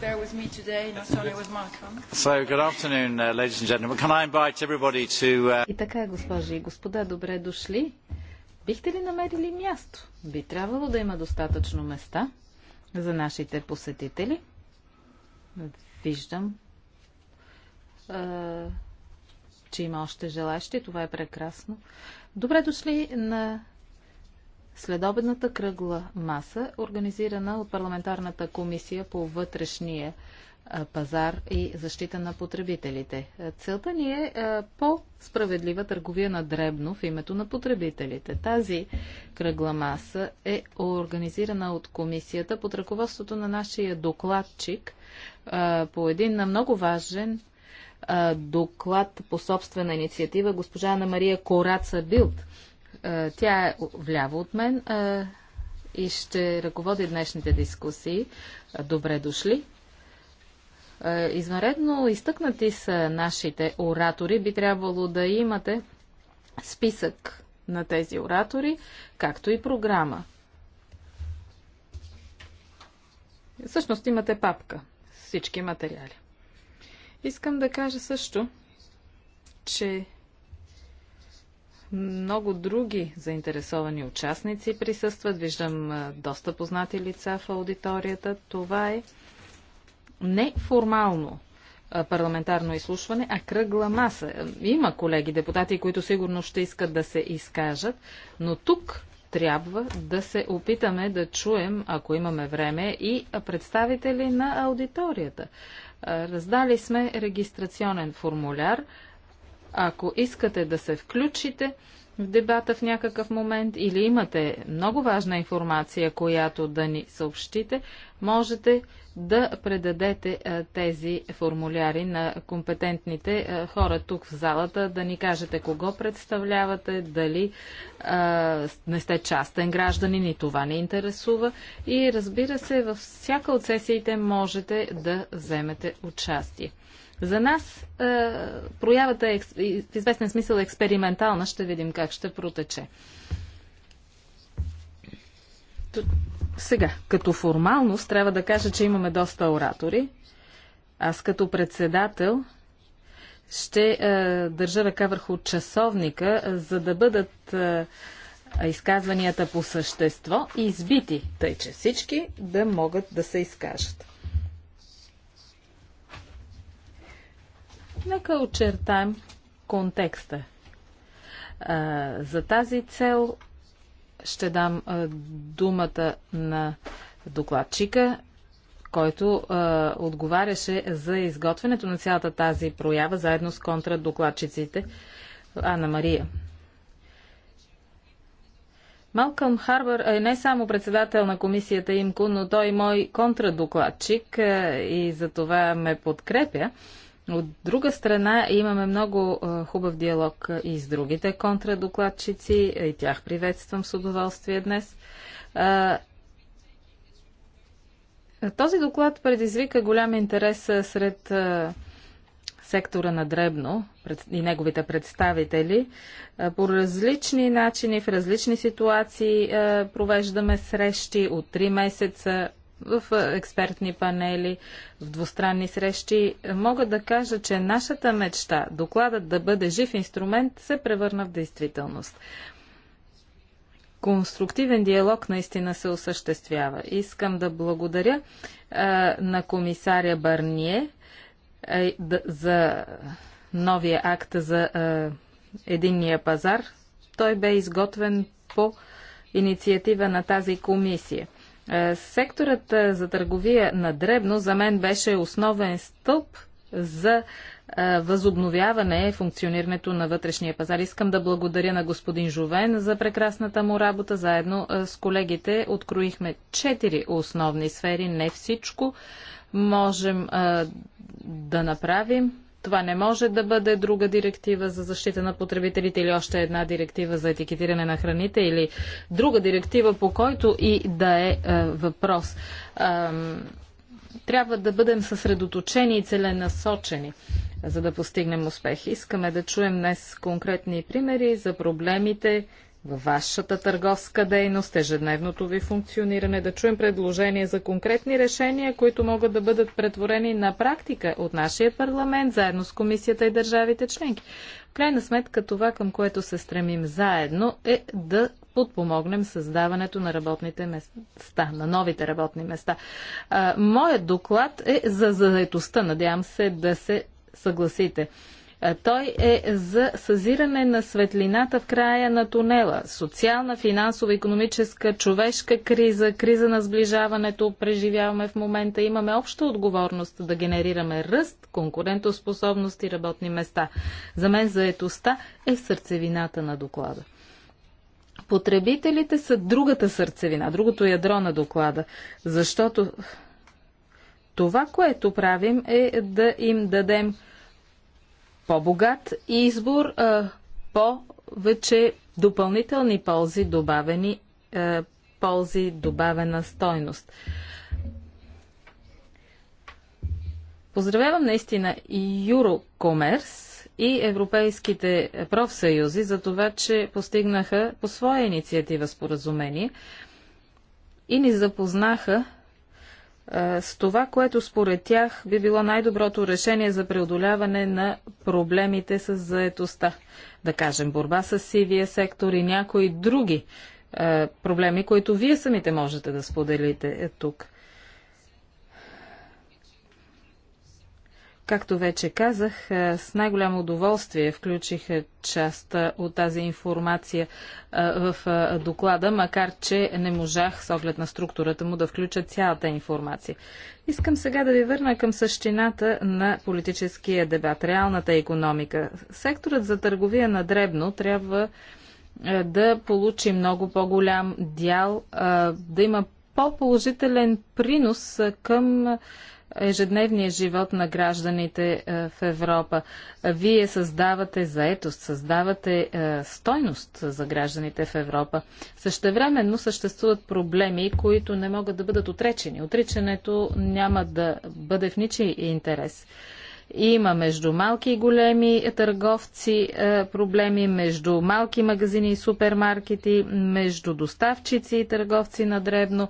there with me today, not only with Malcolm. So, good afternoon, uh, ladies and gentlemen. Can I invite everybody to... Uh, и така, госпожи и господа, добре дошли. Бихте ли намерили място? Би трябвало да има достатъчно места за нашите посетители. Виждам, че има още желащи. Това е прекрасно. Добре дошли на Следобедната кръгла маса, организирана от парламентарната комисия по вътрешния е, пазар и защита на потребителите. Е, целта ни е, е по-справедлива търговия на дребно в името на потребителите. Тази кръгла маса е организирана от комисията под ръководството на нашия докладчик по един на много важен доклад по собствена инициатива госпожа Анна Мария Кораца Билт. Е, тя е вляво от мен е, и ще ръководи днешните дискусии. Добре дошли! Е, извънредно изтъкнати са нашите оратори. Би трябвало да имате списък на тези оратори, както и програма. Всъщност имате папка с всички материали. Искам да кажа също, че много други заинтересовани участници присъстват. Виждам доста познати лица в аудиторията. Това е неформално парламентарно изслушване, а кръгла маса. Има колеги депутати, които сигурно ще искат да се изкажат, но тук трябва да се опитаме да чуем, ако имаме време, и представители на аудиторията. Раздали сме регистрационен формуляр, ако искате да се включите в дебата в някакъв момент или имате много важна информация, която да ни съобщите, можете да предадете тези формуляри на компетентните хора тук в залата, да ни кажете кого представлявате, дали не сте частен гражданин и това не интересува. И разбира се, във всяка от сесиите можете да вземете участие. За нас е, проявата е в известен смисъл експериментална. Ще видим как ще протече. Сега, като формалност, трябва да кажа, че имаме доста оратори. Аз като председател ще е, държа ръка върху часовника, е, за да бъдат е, изказванията по същество избити, тъй че всички да могат да се изкажат. Нека очертаем контекста. За тази цел ще дам думата на докладчика, който отговаряше за изготвянето на цялата тази проява, заедно с контрадокладчиците Анна Мария. Малкълм Харбър е не само председател на комисията ИМКО, но той е мой контрадокладчик и за това ме подкрепя от друга страна имаме много хубав диалог и с другите контрадокладчици. И тях приветствам с удоволствие днес. Този доклад предизвика голям интерес сред сектора на Дребно и неговите представители. По различни начини, в различни ситуации провеждаме срещи от 3 месеца в експертни панели, в двустранни срещи, мога да кажа, че нашата мечта, докладът да бъде жив инструмент, се превърна в действителност. Конструктивен диалог наистина се осъществява. Искам да благодаря а, на комисаря Барние а, да, за новия акт за а, единния пазар. Той бе изготвен по инициатива на тази комисия. Е, секторът е, за търговия на дребно за мен беше основен стълб за е, възобновяване функционирането на вътрешния пазар. Искам да благодаря на господин Жовен за прекрасната му работа. Заедно с колегите откроихме четири основни сфери. Не всичко можем да направим. Това не може да бъде друга директива за защита на потребителите или още една директива за етикетиране на храните или друга директива, по който и да е, е въпрос. Е, трябва да бъдем съсредоточени и целенасочени, за да постигнем успех. Искаме да чуем днес конкретни примери за проблемите, във вашата търговска дейност, ежедневното ви функциониране, да чуем предложения за конкретни решения, които могат да бъдат претворени на практика от нашия парламент, заедно с комисията и държавите членки. В крайна сметка това, към което се стремим заедно, е да подпомогнем създаването на работните места, на новите работни места. моят доклад е за заедостта. Надявам се да се съгласите. Е, той е за съзиране на светлината в края на тунела. Социална, финансова, економическа, човешка криза, криза на сближаването преживяваме в момента. Имаме обща отговорност да генерираме ръст, конкурентоспособност и работни места. За мен заетостта е сърцевината на доклада. Потребителите са другата сърцевина, другото ядро на доклада, защото това, което правим е да им дадем по-богат избор, повече допълнителни ползи, добавени ползи, добавена стойност. Поздравявам наистина и Юрокомерс и европейските профсъюзи за това, че постигнаха по своя инициатива споразумение и ни запознаха с това, което според тях би било най-доброто решение за преодоляване на проблемите с заетостта. Да кажем, борба с сивия сектор и някои други проблеми, които вие самите можете да споделите е, тук. Както вече казах, е, с най-голямо удоволствие включих е, част е, от тази информация в доклада, макар че не можах с оглед на структурата му да включа цялата информация. Искам сега да ви върна към същината на политическия дебат, реалната економика. Секторът за търговия на дребно трябва да получи много по-голям дял, да има по-положителен принос към ежедневния живот на гражданите е, в Европа. Вие създавате заетост, създавате е, стойност за гражданите в Европа. Същевременно съществуват проблеми, които не могат да бъдат отречени. Отричането няма да бъде в ничий интерес. Има между малки и големи търговци е, проблеми, между малки магазини и супермаркети, между доставчици и търговци на дребно.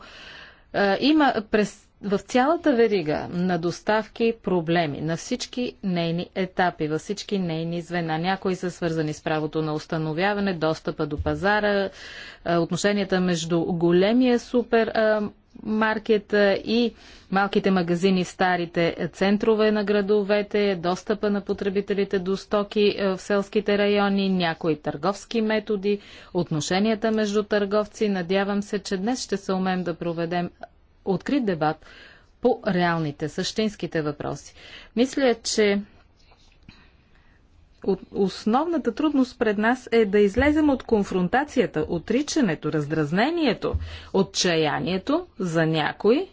Има през в цялата верига на доставки проблеми, на всички нейни етапи, във всички нейни звена. Някои са свързани с правото на установяване, достъпа до пазара, отношенията между големия супер маркет и малките магазини в старите центрове на градовете, достъпа на потребителите до стоки в селските райони, някои търговски методи, отношенията между търговци. Надявам се, че днес ще се умеем да проведем открит дебат по реалните, същинските въпроси. Мисля, че основната трудност пред нас е да излезем от конфронтацията, отричането, раздразнението, отчаянието за някой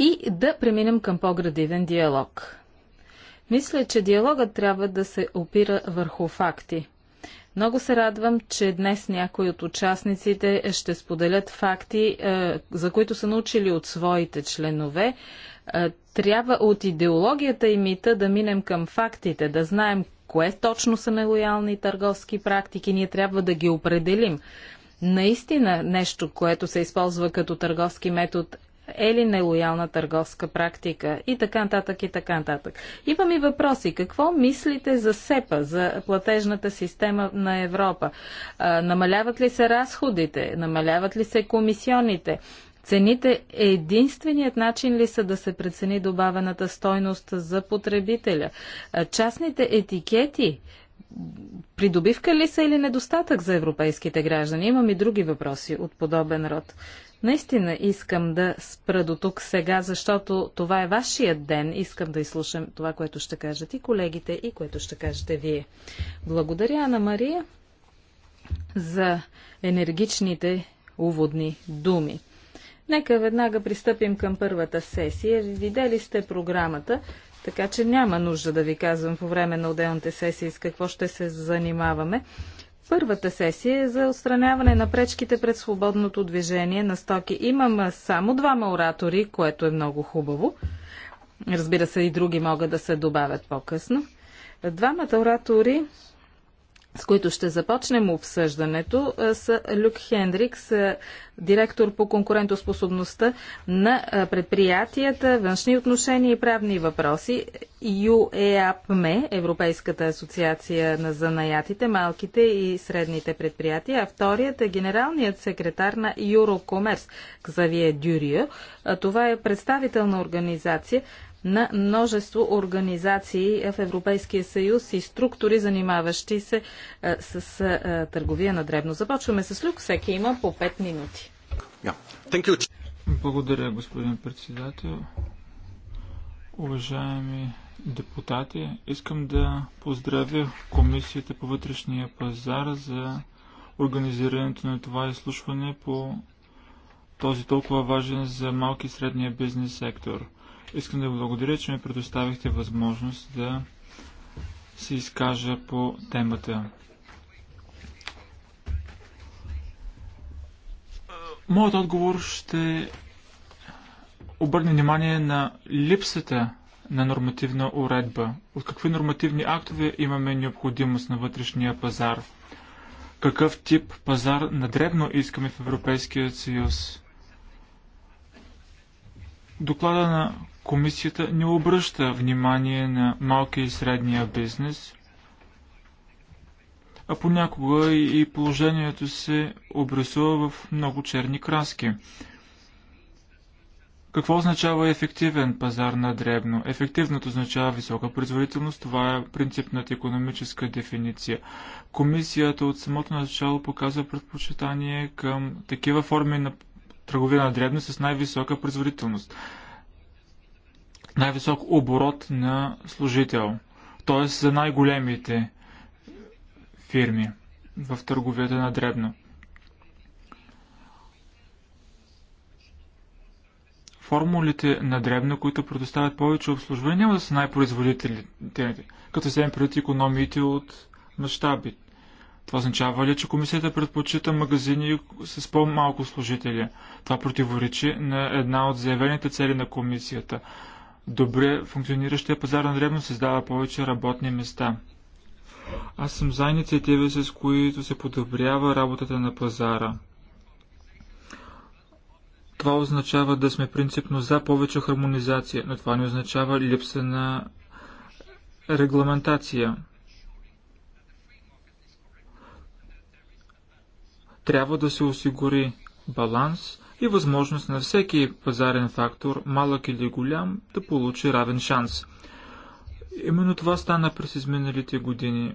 и да преминем към по-градивен диалог. Мисля, че диалогът трябва да се опира върху факти. Много се радвам, че днес някои от участниците ще споделят факти, е, за които са научили от своите членове. Е, трябва от идеологията и мита да минем към фактите, да знаем кое точно са нелоялни търговски практики. Ние трябва да ги определим наистина нещо, което се използва като търговски метод, е ли нелоялна търговска практика и така нататък и така нататък. Имам и въпроси. Какво мислите за СЕПА, за платежната система на Европа? А, намаляват ли се разходите? Намаляват ли се комисионите? Цените е единственият начин ли са да се прецени добавената стойност за потребителя? А, частните етикети придобивка ли са или недостатък за европейските граждани? Имам и други въпроси от подобен род. Наистина искам да спра до тук сега, защото това е вашият ден. Искам да изслушам това, което ще кажат и колегите, и което ще кажете вие. Благодаря, Ана Мария, за енергичните уводни думи. Нека веднага пристъпим към първата сесия. Видели сте програмата, така че няма нужда да ви казвам по време на отделните сесии с какво ще се занимаваме. Първата сесия е за отстраняване на пречките пред свободното движение на стоки. Имам само двама оратори, което е много хубаво. Разбира се, и други могат да се добавят по-късно. Двамата оратори с които ще започнем обсъждането, са Люк Хендрикс, директор по конкурентоспособността на предприятията, външни отношения и правни въпроси, UEAPME, е Европейската асоциация на занаятите, малките и средните предприятия, а вторият е генералният секретар на Eurocommerce, Ксавие Дюрио. Това е представителна организация на множество организации в Европейския съюз и структури, занимаващи се а, с а, търговия на дребно. Започваме с Люк. Всеки има по 5 минути. Yeah. Благодаря, господин председател. Уважаеми депутати, искам да поздравя Комисията по вътрешния пазар за организирането на това изслушване по този толкова важен за малки и средния бизнес сектор. Искам да благодаря, че ми предоставихте възможност да се изкажа по темата. Моят отговор ще обърне внимание на липсата на нормативна уредба. От какви нормативни актове имаме необходимост на вътрешния пазар? Какъв тип пазар на дребно искаме в Европейския съюз? Доклада на Комисията не обръща внимание на малкия и средния бизнес, а понякога и положението се обрисува в много черни краски. Какво означава ефективен пазар на дребно? Ефективното означава висока производителност. Това е принципната економическа дефиниция. Комисията от самото начало показва предпочитание към такива форми на търговия на дребно с най-висока производителност най-висок оборот на служител, т.е. за най-големите фирми в търговията на дребно. Формулите на дребно, които предоставят повече обслужване, няма да са най-производителите, като вземем пред економиите от мащаби. Това означава ли, че комисията предпочита магазини с по-малко служители? Това противоречи на една от заявените цели на комисията – добре функциониращия пазар на дребно създава повече работни места. Аз съм за инициативи, с които се подобрява работата на пазара. Това означава да сме принципно за повече хармонизация, но това не означава липса на регламентация. Трябва да се осигури баланс и възможност на всеки пазарен фактор, малък или голям, да получи равен шанс. Именно това стана през изминалите години.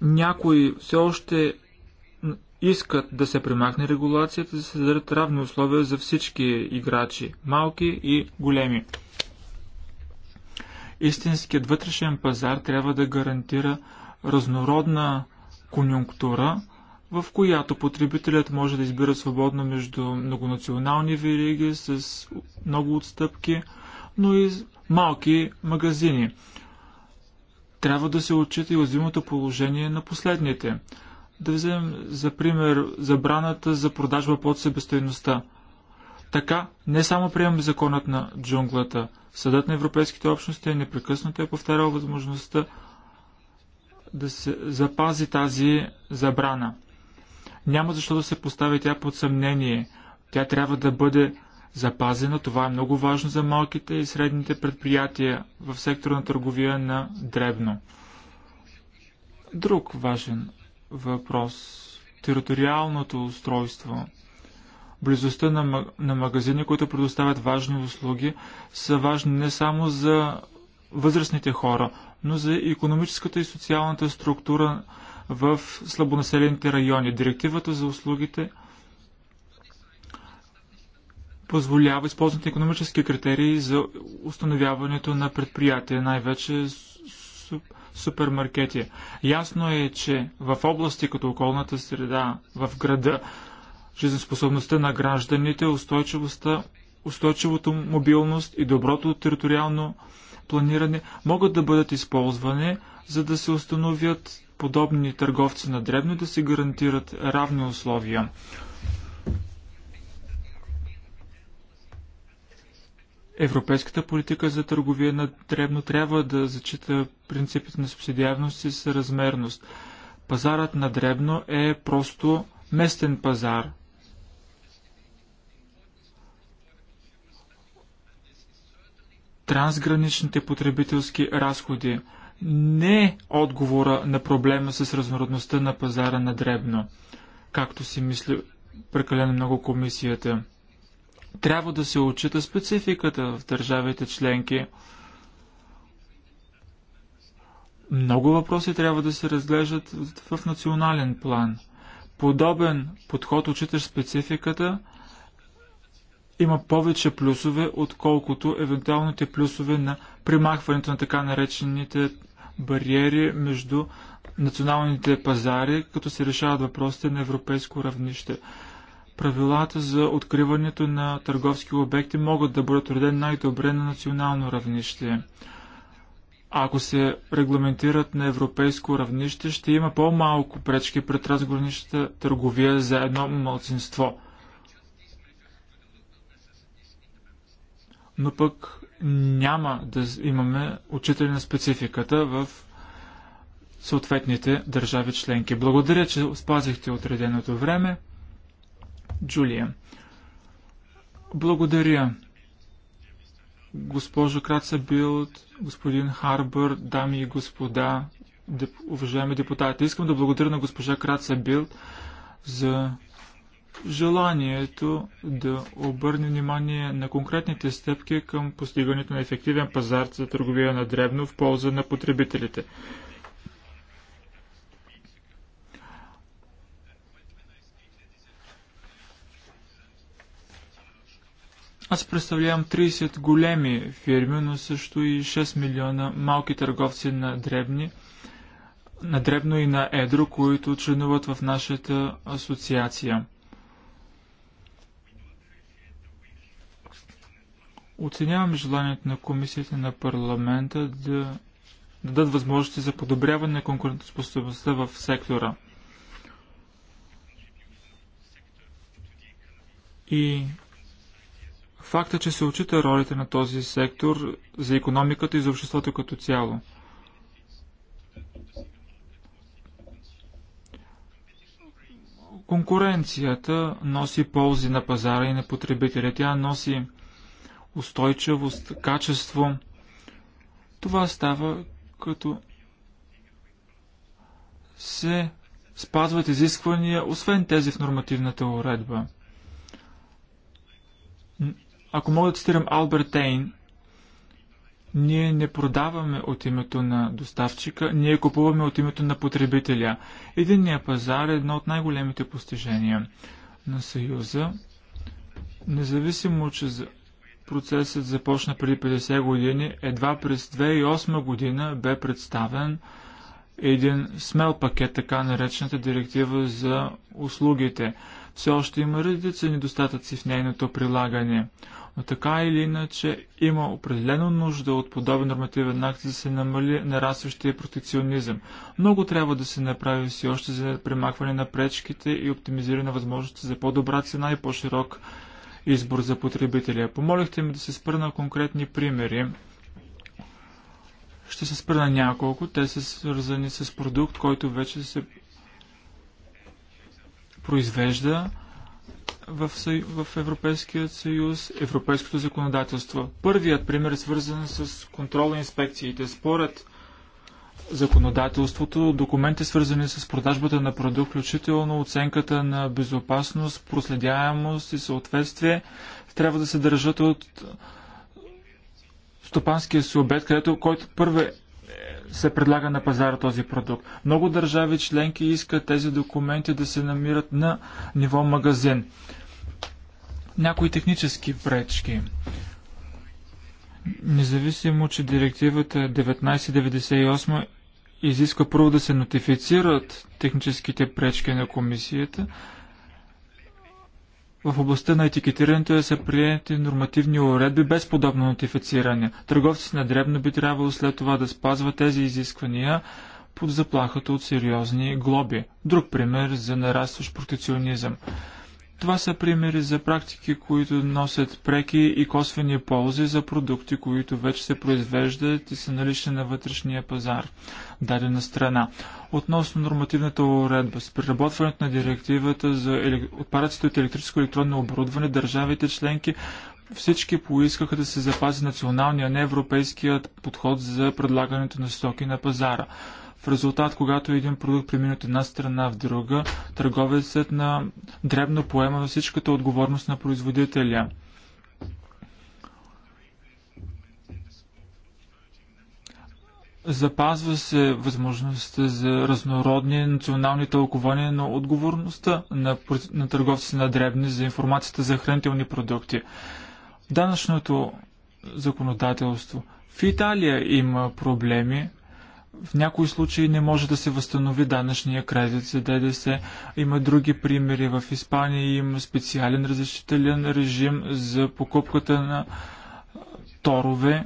Някои все още искат да се примахне регулацията, да се създадат равни условия за всички играчи, малки и големи. Истинският вътрешен пазар трябва да гарантира разнородна конюнктура – в която потребителят може да избира свободно между многонационални вериги с много отстъпки, но и малки магазини. Трябва да се отчита и уязвимото положение на последните. Да вземем за пример забраната за продажба под себестойността. Така не само приемаме законът на джунглата, съдът на европейските общности е непрекъснато е повтарял възможността да се запази тази забрана. Няма защо да се постави тя под съмнение. Тя трябва да бъде запазена. Това е много важно за малките и средните предприятия в сектора на търговия на Дребно. Друг важен въпрос териториалното устройство, близостта на, на магазини, които предоставят важни услуги, са важни не само за възрастните хора, но за економическата и социалната структура в слабонаселените райони. Директивата за услугите позволява използването на економически критерии за установяването на предприятия, най-вече супермаркети. Ясно е, че в области като околната среда, в града, жизнеспособността на гражданите, устойчивостта, устойчивото мобилност и доброто териториално планиране могат да бъдат използвани, за да се установят подобни търговци на дребно да се гарантират равни условия. Европейската политика за търговия на дребно трябва да зачита принципите на субсидиарност и съразмерност. Пазарът на дребно е просто местен пазар. Трансграничните потребителски разходи – не е отговора на проблема с разнородността на пазара на дребно, както си мисли прекалено много комисията. Трябва да се отчита спецификата в държавите членки. Много въпроси трябва да се разглеждат в национален план. Подобен подход, отчиташ спецификата, има повече плюсове, отколкото евентуалните плюсове на примахването на така наречените бариери между националните пазари, като се решават въпросите на европейско равнище. Правилата за откриването на търговски обекти могат да бъдат уредени най-добре на национално равнище. Ако се регламентират на европейско равнище, ще има по-малко пречки пред трансграничната търговия за едно малцинство. Но пък няма да имаме учители на спецификата в съответните държави членки. Благодаря, че спазихте отреденото време. Джулия. Благодаря. Госпожо Краца Билд, господин Харбър, дами и господа, уважаеми депутати, искам да благодаря на госпожа Краца Билд за желанието да обърне внимание на конкретните стъпки към постигането на ефективен пазар за търговия на дребно в полза на потребителите. Аз представлявам 30 големи фирми, но също и 6 милиона малки търговци на дребни, на дребно и на едро, които членуват в нашата асоциация. Оценявам желанието на комисията на парламента да дадат възможности за подобряване на конкурентоспособността в сектора. И факта, че се очита ролите на този сектор за економиката и за обществото като цяло. Конкуренцията носи ползи на пазара и на потребителя. Тя носи устойчивост, качество. Това става като се спазват изисквания, освен тези в нормативната уредба. Ако мога да цитирам Алберт Ейн, ние не продаваме от името на доставчика, ние купуваме от името на потребителя. Единният пазар е едно от най-големите постижения на Съюза. Независимо, че за Процесът започна преди 50 години. Едва през 2008 година бе представен един смел пакет, така наречената директива за услугите. Все още има редица недостатъци в нейното прилагане. Но така или иначе има определено нужда от подобен нормативен акт, за да се намали нарастващия протекционизъм. Много трябва да се направи все още за премахване на пречките и оптимизиране на възможности за по-добра цена и по-широк избор за потребителя. Помолихте ми да се спра на конкретни примери. Ще се спра на няколко. Те са свързани с продукт, който вече се произвежда в, в Европейския съюз, европейското законодателство. Първият пример е свързан с контрол на инспекциите. Според законодателството, документи свързани с продажбата на продукт, включително оценката на безопасност, проследяемост и съответствие, трябва да се държат от стопанския субект, където, който първо е, се предлага на пазара този продукт. Много държави членки искат тези документи да се намират на ниво магазин. Някои технически пречки. Независимо, че директивата 1998 е изисква първо да се нотифицират техническите пречки на комисията. В областта на етикетирането да са приети нормативни уредби без подобно нотифициране. Търговците на дребно би трябвало след това да спазват тези изисквания под заплахата от сериозни глоби. Друг пример за нарастващ протекционизъм. Това са примери за практики, които носят преки и косвени ползи за продукти, които вече се произвеждат и са налични на вътрешния пазар дадена страна. Относно нормативната уредба, с преработването на директивата за еле... отпадъците от електрическо електронно оборудване, държавите членки всички поискаха да се запази националния, а не европейският подход за предлагането на стоки на пазара. В резултат, когато един продукт премине от една страна в друга, търговецът на дребно поема всичката отговорност на производителя. Запазва се възможността за разнородни национални тълкования на отговорността на, на търговците на дребни за информацията за хранителни продукти. Данъчното законодателство. В Италия има проблеми, в някои случаи не може да се възстанови данъчния кредит за ДДС. Има други примери. В Испания има специален разрешителен режим за покупката на торове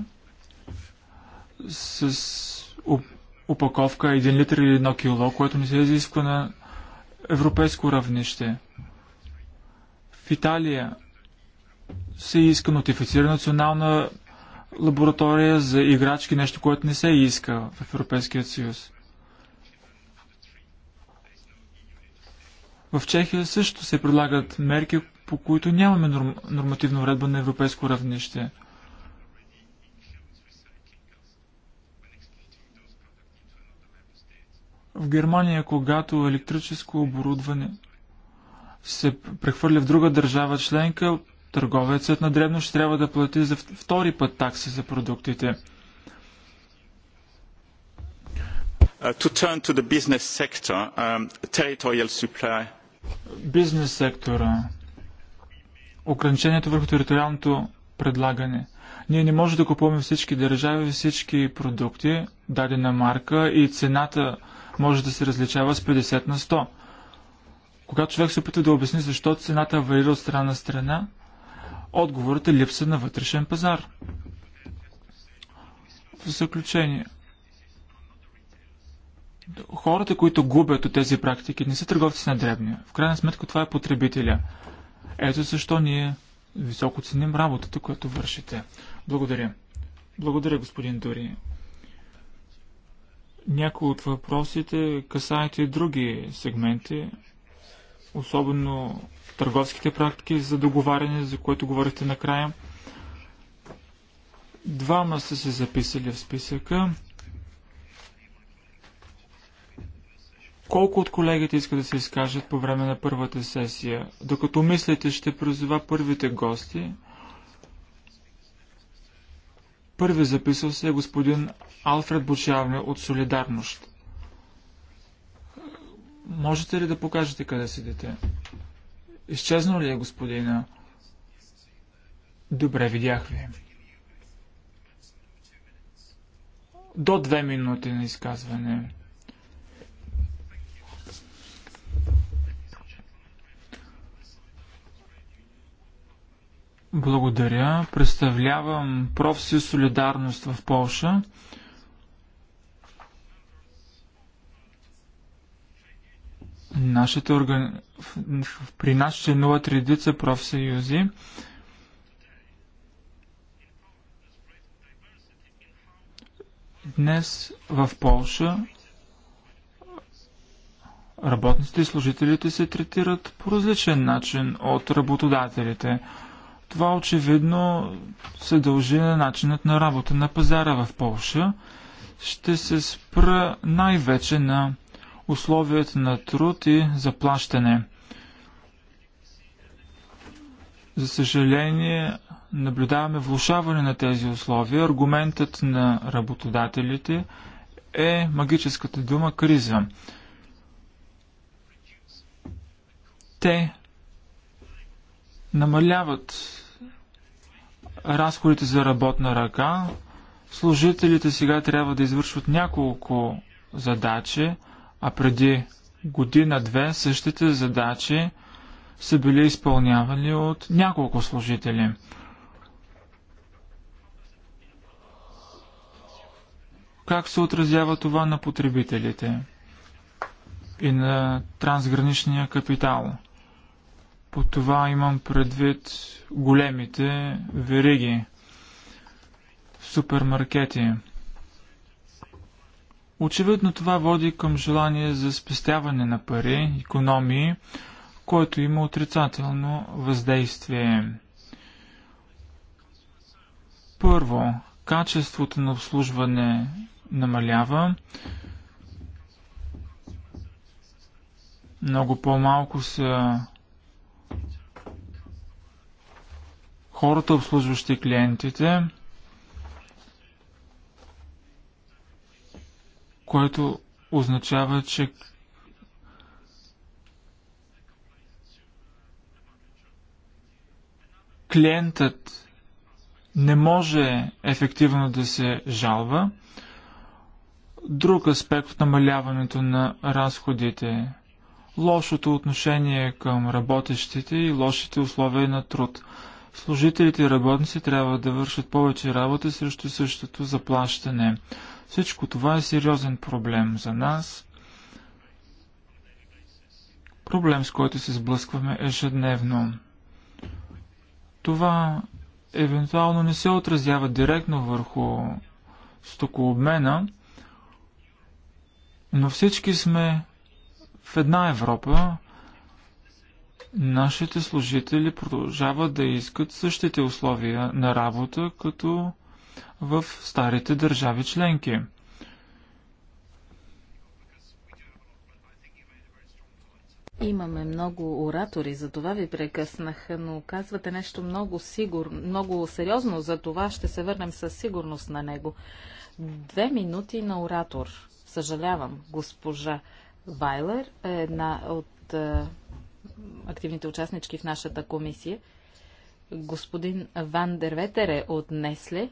с упаковка 1 литър или 1 кило, което не се изисква на европейско равнище. В Италия се иска нотифицира национална лаборатория за играчки, нещо, което не се иска в Европейския съюз. В Чехия също се предлагат мерки, по които нямаме норм... нормативна уредба на европейско равнище. В Германия, когато електрическо оборудване се прехвърля в друга държава членка, търговецът на дребно ще трябва да плати за втори път такси за продуктите. Uh, to turn to the business sector, um, territorial supply. Бизнес сектора. Ограничението върху териториалното предлагане. Ние не можем да купуваме всички държави, всички продукти, дадена марка и цената може да се различава с 50 на 100. Когато човек се опита да обясни защо цената варира от страна на страна, Отговорът е липса на вътрешен пазар. В заключение, хората, които губят от тези практики, не са търговци на дребния. В крайна сметка това е потребителя. Ето защо ние високо ценим работата, която вършите. Благодаря. Благодаря, господин Дори. Някои от въпросите касаят и други сегменти особено търговските практики за договаряне, за което говорите накрая. Двама са се записали в списъка. Колко от колегите искат да се изкажат по време на първата сесия? Докато мислите, ще призова първите гости. Първи записал се е господин Алфред Бочавне от Солидарност. Можете ли да покажете къде седите? Изчезнал ли е господина? Добре, видях ви. До две минути на изказване. Благодаря. Представлявам профсъюз Солидарност в Польша. Нашата органи... При нас членуват редица профсъюзи. Днес в Полша работниците и служителите се третират по различен начин от работодателите. Това очевидно се дължи на начинът на работа на пазара в Полша. Ще се спра най-вече на условията на труд и заплащане. За съжаление, наблюдаваме влушаване на тези условия. Аргументът на работодателите е магическата дума криза. Те намаляват разходите за работна ръка. Служителите сега трябва да извършват няколко задачи, а преди година-две същите задачи са били изпълнявани от няколко служители. Как се отразява това на потребителите и на трансграничния капитал? По това имам предвид големите вериги, супермаркети – Очевидно това води към желание за спестяване на пари, економии, което има отрицателно въздействие. Първо, качеството на обслужване намалява. Много по-малко са хората, обслужващи клиентите. което означава, че клиентът не може ефективно да се жалва. Друг аспект от намаляването на разходите лошото отношение към работещите и лошите условия на труд – Служителите и работници трябва да вършат повече работа срещу същото заплащане. Всичко това е сериозен проблем за нас. Проблем, с който се сблъскваме ежедневно. Това евентуално не се отразява директно върху стокообмена, но всички сме в една Европа, Нашите служители продължават да искат същите условия на работа, като в старите държави членки. Имаме много оратори, за това ви прекъснах, но казвате нещо много, сигур, много сериозно, за това ще се върнем със сигурност на него. Две минути на оратор. Съжалявам, госпожа Вайлер е една от е, активните участнички в нашата комисия. Господин Ван Дерветере от Несле,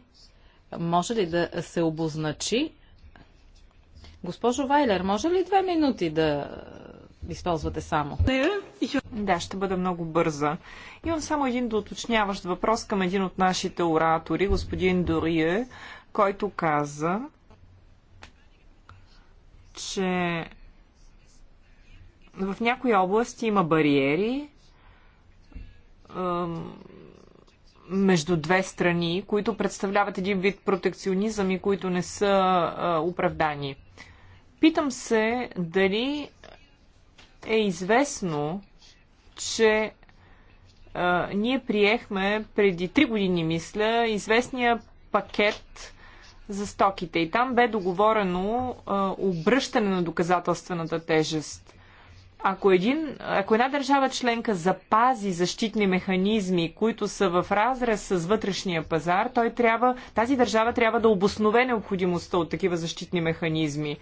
може ли да се обозначи? Госпожо Вайлер, може ли две минути да използвате само? Да, ще бъда много бърза. Имам само един доуточняващ въпрос към един от нашите оратори, господин Дорие, който каза, че в някои области има бариери между две страни, които представляват един вид протекционизъм и които не са оправдани. Питам се дали е известно, че а, ние приехме преди три години, мисля, известния пакет за стоките. И там бе договорено а, обръщане на доказателствената тежест. Ако, един, ако една държава членка запази защитни механизми, които са в разрез с вътрешния пазар, той трябва, тази държава трябва да обоснове необходимостта от такива защитни механизми.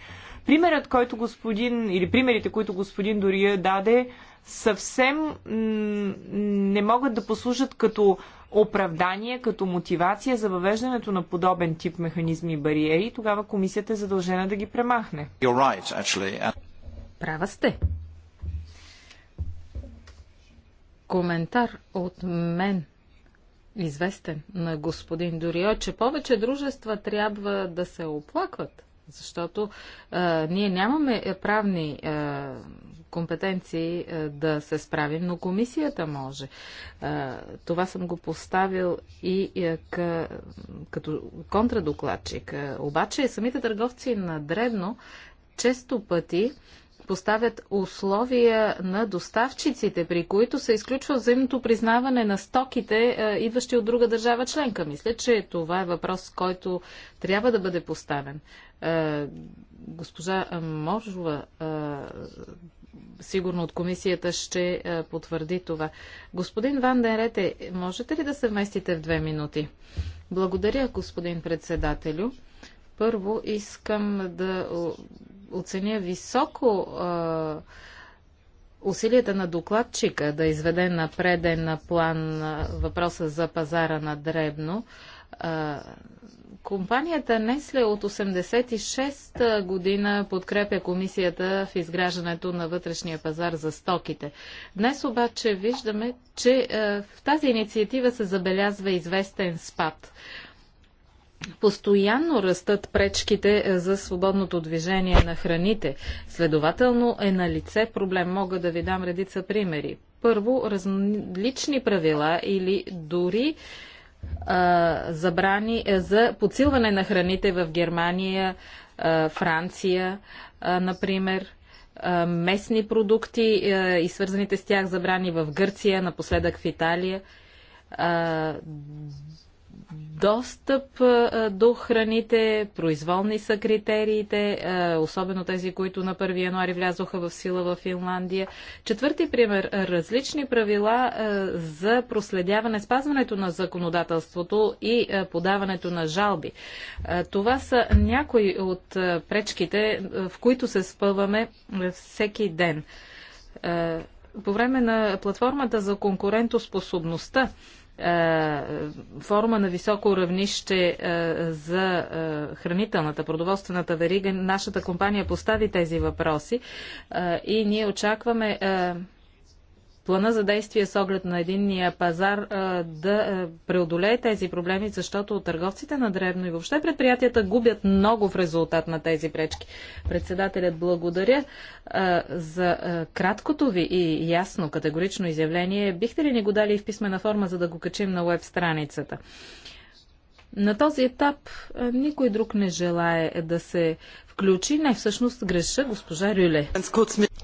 Примерът, който господин, или примерите, които господин Дория даде, съвсем не могат да послужат като оправдание, като мотивация за въвеждането на подобен тип механизми и бариери, тогава комисията е задължена да ги премахне. Right, Права сте. коментар от мен, известен на господин Дорио, че повече дружества трябва да се оплакват, защото а, ние нямаме правни а, компетенции а, да се справим, но комисията може. А, това съм го поставил и а, къ, като контрадокладчик. А, обаче самите търговци на дребно често пъти поставят условия на доставчиците, при които се изключва взаимното признаване на стоките, е, идващи от друга държава членка. Мисля, че това е въпрос, който трябва да бъде поставен. Е, госпожа Можова, е, сигурно от комисията, ще потвърди това. Господин Ван Денрете, можете ли да се вместите в две минути? Благодаря, господин председателю. Първо искам да оценя високо усилията на докладчика да изведе на преден план въпроса за пазара на Дребно. компанията Несле от 86 година подкрепя комисията в изграждането на вътрешния пазар за стоките. Днес обаче виждаме, че в тази инициатива се забелязва известен спад. Постоянно растат пречките е, за свободното движение на храните. Следователно е на лице проблем. Мога да ви дам редица примери. Първо, различни правила или дори а, забрани е, за подсилване на храните в Германия, а, Франция, а, например местни продукти е, и свързаните с тях забрани в Гърция, напоследък в Италия достъп до храните, произволни са критериите, особено тези, които на 1 януари влязоха в сила в Финландия. Четвърти пример различни правила за проследяване спазването на законодателството и подаването на жалби. Това са някои от пречките, в които се спъваме всеки ден. По време на платформата за конкурентоспособността е, форма на високо равнище е, за е, хранителната, продоволствената верига, нашата компания постави тези въпроси и ние очакваме плана за действие с оглед на единния пазар да преодолее тези проблеми, защото търговците на дребно и въобще предприятията губят много в резултат на тези пречки. Председателят благодаря за краткото ви и ясно категорично изявление. Бихте ли ни го дали в писмена форма, за да го качим на веб страницата? На този етап никой друг не желае да се включи. Не, всъщност греша госпожа Рюле.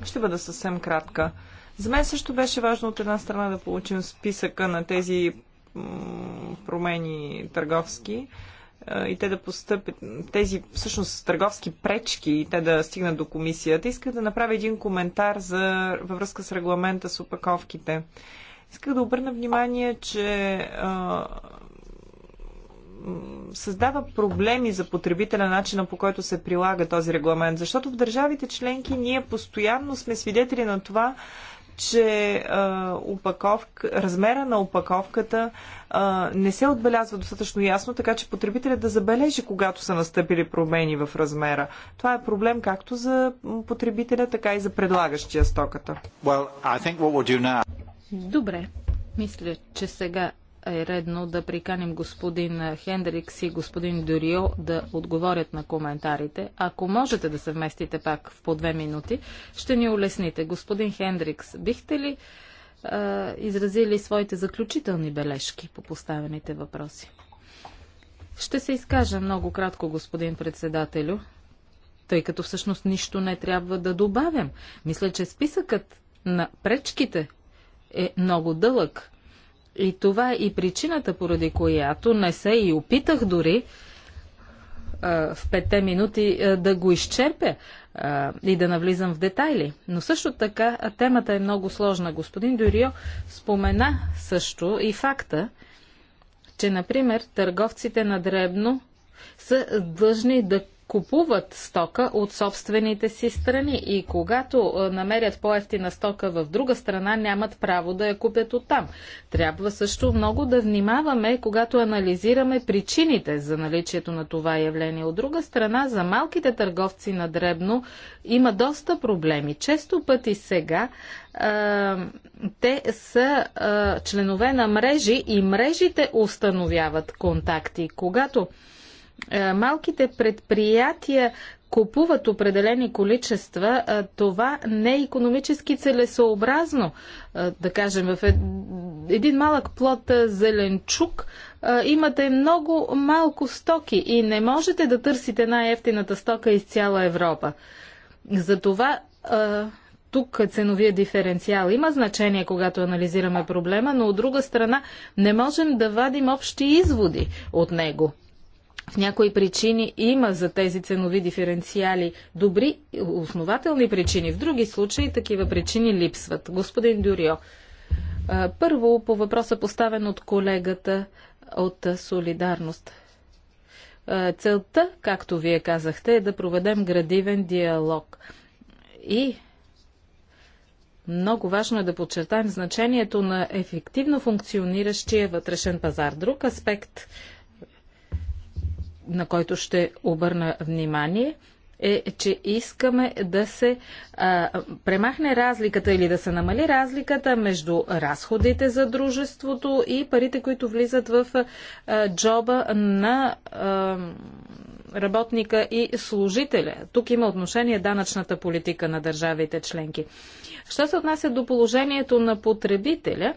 Ще бъда съвсем кратка. За мен също беше важно от една страна да получим списъка на тези промени търговски и те да постъпят, тези всъщност търговски пречки и те да стигнат до комисията. Исках да направя един коментар за, във връзка с регламента с опаковките. Исках да обърна внимание, че а, създава проблеми за потребителя начина по който се прилага този регламент, защото в държавите членки ние постоянно сме свидетели на това, че а, упаковка, размера на опаковката не се отбелязва достатъчно ясно, така че потребителят да забележи, когато са настъпили промени в размера. Това е проблем както за потребителя, така и за предлагащия стоката. Well, we'll Добре. Мисля, че сега е редно да приканим господин Хендрикс и господин Дюрио да отговорят на коментарите. Ако можете да се вместите пак в по две минути, ще ни улесните. Господин Хендрикс, бихте ли е, изразили своите заключителни бележки по поставените въпроси? Ще се изкажа много кратко, господин председателю, тъй като всъщност нищо не трябва да добавям. Мисля, че списъкът на пречките е много дълъг и това е и причината, поради която не се и опитах дори в петте минути да го изчерпя и да навлизам в детайли. Но също така темата е много сложна. Господин Дюрио спомена също и факта, че, например, търговците на дребно са длъжни да купуват стока от собствените си страни и когато намерят по-ефтина стока в друга страна, нямат право да я купят оттам. Трябва също много да внимаваме, когато анализираме причините за наличието на това явление. От друга страна, за малките търговци на дребно има доста проблеми. Често пъти сега те са членове на мрежи и мрежите установяват контакти. Когато е, малките предприятия купуват определени количества, е, това не е економически целесообразно. Е, да кажем, в един малък плод зеленчук имате много малко стоки и не можете да търсите най-ефтината стока из цяла Европа. Затова тук ценовия диференциал има значение, когато анализираме проблема, но от друга страна не можем да вадим общи изводи от него в някои причини има за тези ценови диференциали добри основателни причини. В други случаи такива причини липсват. Господин Дюрио, първо по въпроса поставен от колегата от Солидарност. Целта, както вие казахте, е да проведем градивен диалог. И много важно е да подчертаем значението на ефективно функциониращия вътрешен пазар. Друг аспект на който ще обърна внимание, е, че искаме да се а, премахне разликата или да се намали разликата между разходите за дружеството и парите, които влизат в а, джоба на а, работника и служителя. Тук има отношение данъчната политика на държавите членки. Що се отнася до положението на потребителя,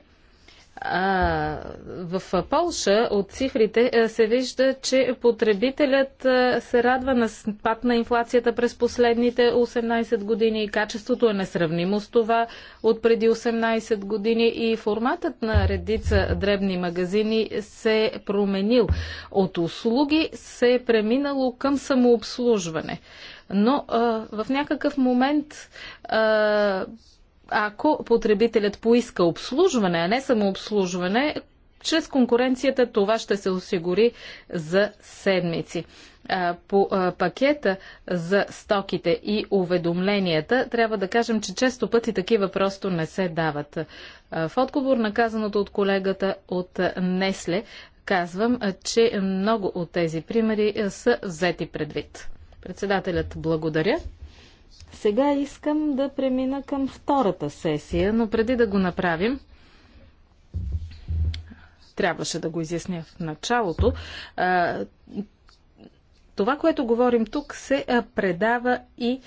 в Полша от цифрите се вижда, че потребителят се радва на спад на инфлацията през последните 18 години и качеството е несравнимо с това от преди 18 години и форматът на редица дребни магазини се е променил. От услуги се е преминало към самообслужване. Но а, в някакъв момент а, ако потребителят поиска обслужване, а не само обслужване, чрез конкуренцията това ще се осигури за седмици. По пакета за стоките и уведомленията трябва да кажем, че често пъти такива просто не се дават. В отговор на казаното от колегата от Несле, казвам, че много от тези примери са взети предвид. Председателят благодаря. Сега искам да премина към втората сесия, но преди да го направим, трябваше да го изясня в началото. Това, което говорим тук, се предава и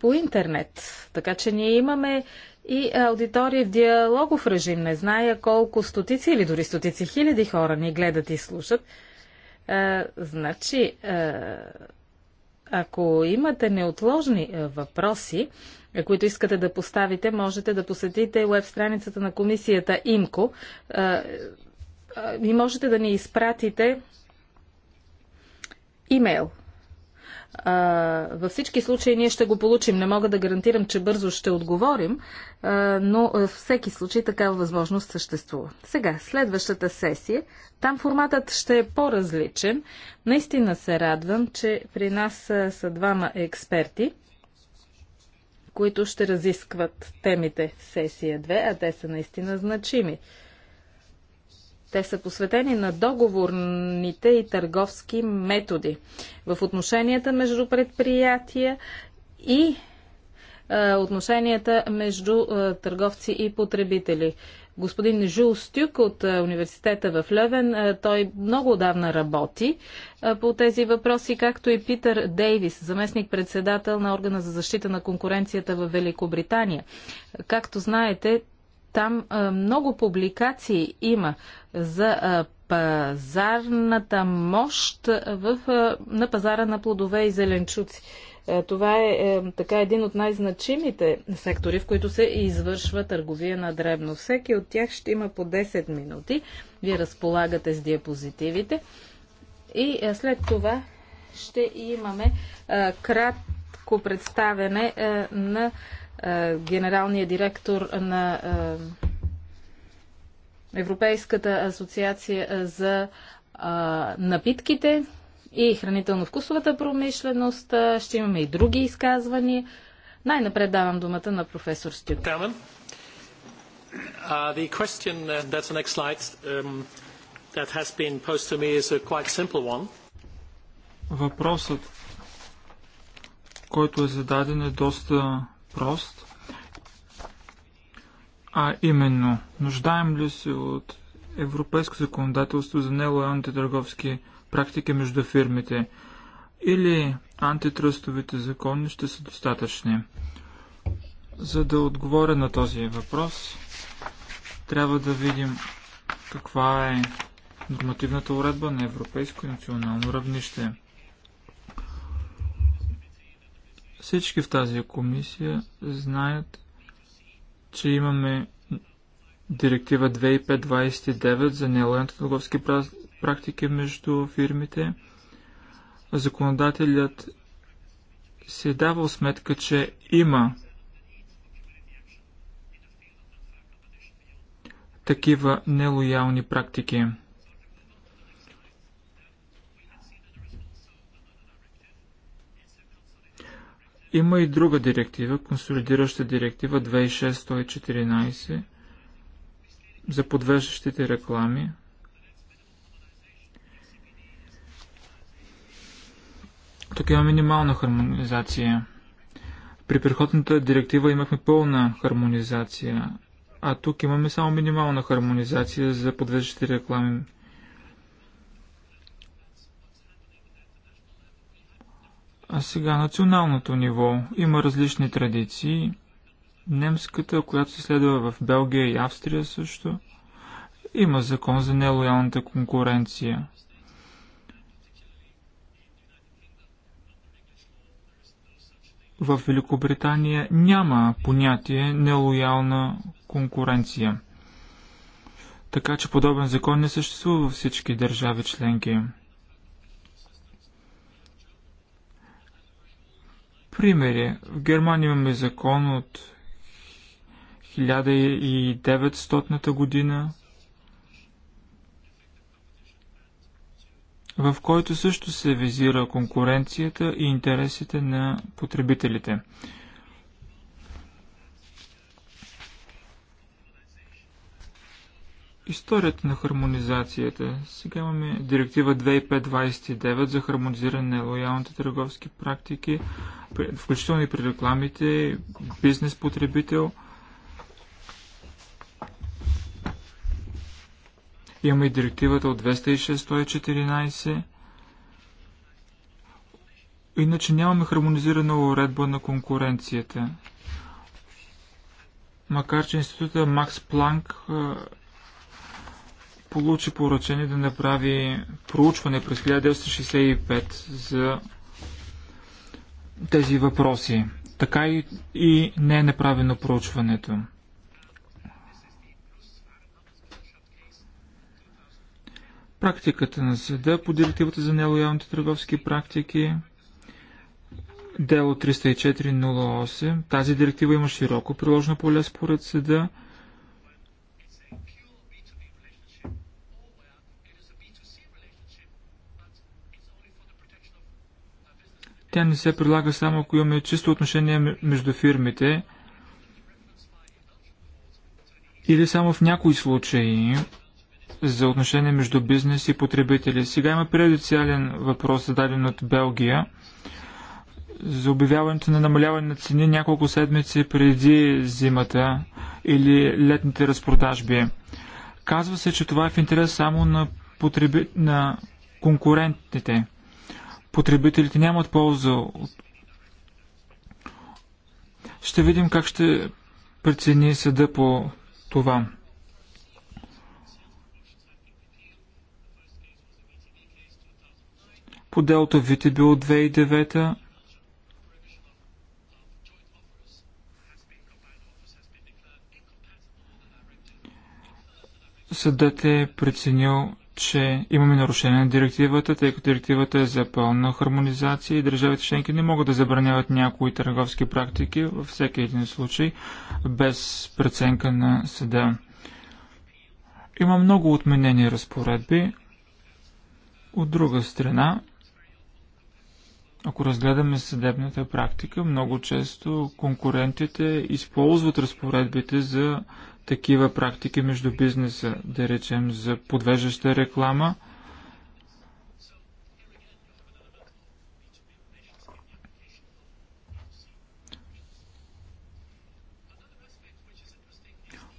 по интернет. Така че ние имаме и аудитория в диалогов режим. Не зная колко стотици или дори стотици хиляди хора ни гледат и слушат. Значи, ако имате неотложни е, въпроси, е, които искате да поставите, можете да посетите веб страницата на комисията ИМКО е, и можете да ни изпратите имейл а, във всички случаи ние ще го получим. Не мога да гарантирам, че бързо ще отговорим, а, но във всеки случай такава възможност съществува. Сега, следващата сесия, там форматът ще е по-различен. Наистина се радвам, че при нас са, са двама експерти, които ще разискват темите в сесия 2, а те са наистина значими. Те са посветени на договорните и търговски методи в отношенията между предприятия и е, отношенията между е, търговци и потребители. Господин Жул Стюк от университета в Левен, той много отдавна работи по тези въпроси, както и Питър Дейвис, заместник-председател на органа за защита на конкуренцията в Великобритания. Както знаете, там много публикации има за пазарната мощ в, на пазара на плодове и зеленчуци. Това е, е така един от най-значимите сектори, в които се извършва търговия на дребно. Всеки от тях ще има по 10 минути. Вие разполагате с диапозитивите. И е, след това ще имаме е, кратко представене е, на е, генералния директор на е, Европейската асоциация е, за напитките и хранително-вкусовата промишленост. Ще имаме и други изказвания. Най-напред давам думата на професор Стюк. Uh, uh, um, Въпросът, който е зададен е доста прост, а именно, нуждаем ли се от европейско законодателство за нелоялните търговски практики между фирмите или антитръстовите закони ще са достатъчни? За да отговоря на този въпрос, трябва да видим каква е нормативната уредба на европейско и национално равнище. Всички в тази комисия знаят, че имаме директива 2529 за нелоялните търговски практики между фирмите. Законодателят се е давал сметка, че има такива нелоялни практики. Има и друга директива, консолидираща директива 26114 за подвеждащите реклами. Тук има минимална хармонизация. При предходната директива имахме пълна хармонизация, а тук имаме само минимална хармонизация за подвеждащите реклами. А сега националното ниво има различни традиции. Немската, която се следва в Белгия и Австрия също. Има закон за нелоялната конкуренция. В Великобритания няма понятие нелоялна конкуренция. Така че подобен закон не съществува във всички държави членки. Примери. В Германия имаме закон от 1900 година, в който също се визира конкуренцията и интересите на потребителите. Историята на хармонизацията. Сега имаме директива 2529 за хармонизиране на лоялните търговски практики, включително и при рекламите, бизнес потребител. Имаме и директивата от 206 Иначе нямаме хармонизирана уредба на конкуренцията. Макар, че института Макс Планк получи поръчение да направи проучване през 1965 за тези въпроси. Така и, и не е направено проучването. Практиката на съда по директивата за нелоялните търговски практики Дело 304.08. Тази директива има широко приложено поле според съда. Тя не се прилага само ако имаме чисто отношение между фирмите или само в някои случаи за отношение между бизнес и потребители. Сега има преюдициален въпрос, зададен от Белгия за обявяването на намаляване на цени няколко седмици преди зимата или летните разпродажби. Казва се, че това е в интерес само на, потреби... на конкурентните потребителите нямат полза. Ще видим как ще прецени съда по това. По делото ВТБ бил 2009 съдът е преценил, че имаме нарушение на директивата, тъй като директивата е за пълна хармонизация и държавите членки не могат да забраняват някои търговски практики във всеки един случай без преценка на съда. Има много отменени разпоредби. От друга страна, ако разгледаме съдебната практика, много често конкурентите използват разпоредбите за такива практики между бизнеса, да речем за подвеждаща реклама.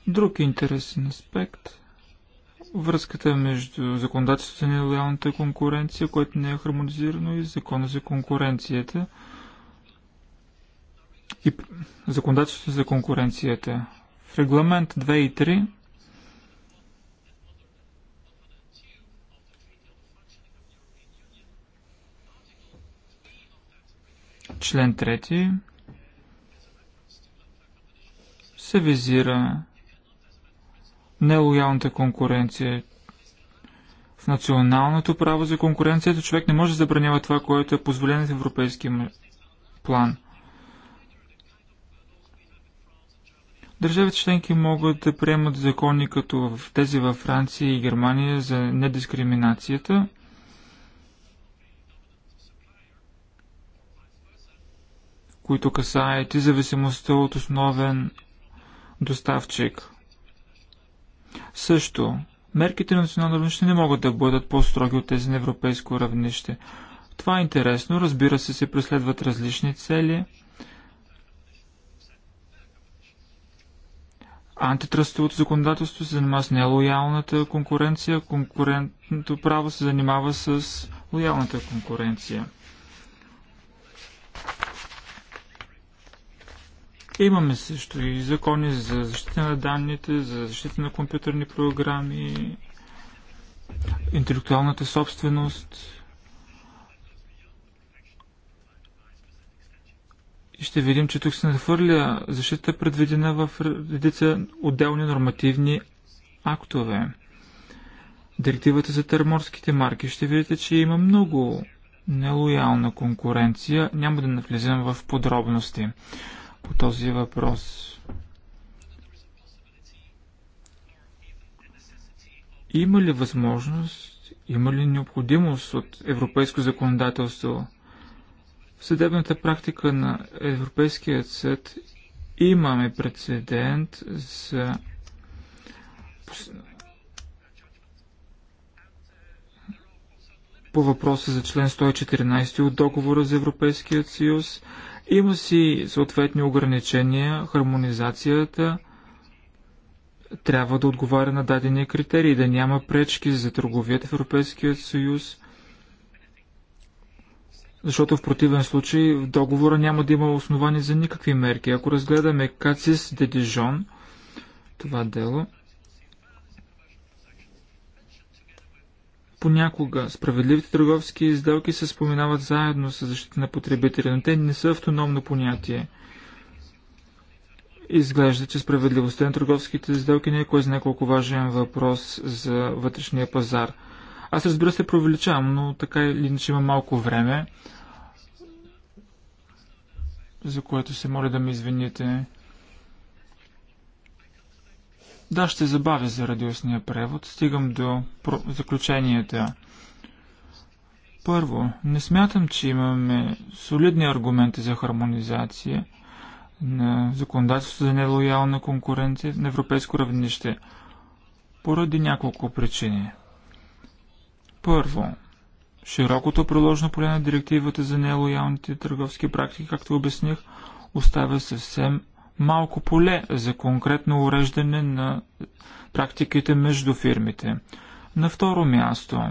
Друг интересен аспект връзката между законодателството на лоялната конкуренция, което не е хармонизирано и закона за конкуренцията и законодателството за конкуренцията регламент 2 и 3 член 3 се визира нелоялната конкуренция. В националното право за конкуренцията човек не може да забранява това, което е позволено в европейския план. Държавите членки могат да приемат закони като в тези във Франция и Германия за недискриминацията. които касаят и зависимостта от основен доставчик. Също, мерките на национално равнище не могат да бъдат по-строги от тези на европейско равнище. Това е интересно, разбира се, се преследват различни цели – Антитръстовото законодателство се занимава с нелоялната конкуренция, конкурентното право се занимава с лоялната конкуренция. Имаме също и закони за защита на данните, за защита на компютърни програми, интелектуалната собственост, И ще видим, че тук се нахвърля защита, предвидена в редица отделни нормативни актове. Директивата за търморските марки ще видите, че има много нелоялна конкуренция. Няма да навлизам в подробности по този въпрос. Има ли възможност, има ли необходимост от европейско законодателство съдебната практика на Европейският съд имаме прецедент за по въпроса за член 114 от договора за Европейският съюз. Има си съответни ограничения, хармонизацията трябва да отговаря на дадени критерии, да няма пречки за търговията в Европейския съюз. Защото в противен случай в договора няма да има основани за никакви мерки. Ако разгледаме Кацис де Дижон, това дело, понякога справедливите търговски изделки се споменават заедно с защита на потребителя, но те не са автономно понятие. Изглежда, че справедливостта на търговските сделки не е кой знае колко важен въпрос за вътрешния пазар. Аз разбира се провеличавам, но така или иначе има малко време за което се моля да ме извините. Да, ще забавя заради устния превод. Стигам до заключенията. Първо, не смятам, че имаме солидни аргументи за хармонизация на законодателството за нелоялна конкуренция на европейско равнище, поради няколко причини. Първо, Широкото приложено поле на директивата за нелоялните търговски практики, както обясних, оставя съвсем малко поле за конкретно уреждане на практиките между фирмите. На второ място,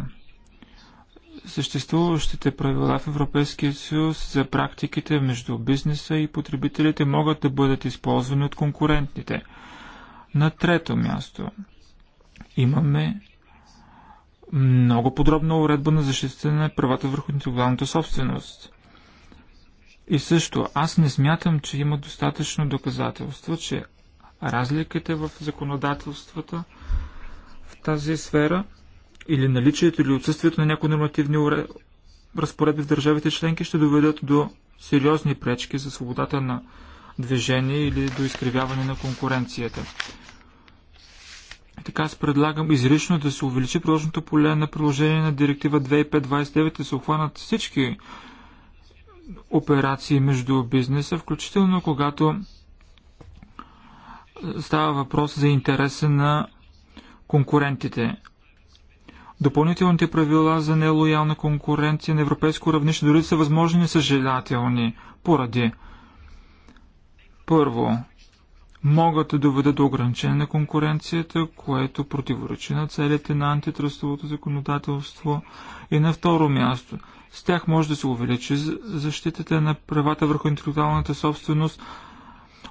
съществуващите правила в Европейския съюз за практиките между бизнеса и потребителите могат да бъдат използвани от конкурентните. На трето място, имаме много подробна уредба на защита на правата върху интелектуалната собственост. И също, аз не смятам, че има достатъчно доказателства, че разликите в законодателствата в тази сфера или наличието или отсъствието на някои нормативни разпоредби в държавите членки ще доведат до сериозни пречки за свободата на движение или до изкривяване на конкуренцията. Така аз предлагам изрично да се увеличи приложното поле на приложение на директива 2529 и се охванат всички операции между бизнеса, включително когато става въпрос за интереса на конкурентите. Допълнителните правила за нелоялна конкуренция на европейско равнище дори са възможни несъжалятелни поради първо могат да доведат до ограничение на конкуренцията, което противоречи на целите на антитръстовото законодателство. И на второ място, с тях може да се увеличи защитата на правата върху интелектуалната собственост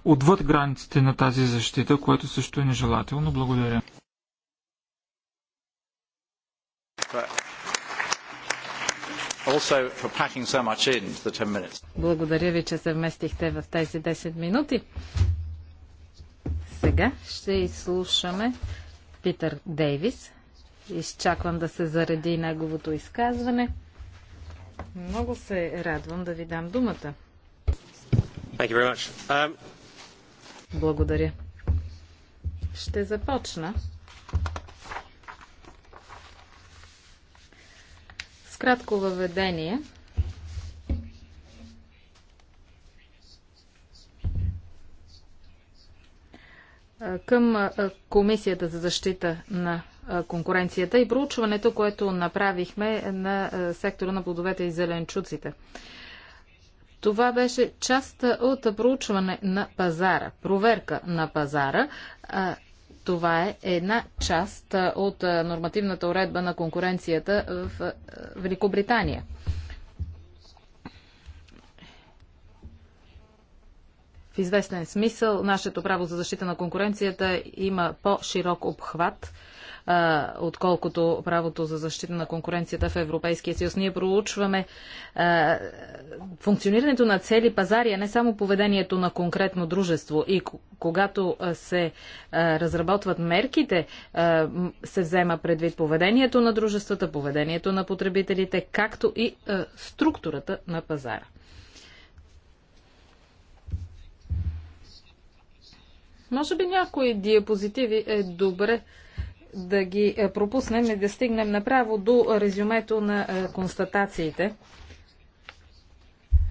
отвъд границите на тази защита, което също е нежелателно. Благодаря. Благодаря ви, че се вместихте в тези 10 минути. Сега ще изслушаме Питър Дейвис. Изчаквам да се зареди неговото изказване. Много се радвам да ви дам думата. Um... Благодаря. Ще започна с кратко въведение – към Комисията за защита на конкуренцията и проучването, което направихме на сектора на плодовете и зеленчуците. Това беше част от проучване на пазара, проверка на пазара. Това е една част от нормативната уредба на конкуренцията в Великобритания. в известен смисъл нашето право за защита на конкуренцията има по-широк обхват отколкото правото за защита на конкуренцията в Европейския съюз. Ние проучваме а, функционирането на цели пазари, а не само поведението на конкретно дружество. И когато се а, разработват мерките, а, се взема предвид поведението на дружествата, поведението на потребителите, както и а, структурата на пазара. Може би някои диапозитиви е добре да ги е, пропуснем и да стигнем направо до резюмето на е, констатациите.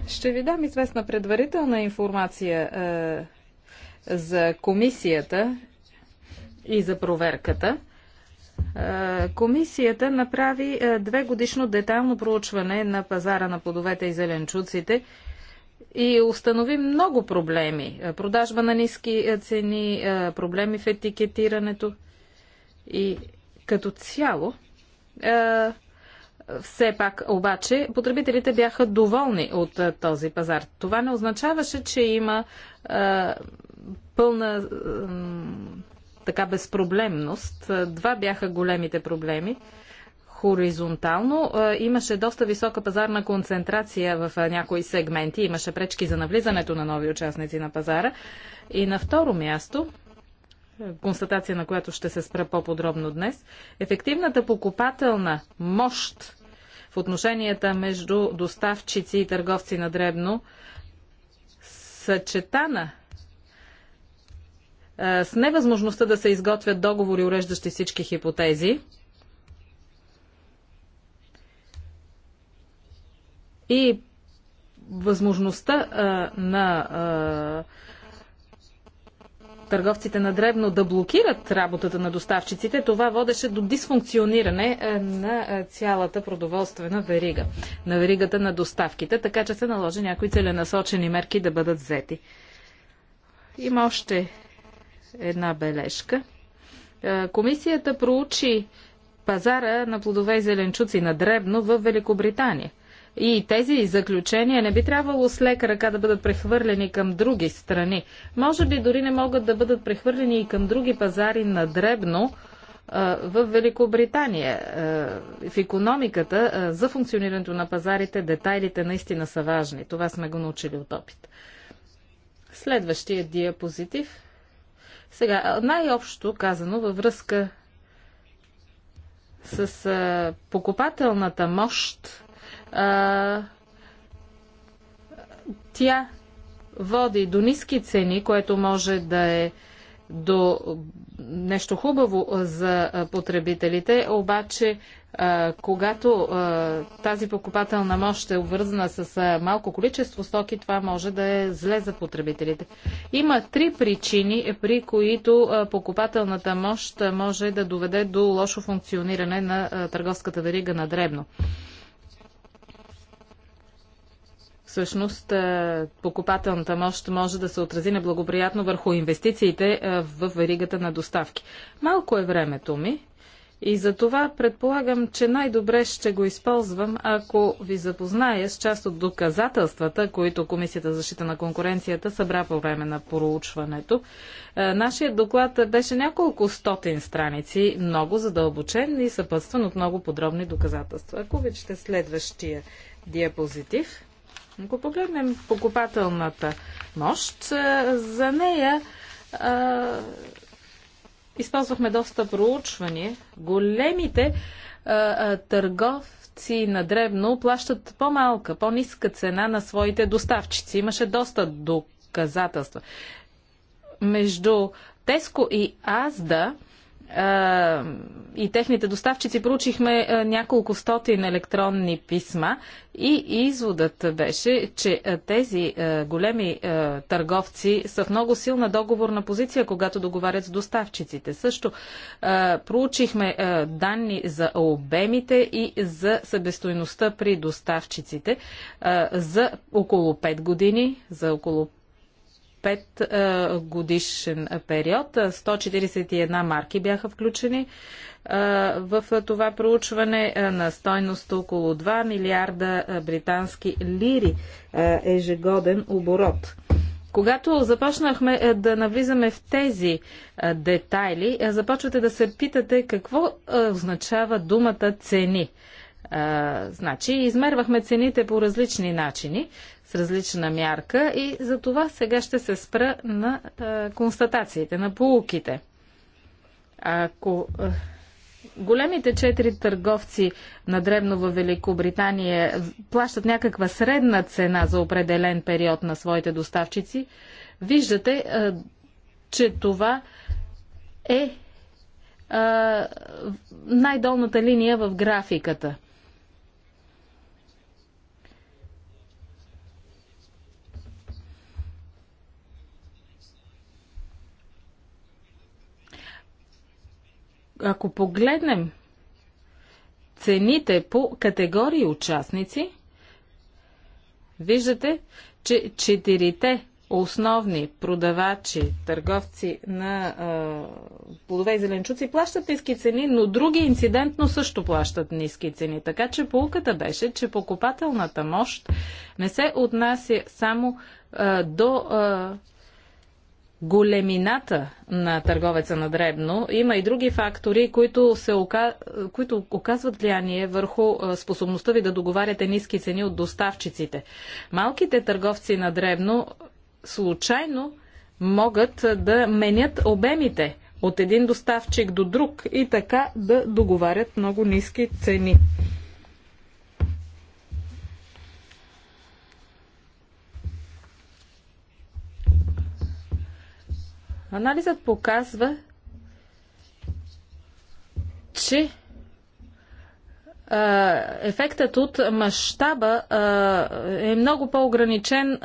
Ще ви дам известна предварителна информация е, за комисията и за проверката. комисията направи две годишно детайлно проучване на пазара на плодовете и зеленчуците – и установи много проблеми. Е, продажба на ниски е, цени, е, проблеми в етикетирането и като цяло. Все пак обаче потребителите бяха доволни от този пазар. Това не означаваше, че има пълна така безпроблемност. Два бяха големите проблеми хоризонтално. Имаше доста висока пазарна концентрация в някои сегменти. Имаше пречки за навлизането на нови участници на пазара. И на второ място, констатация на която ще се спра по-подробно днес, ефективната покупателна мощ в отношенията между доставчици и търговци на дребно, съчетана с невъзможността да се изготвят договори, уреждащи всички хипотези, и възможността а, на а, търговците на дребно да блокират работата на доставчиците, това водеше до дисфункциониране на цялата продоволствена верига, на веригата на доставките, така че се наложи някои целенасочени мерки да бъдат взети. Има още една бележка. Комисията проучи пазара на плодове и зеленчуци на дребно в Великобритания. И тези заключения не би трябвало с лека ръка да бъдат прехвърлени към други страни. Може би дори не могат да бъдат прехвърлени и към други пазари на дребно, в Великобритания. В економиката за функционирането на пазарите детайлите наистина са важни. Това сме го научили от опит. Следващия диапозитив. Сега, най-общо казано във връзка с покупателната мощ тя води до ниски цени, което може да е до нещо хубаво за потребителите, обаче когато тази покупателна мощ е обвързана с малко количество стоки, това може да е зле за потребителите. Има три причини, при които покупателната мощ може да доведе до лошо функциониране на търговската верига на дребно. Всъщност, е, покупателната мощ може да се отрази неблагоприятно върху инвестициите е, в веригата на доставки. Малко е времето ми и за това предполагам, че най-добре ще го използвам, ако ви запозная с част от доказателствата, които Комисията за защита на конкуренцията събра по време на проучването. Е, нашият доклад беше няколко стотин страници, много задълбочен и съпътстван от много подробни доказателства. Ако обичате следващия диапозитив. Ако погледнем покупателната мощ, за нея а, използвахме доста проучвания. Големите а, а, търговци на дребно плащат по-малка, по-ниска цена на своите доставчици. Имаше доста доказателства. Между Теско и Азда и техните доставчици проучихме няколко стотин електронни писма и изводът беше, че тези големи търговци са в много силна договорна позиция, когато договарят с доставчиците. Също проучихме данни за обемите и за събестойността при доставчиците за около 5 години, за около 5 годишен период. 141 марки бяха включени в това проучване на стойност около 2 милиарда британски лири ежегоден оборот. Когато започнахме да навлизаме в тези детайли, започвате да се питате какво означава думата цени. А, значи, измервахме цените по различни начини, с различна мярка и за това сега ще се спра на а, констатациите, на полуките. Ако а, големите четири търговци на Дребно в Великобритания плащат някаква средна цена за определен период на своите доставчици, виждате, а, че това е най-долната линия в графиката – Ако погледнем цените по категории участници, виждате, че четирите основни продавачи, търговци на а, плодове и зеленчуци плащат ниски цени, но други инцидентно също плащат ниски цени. Така че полуката беше, че покупателната мощ не се отнася само а, до а, големината на търговеца на дребно, има и други фактори, които, се ока... които оказват влияние върху способността ви да договаряте ниски цени от доставчиците. Малките търговци на дребно случайно могат да менят обемите от един доставчик до друг и така да договарят много ниски цени. Анализът показва, че ефектът от мащаба е много по-ограничен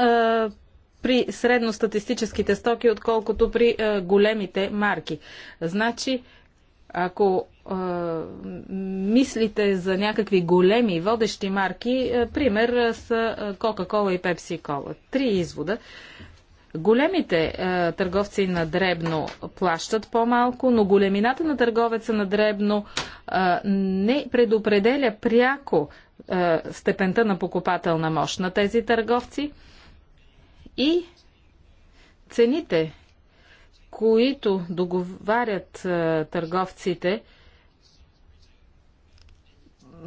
при средностатистическите стоки, отколкото при големите марки. Значи, ако мислите за някакви големи водещи марки, пример са Coca-Cola и Pepsi Cola, Три извода. Големите е, търговци на дребно плащат по-малко, но големината на търговеца на дребно е, не предопределя пряко е, степента на покупателна мощ на тези търговци и цените, които договарят е, търговците,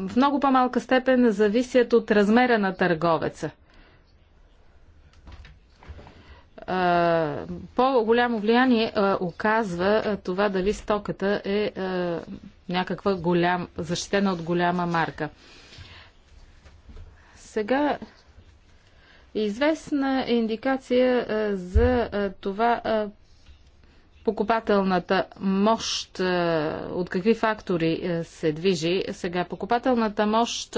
в много по-малка степен зависят от размера на търговеца по-голямо влияние оказва това дали стоката е някаква голям, защитена от голяма марка. Сега известна индикация индикация за това покупателната мощ, е, от какви фактори е, се движи. Сега, покупателната мощ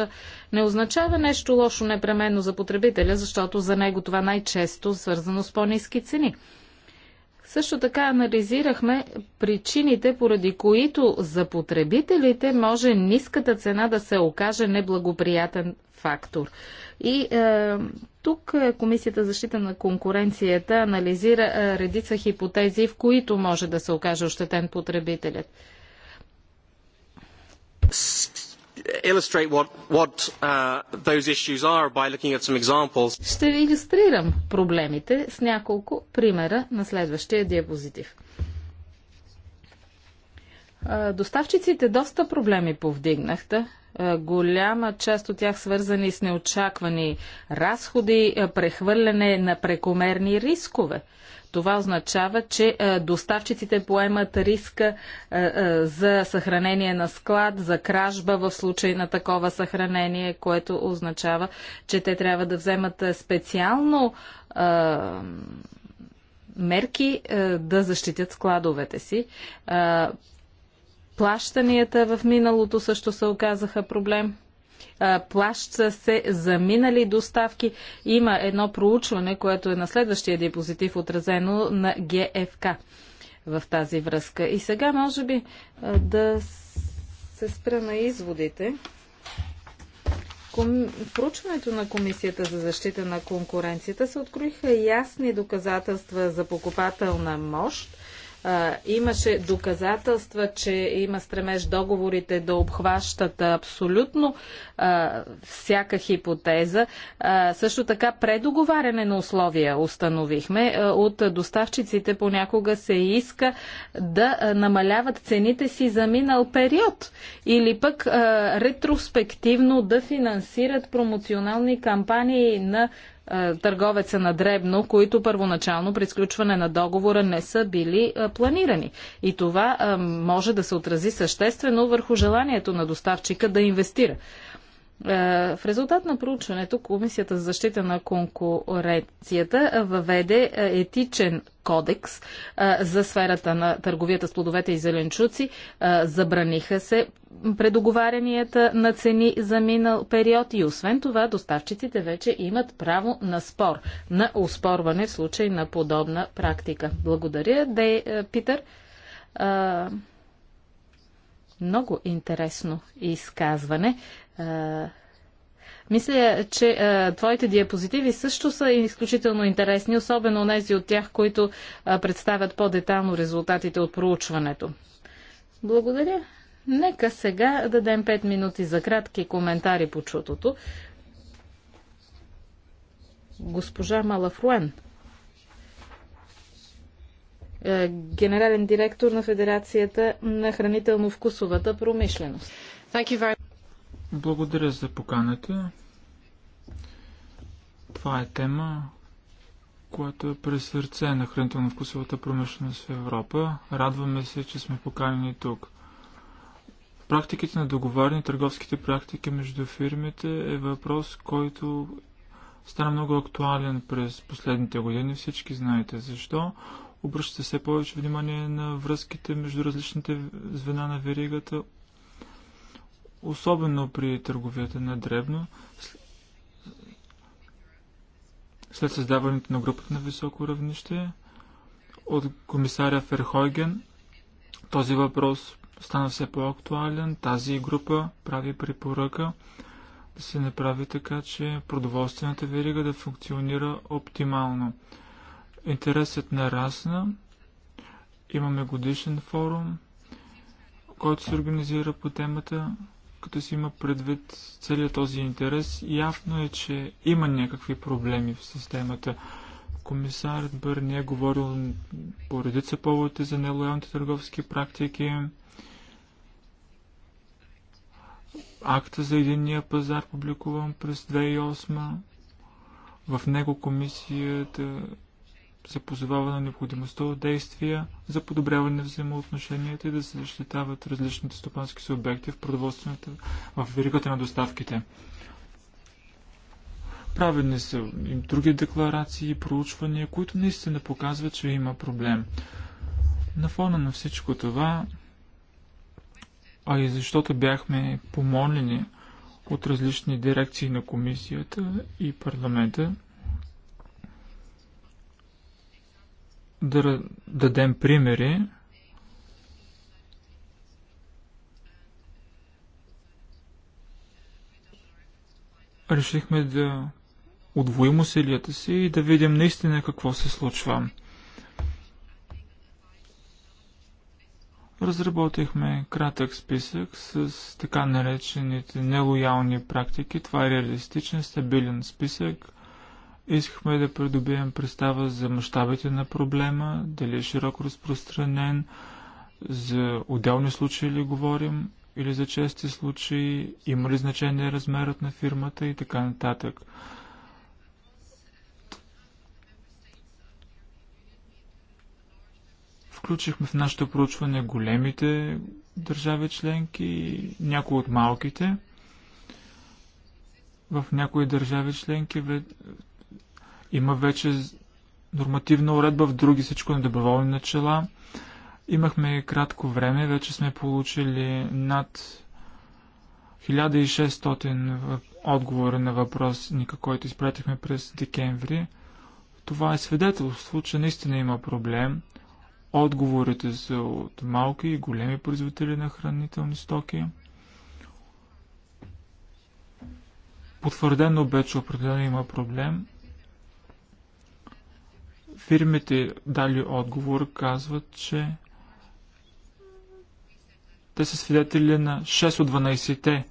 не означава нещо лошо непременно за потребителя, защото за него това най-често свързано с по-низки цени. Също така анализирахме причините, поради които за потребителите може ниската цена да се окаже неблагоприятен фактор. И е, тук е, Комисията за защита на конкуренцията анализира е, редица хипотези, в които може да се окаже ощетен потребителят illustrate what, what uh, those issues are by looking at some examples. Ще ви иллюстрирам проблемите с няколко примера на следващия диапозитив. Доставчиците доста проблеми повдигнахте. Голяма част от тях свързани с неочаквани разходи, прехвърляне на прекомерни рискове – това означава, че доставчиците поемат риска за съхранение на склад, за кражба в случай на такова съхранение, което означава, че те трябва да вземат специално мерки да защитят складовете си. Плащанията в миналото също се оказаха проблем плаща се за минали доставки. Има едно проучване, което е на следващия диапозитив отразено на ГФК в тази връзка. И сега може би да се спра на изводите. Проучването на Комисията за защита на конкуренцията се откроиха ясни доказателства за покупателна мощ, а, имаше доказателства, че има стремеж договорите да обхващат абсолютно а, всяка хипотеза. А, също така предоговаряне на условия установихме. А, от доставчиците понякога се иска да намаляват цените си за минал период или пък а, ретроспективно да финансират промоционални кампании на е, търговеца на дребно, които първоначално при сключване на договора не са били е, планирани. И това е, може да се отрази съществено върху желанието на доставчика да инвестира. Е, в резултат на проучването Комисията за защита на конкуренцията въведе е, етичен кодекс е, за сферата на търговията с плодовете и зеленчуци. Забраниха се предоговарянията на цени за минал период и освен това доставчиците вече имат право на спор, на успорване в случай на подобна практика. Благодаря, Де Питър. Много интересно изказване мисля, че а, твоите диапозитиви също са изключително интересни, особено тези от тях, които а, представят по-детално резултатите от проучването. Благодаря. Нека сега дадем 5 минути за кратки коментари по чутото. Госпожа Малафруен, е, генерален директор на Федерацията на хранително-вкусовата промишленост. Благодаря за поканата. Това е тема, която е през сърце на хранително-вкусовата промишленост в Европа. Радваме се, че сме поканени тук. Практиките на договарни, търговските практики между фирмите е въпрос, който стана много актуален през последните години. Всички знаете защо. Обръщате се повече внимание на връзките между различните звена на веригата, особено при търговията на дребно, след създаването на групата на високо равнище от комисаря Ферхойген. Този въпрос стана все по-актуален. Тази група прави препоръка да се направи така, че продоволствената верига да функционира оптимално. Интересът нарасна. Имаме годишен форум, който се организира по темата като си има предвид целият този интерес, явно е, че има някакви проблеми в системата. Комисарът Бърни е говорил по редица поводите за нелоялните търговски практики. Акта за единния пазар, публикуван през 2008 в него комисията се позовава на необходимостта от действия за подобряване на взаимоотношенията и да се защитават различните стопански субекти в продоволствената в веригата на доставките. Правени са и други декларации и проучвания, които наистина показват, че има проблем. На фона на всичко това, а и защото бяхме помолени от различни дирекции на комисията и парламента да дадем примери решихме да удвоим усилията си и да видим наистина какво се случва. Разработихме кратък списък с така наречените нелоялни практики. Това е реалистичен, стабилен списък – Искахме да придобием представа за мащабите на проблема, дали е широко разпространен, за отделни случаи ли говорим или за чести случаи, има ли значение размерът на фирмата и така нататък. Включихме в нашето проучване големите държави членки и някои от малките. В някои държави членки има вече нормативна уредба, в други всичко на доброволни начала. Имахме кратко време, вече сме получили над 1600 отговора на въпросника, който изпратихме през декември. Това е свидетелство, че наистина има проблем. Отговорите са от малки и големи производители на хранителни стоки. Потвърдено бе, че определено има проблем. Фирмите, дали отговор, казват, че те са свидетели на 6 от 12-те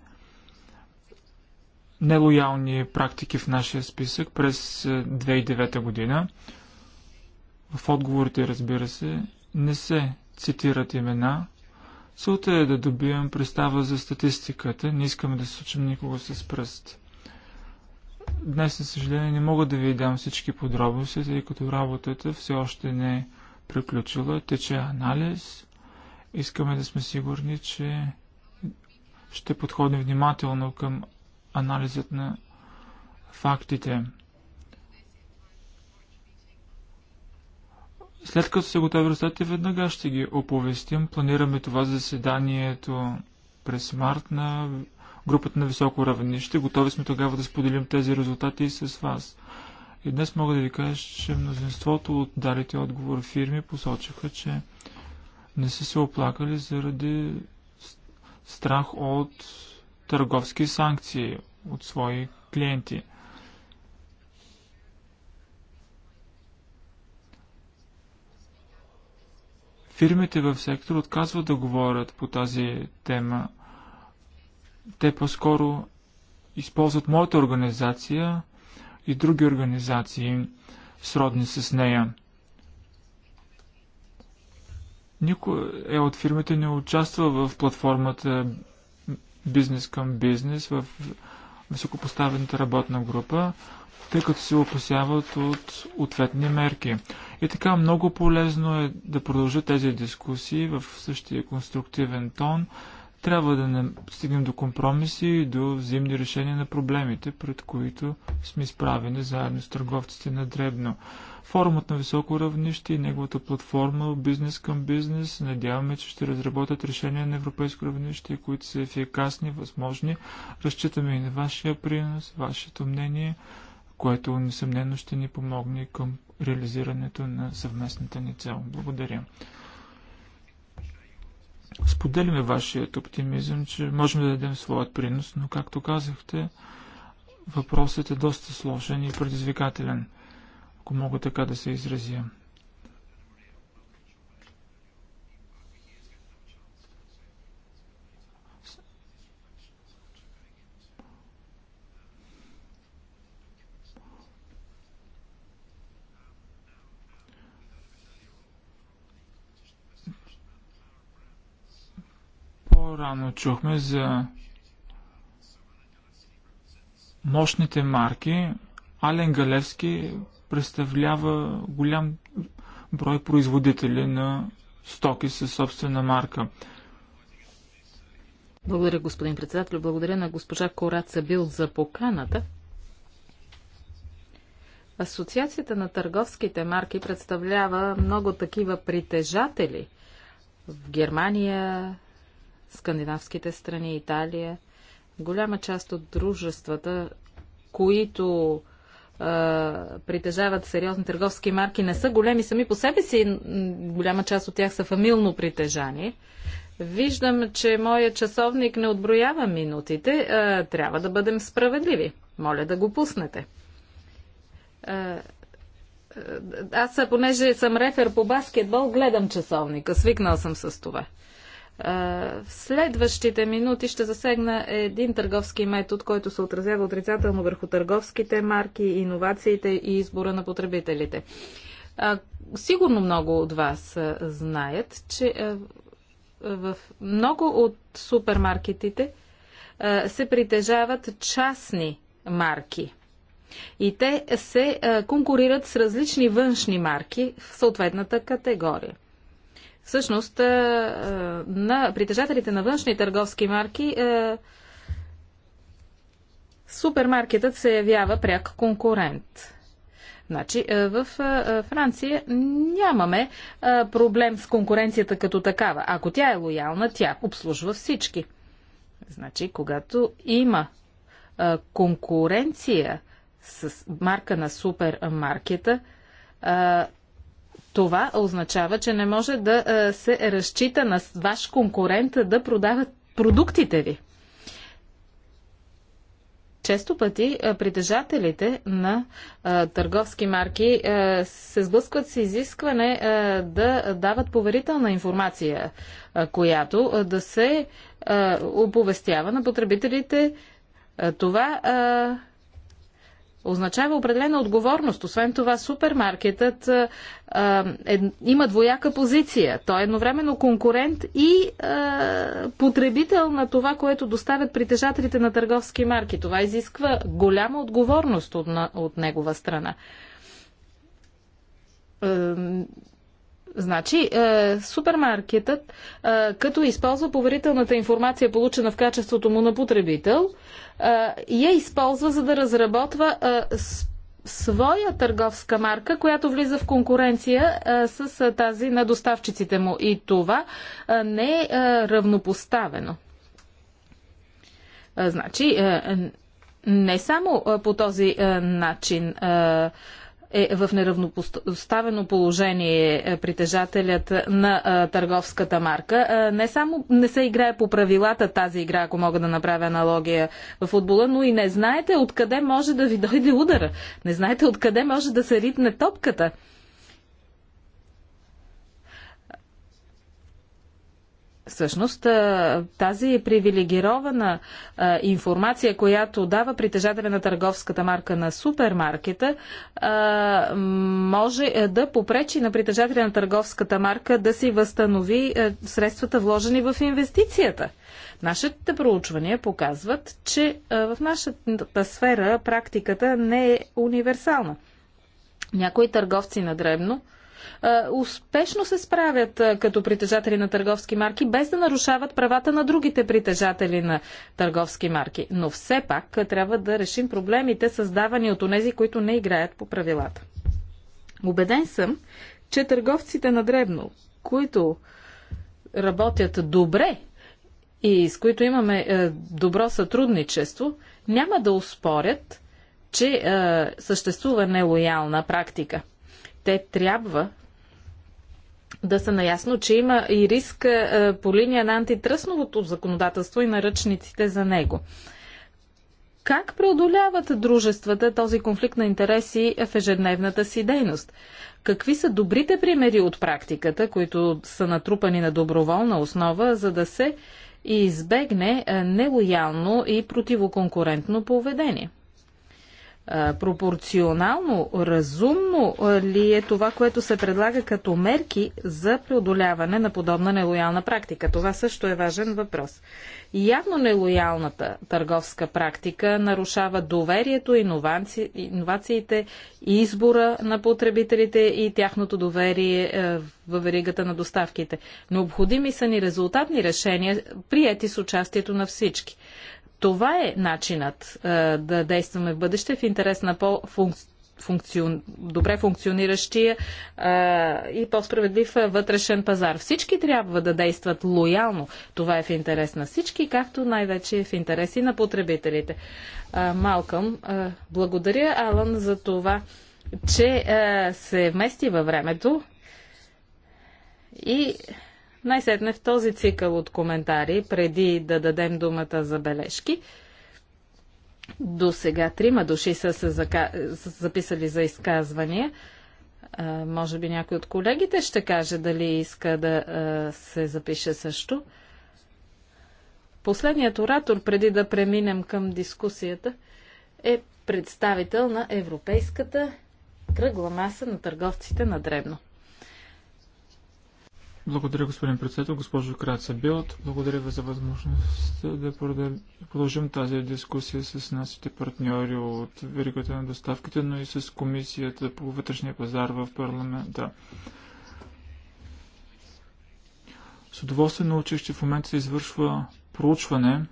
нелоялни практики в нашия списък през 2009 е, година. В отговорите, разбира се, не се цитират имена. Целта е да добием представа за статистиката. Не искаме да сочим никого с пръст. Днес, за съжаление, не мога да ви дам всички подробности, тъй като работата все още не е приключила. Тече анализ. Искаме да сме сигурни, че ще подходим внимателно към анализът на фактите. След като се готови резултатите, веднага ще ги оповестим. Планираме това заседанието през март на групата на високо равнище. Готови сме тогава да споделим тези резултати и с вас. И днес мога да ви кажа, че мнозинството от далите отговор фирми посочиха, че не са се оплакали заради страх от търговски санкции от свои клиенти. Фирмите в сектор отказват да говорят по тази тема. Те по-скоро използват моята организация и други организации, сродни с нея. Никой е от фирмите не участва в платформата бизнес към бизнес, в високопоставената работна група, тъй като се опасяват от ответни мерки. И така много полезно е да продължат тези дискусии в същия конструктивен тон, трябва да не стигнем до компромиси и до взаимни решения на проблемите, пред които сме изправени заедно с търговците на Дребно. Форумът на високо равнище и неговата платформа Бизнес към бизнес надяваме, че ще разработят решения на европейско равнище, които са ефикасни, възможни. Разчитаме и на вашия принос, вашето мнение, което несъмнено ще ни помогне към реализирането на съвместната ни цел. Благодаря. Споделяме вашият оптимизъм, че можем да дадем своят принос, но както казахте, въпросът е доста сложен и предизвикателен, ако мога така да се изразя. По-рано чухме за мощните марки. Ален Галевски представлява голям брой производители на стоки със собствена марка. Благодаря, господин председател. Благодаря на госпожа Кораца Бил за поканата. Асоциацията на търговските марки представлява много такива притежатели в Германия, скандинавските страни, Италия. Голяма част от дружествата, които притежават сериозни търговски марки, не са големи сами по себе си, голяма част от тях са фамилно притежани. Виждам, че моя часовник не отброява минутите. Трябва да бъдем справедливи. Моля да го пуснете. Аз, понеже съм рефер по баскетбол, гледам часовника. Свикнал съм с това. В следващите минути ще засегна един търговски метод, който се отразява отрицателно върху търговските марки, иновациите и избора на потребителите. Сигурно много от вас знаят, че в много от супермаркетите се притежават частни марки. И те се конкурират с различни външни марки в съответната категория. Всъщност, на притежателите на външни търговски марки супермаркетът се явява пряк конкурент. Значи, в Франция нямаме проблем с конкуренцията като такава. Ако тя е лоялна, тя обслужва всички. Значи, когато има конкуренция с марка на супермаркета, това означава, че не може да е, се разчита на ваш конкурент да продава продуктите ви. Често пъти е, притежателите на а, е, търговски марки а, се сблъскват с изискване а, да дават поверителна информация, която да се оповестява на потребителите. Това означава определена отговорност. Освен това, супермаркетът а, е, има двояка позиция. Той е едновременно конкурент и а, потребител на това, което доставят притежателите на търговски марки. Това изисква голяма отговорност от, от негова страна Значи, е, супермаркетът, е, като използва поверителната информация, получена в качеството му на потребител, е, я използва за да разработва е, своя търговска марка, която влиза в конкуренция е, с е, тази на доставчиците му. И това е, не е, е равнопоставено. Е, значи, е, е, не само е, по този е, начин. Е, е в неравнопоставено положение е, притежателят на е, търговската марка. Е, не само не се играе по правилата тази игра, ако мога да направя аналогия в футбола, но и не знаете откъде може да ви дойде удара. Не знаете откъде може да се ритне топката. Всъщност тази привилегирована информация, която дава притежателя на търговската марка на супермаркета, може да попречи на притежателя на търговската марка да си възстанови средствата вложени в инвестицията. Нашите проучвания показват, че в нашата сфера практиката не е универсална. Някои търговци на дребно е, успешно се справят е, като притежатели на търговски марки, без да нарушават правата на другите притежатели на търговски марки. Но все пак е, трябва да решим проблемите, създавани от онези, които не играят по правилата. Убеден съм, че търговците на дребно, които работят добре и с които имаме добро сътрудничество, няма да успорят, че е, съществува нелоялна практика те трябва да са наясно, че има и риск е, по линия на антитръсновото законодателство и наръчниците за него. Как преодоляват дружествата този конфликт на интереси в ежедневната си дейност? Какви са добрите примери от практиката, които са натрупани на доброволна основа, за да се избегне е, нелоялно и противоконкурентно поведение? пропорционално, разумно ли е това, което се предлага като мерки за преодоляване на подобна нелоялна практика? Това също е важен въпрос. Явно нелоялната търговска практика нарушава доверието, иноваци... иновациите, избора на потребителите и тяхното доверие в веригата на доставките. Необходими са ни резултатни решения, прияти с участието на всички – това е начинът а, е, да действаме в бъдеще в интерес на по функцион, добре функциониращия а, е, и по-справедлив е, вътрешен пазар. Всички трябва да действат лоялно. Това е в интерес на всички, както най-вече е в интерес и на потребителите. А, Малкъм, а, благодаря, Алан, за това, че а, се вмести във времето и най-сетне в този цикъл от коментари, преди да дадем думата за бележки, до сега трима души са се записали за изказвания. А, може би някой от колегите ще каже дали иска да а, се запише също. Последният оратор, преди да преминем към дискусията, е представител на Европейската кръгла маса на търговците на Дребно. Благодаря, господин председател. Госпожо Краца Билт, благодаря ви за възможността да продължим тази дискусия с нашите партньори от веригата на доставките, но и с комисията по вътрешния пазар в парламента. С удоволствие научих, че в момента се извършва проучване,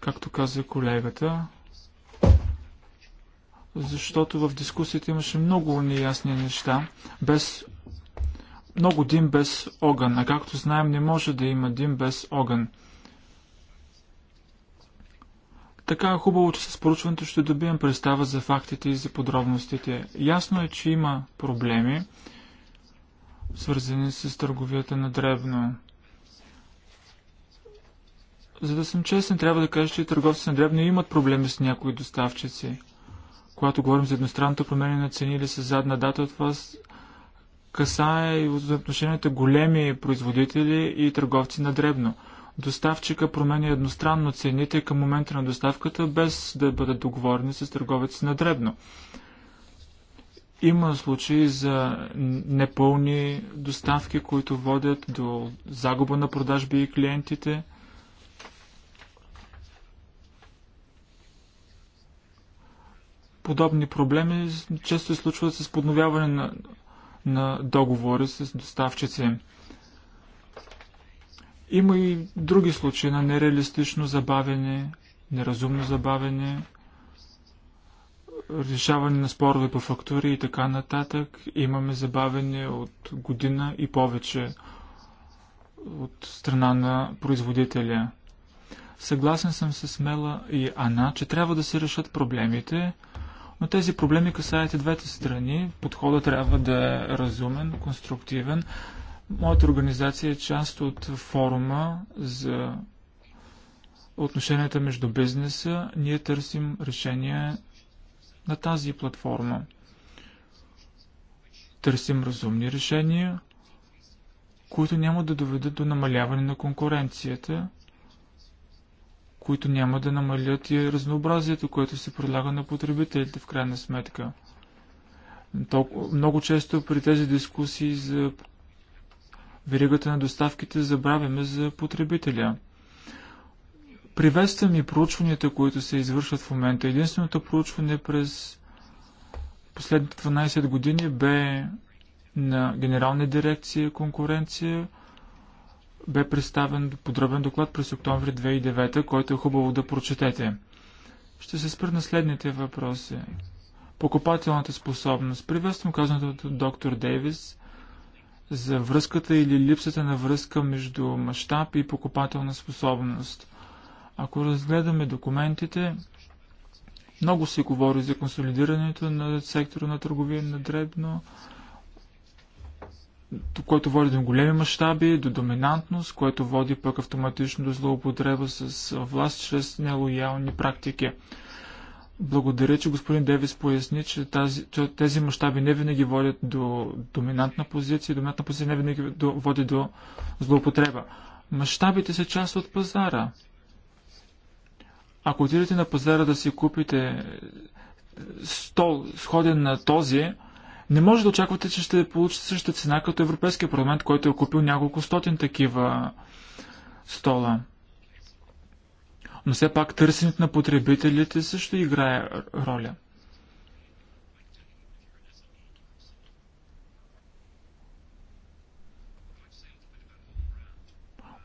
както каза колегата, защото в дискусията имаше много неясни неща, без много дим без огън, а както знаем не може да има дим без огън. Така хубаво, че с поручването ще добием представа за фактите и за подробностите. Ясно е, че има проблеми, свързани с търговията на дребно. За да съм честен, трябва да кажа, че търговците на дребно имат проблеми с някои доставчици. Когато говорим за едностранното промене на цени или с задна дата, от вас касае и отношенията големи производители и търговци на дребно. Доставчика променя едностранно цените към момента на доставката, без да бъдат договорени с търговец на дребно. Има случаи за непълни доставки, които водят до загуба на продажби и клиентите. Подобни проблеми често се случват с подновяване на на договори с доставчици. Има и други случаи на нереалистично забавене, неразумно забавене, решаване на спорове по фактури и така нататък. Имаме забавене от година и повече от страна на производителя. Съгласен съм с Мела и Ана, че трябва да се решат проблемите, но тези проблеми касаят и двете страни. Подходът трябва да е разумен, конструктивен. Моята организация е част от форума за отношенията между бизнеса. Ние търсим решение на тази платформа. Търсим разумни решения, които няма да доведат до намаляване на конкуренцията – които няма да намалят и разнообразието, което се предлага на потребителите в крайна сметка. много често при тези дискусии за веригата на доставките забравяме за потребителя. Приветствам и проучванията, които се извършват в момента. Единственото проучване през последните 12 години бе на Генерална дирекция конкуренция – бе представен подробен доклад през октомври 2009, който е хубаво да прочетете. Ще се спра на следните въпроси. Покупателната способност. Приветствам казаното от доктор Дейвис за връзката или липсата на връзка между мащаб и покупателна способност. Ако разгледаме документите, много се говори за консолидирането на сектора на търговия на дребно, което води до големи мащаби, до доминантност, което води пък автоматично до злоупотреба с власт чрез нелоялни практики. Благодаря, че господин Девис поясни, че, тази, че тези мащаби не винаги водят до доминантна позиция, доминантна позиция не винаги до, води до злоупотреба. Мащабите са част от пазара. Ако отидете на пазара да си купите стол, сходен на този, не може да очаквате, че ще получите същата цена като Европейския парламент, който е купил няколко стотин такива стола. Но все пак търсенето на потребителите също играе роля.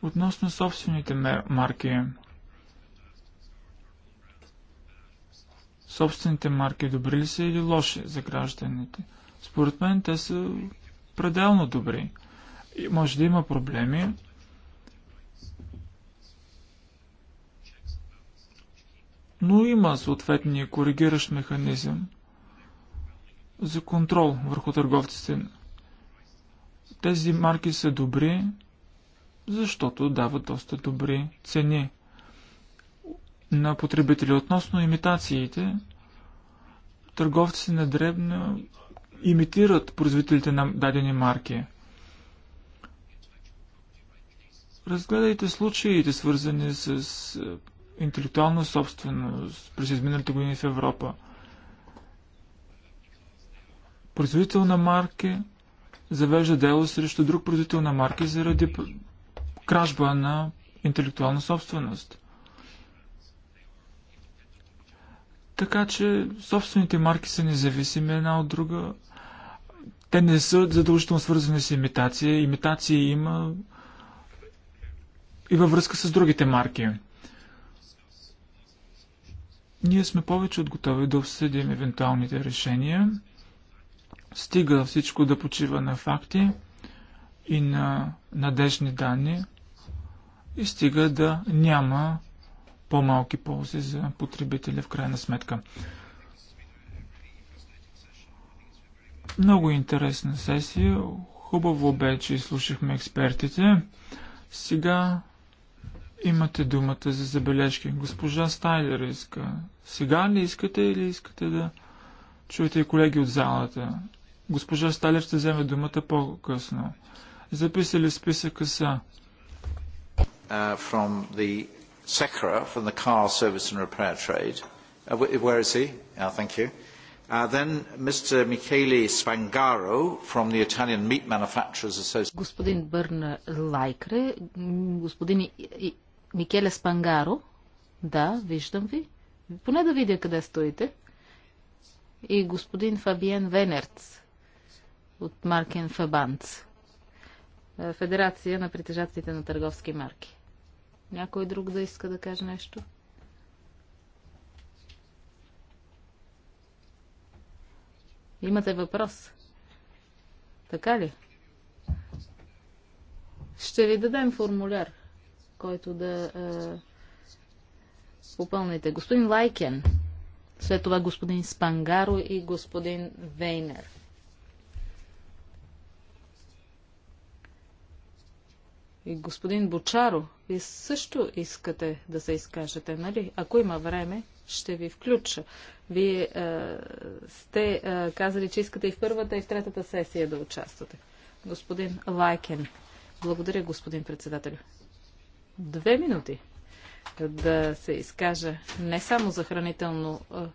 Относно собствените марки. Собствените марки добри ли са или лоши за гражданите? Според мен те са пределно добри. И може да има проблеми. Но има съответния коригиращ механизъм за контрол върху търговците. Тези марки са добри, защото дават доста добри цени на потребители. Относно имитациите, търговци на дребно имитират производителите на дадени марки. Разгледайте случаите, свързани с е, интелектуална собственост през изминалите години в Европа. Производител на марки завежда дело срещу друг производител на марки заради кражба на интелектуална собственост. Така че собствените марки са независими една от друга те не са задължително свързани с имитация. Имитации има и във връзка с другите марки. Ние сме повече от готови да обсъдим евентуалните решения. Стига всичко да почива на факти и на надежни данни и стига да няма по-малки ползи за потребителя в крайна сметка. Много интересна сесия. Хубаво бе, че изслушахме експертите. Сега имате думата за забележки. Госпожа Стайлер иска. Сега ли искате или искате да чуете и колеги от залата? Госпожа Стайлер ще вземе думата по-късно. Записали списъка са. Uh, from the SECRA, from the Car Service and Repair Trade. Uh, where is he? thank you. Uh, then Mr. Michele Spangaro from the Italian Meat Manufacturers Association. Господин Бърн Лайкре, господин Микеле Спангаро, да, виждам ви. Поне да видя къде стоите. И господин Фабиен Венерц от Маркен Фабанц. Е, Федерация на притежателите на търговски марки. Някой друг да иска да каже нещо? Имате въпрос. Така ли? Ще ви дадем формуляр, който да е, попълните. Господин Лайкен, след това господин Спангаро и господин Вейнер. И господин Бочаро, ви също искате да се изкажете, нали? Ако има време, ще ви включа вие а, е, сте а, е, казали, че искате и в първата, и в третата сесия да участвате. Господин Лайкен. Благодаря, господин председател. Две минути да се изкажа не само за хранително а, е,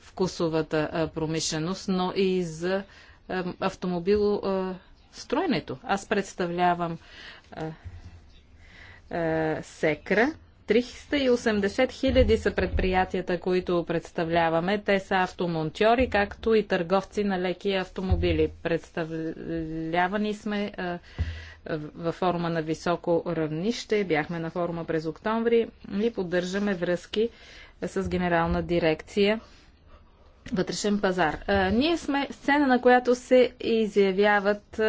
вкусовата промишленост, но и за автомобилостроенето. Аз представлявам Секра, 380 000 са предприятията, които представляваме. Те са автомонтьори, както и търговци на леки автомобили. Представлявани сме във форма на високо равнище. Бяхме на форума през октомври и поддържаме връзки с генерална дирекция вътрешен пазар. ние сме сцена, на която се изявяват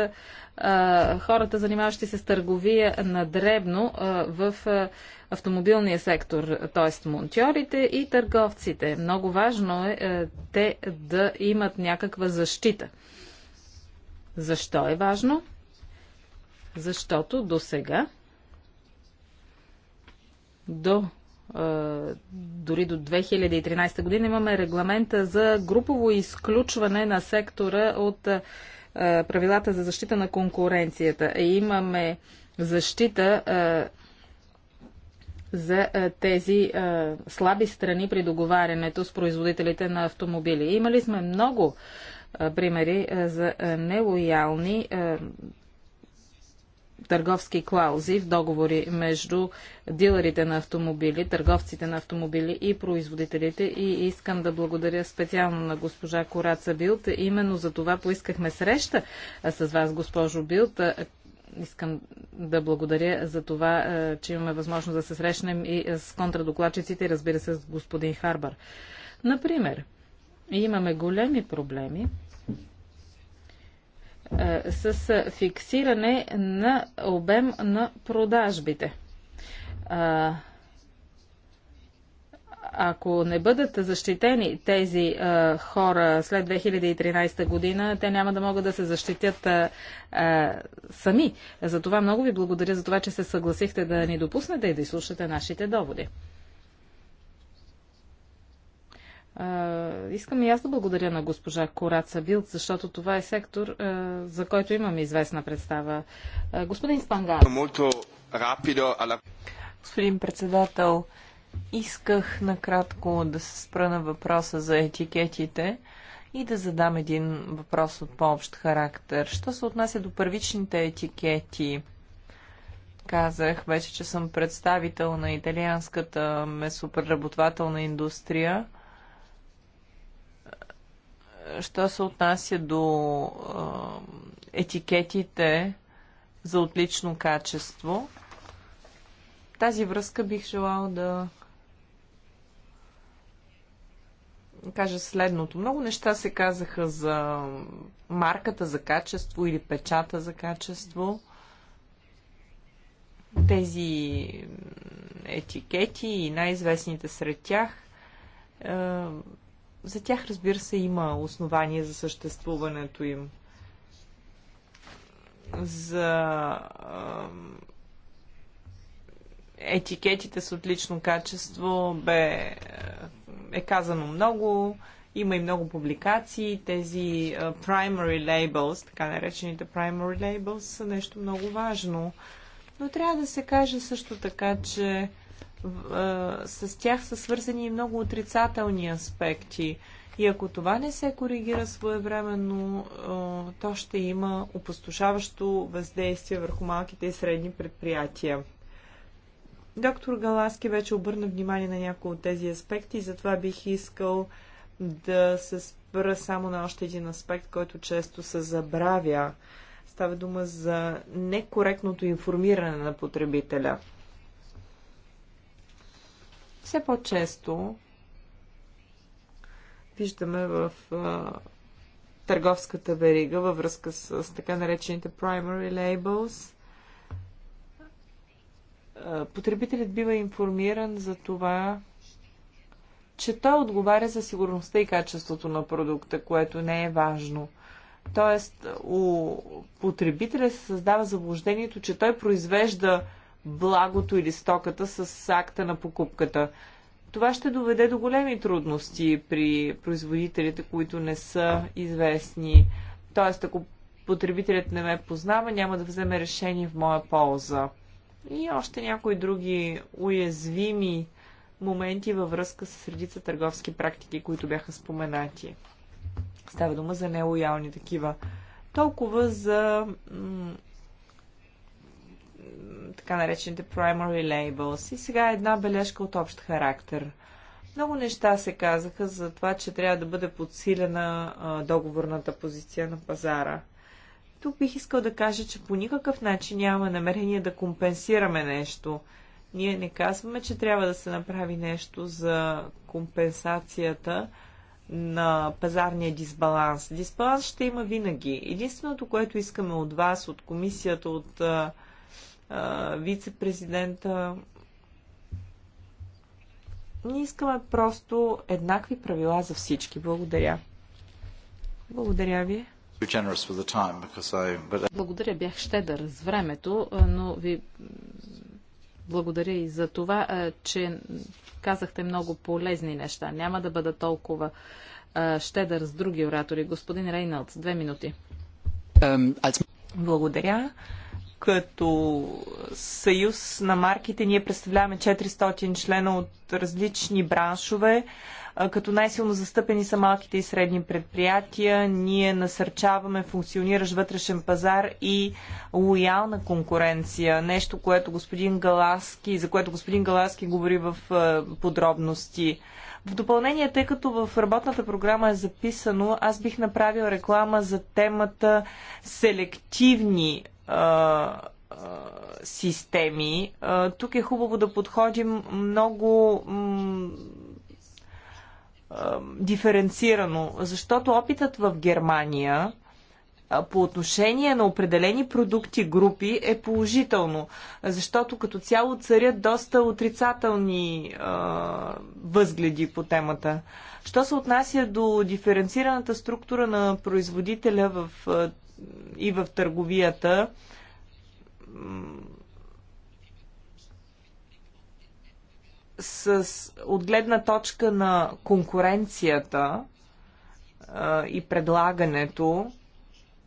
хората, занимаващи се с търговия на дребно в автомобилния сектор, т.е. монтьорите и търговците. Много важно е, е те да имат някаква защита. Защо е важно? Защото до сега, до дори до 2013 година имаме регламента за групово изключване на сектора от правилата за защита на конкуренцията. Имаме защита за тези слаби страни при договарянето с производителите на автомобили. Имали сме много примери за нелоялни търговски клаузи в договори между дилерите на автомобили, търговците на автомобили и производителите. И искам да благодаря специално на госпожа Кораца Билт. Именно за това поискахме среща с вас, госпожо Билт. Искам да благодаря за това, че имаме възможност да се срещнем и с контрадокладчиците, разбира се, с господин Харбър. Например, имаме големи проблеми е, с фиксиране на обем на продажбите. Ако не бъдат защитени тези а, хора след 2013 година, те няма да могат да се защитят а, а, сами. Затова много ви благодаря за това, че се съгласихте да ни допуснете и да изслушате нашите доводи. Искам и аз да благодаря на госпожа Кораца Билт, защото това е сектор, за който имам известна представа. Господин Спангар. Господин председател, исках накратко да се спра на въпроса за етикетите и да задам един въпрос от по-общ характер. Що се отнася до първичните етикети? Казах вече, че съм представител на италианската месопреработвателна индустрия що се отнася до етикетите за отлично качество, тази връзка бих желала да кажа следното. Много неща се казаха за марката за качество или печата за качество. Тези етикети и най-известните сред тях за тях, разбира се, има основания за съществуването им. За етикетите с отлично качество бе, е казано много. Има и много публикации. Тези primary labels, така наречените primary labels, са нещо много важно. Но трябва да се каже също така, че с тях са свързани и много отрицателни аспекти. И ако това не се коригира своевременно, то ще има опустошаващо въздействие върху малките и средни предприятия. Доктор Галаски вече обърна внимание на някои от тези аспекти, затова бих искал да се спра само на още един аспект, който често се забравя. Става дума за некоректното информиране на потребителя. Все по-често виждаме в а, търговската верига във връзка с, с така наречените primary labels. А, потребителят бива информиран за това, че той отговаря за сигурността и качеството на продукта, което не е важно. Тоест, у потребителя се създава заблуждението, че той произвежда благото или стоката с акта на покупката. Това ще доведе до големи трудности при производителите, които не са известни. Тоест, ако потребителят не ме познава, няма да вземе решение в моя полза. И още някои други уязвими моменти във връзка с редица търговски практики, които бяха споменати. Става дума за нелоялни такива. Толкова за така наречените primary labels. И сега една бележка от общ характер. Много неща се казаха за това, че трябва да бъде подсилена договорната позиция на пазара. Тук бих искал да кажа, че по никакъв начин нямаме намерение да компенсираме нещо. Ние не казваме, че трябва да се направи нещо за компенсацията на пазарния дисбаланс. Дисбаланс ще има винаги. Единственото, което искаме от вас, от комисията, от вице-президента. Ние искаме просто еднакви правила за всички. Благодаря. Благодаря ви. Uh, благодаря, бях щедър с времето, но ви благодаря и за това, че казахте много полезни неща. Няма да бъда толкова щедър с други оратори. Господин Рейналдс, две минути. Благодаря като съюз на марките ние представляваме 400 члена от различни браншове. Като най-силно застъпени са малките и средни предприятия, ние насърчаваме функциониращ вътрешен пазар и лоялна конкуренция. Нещо, което господин Галаски, за което господин Галаски говори в подробности. В допълнение, тъй като в работната програма е записано, аз бих направил реклама за темата селективни системи. тук е хубаво да подходим много диференцирано, защото опитът в Германия по отношение на определени продукти, групи е положително, защото като цяло царят доста отрицателни възгледи по темата. Що се отнася до диференцираната структура на производителя в и в търговията. С отгледна точка на конкуренцията а, и предлагането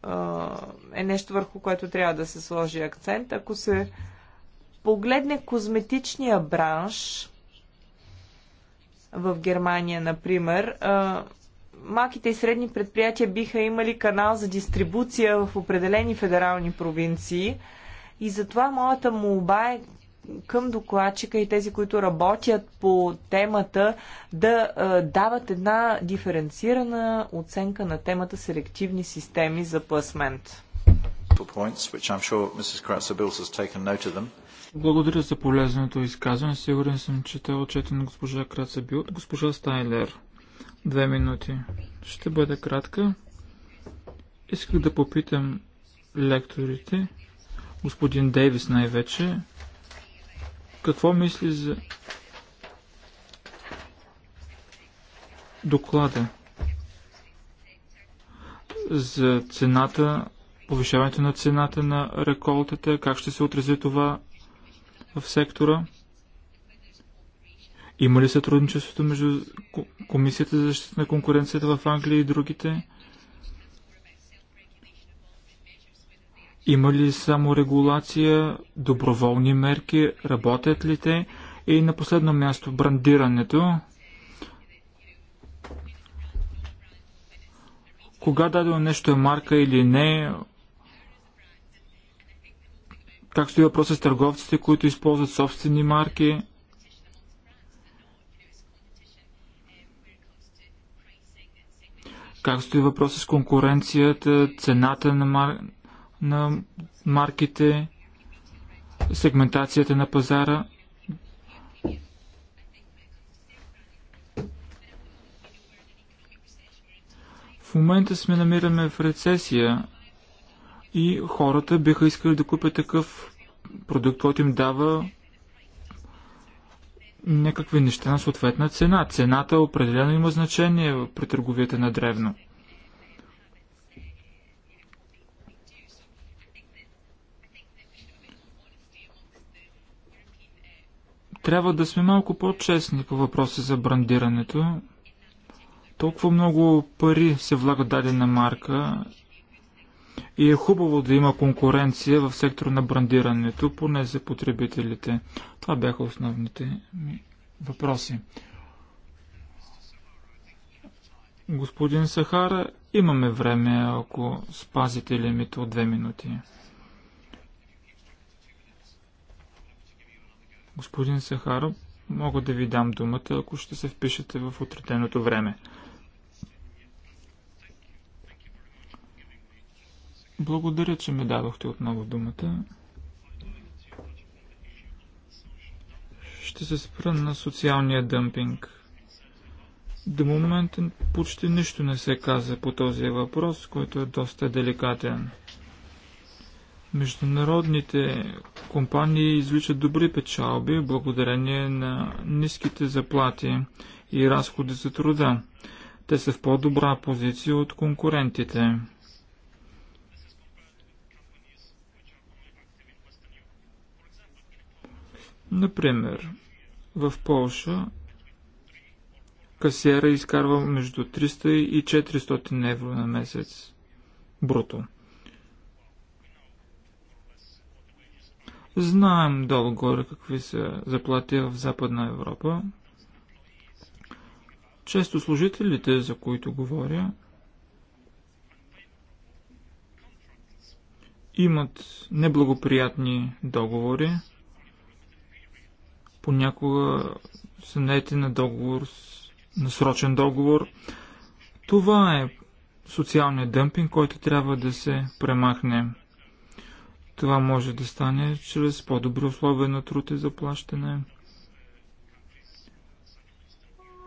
а, е нещо върху което трябва да се сложи акцент. Ако се погледне козметичния бранш в Германия, например, а, малките и средни предприятия биха имали канал за дистрибуция в определени федерални провинции. И затова моята молба е към докладчика и тези, които работят по темата, да е, дават една диференцирана оценка на темата селективни системи за пласмент. Благодаря за полезното изказване. Сигурен съм, че те е отчетен госпожа Билт. госпожа Стайлер. Две минути. Ще бъде кратка. Исках да попитам лекторите, господин Дейвис най-вече, какво мисли за доклада за цената, повишаването на цената на реколтата, как ще се отрази това в сектора. Има ли сътрудничеството между Комисията за защита на конкуренцията в Англия и другите? Има ли само регулация, доброволни мерки, работят ли те? И на последно място брандирането. Кога дадено нещо е марка или не, как стои въпросът с търговците, които използват собствени марки – Как стои въпроса с конкуренцията, цената на, мар... на марките, сегментацията на пазара? В момента сме намираме в рецесия и хората биха искали да купят такъв продукт, който им дава някакви неща на съответна цена. Цената определено има значение при търговията на древно. Трябва да сме малко по-честни по въпроса за брандирането. Толкова много пари се влага дадена марка и е хубаво да има конкуренция в сектора на брандирането, поне за потребителите. Това бяха основните ми въпроси. Господин Сахара, имаме време, ако спазите лимита от две минути. Господин Сахара, мога да ви дам думата, ако ще се впишете в отреденото време. Благодаря, че ме дадохте отново думата. Ще се спра на социалния дъмпинг. До момента почти нищо не се каза по този въпрос, който е доста деликатен. Международните компании извличат добри печалби благодарение на ниските заплати и разходи за труда. Те са в по-добра позиция от конкурентите. Например, в Полша касиера изкарва между 300 и 400 евро на месец. Бруто. Знаем долу-горе какви са заплати в Западна Европа. Често служителите, за които говоря, имат неблагоприятни договори, понякога са наети на договор, на срочен договор. Това е социалният дъмпинг, който трябва да се премахне. Това може да стане чрез по-добри условия на труд и заплащане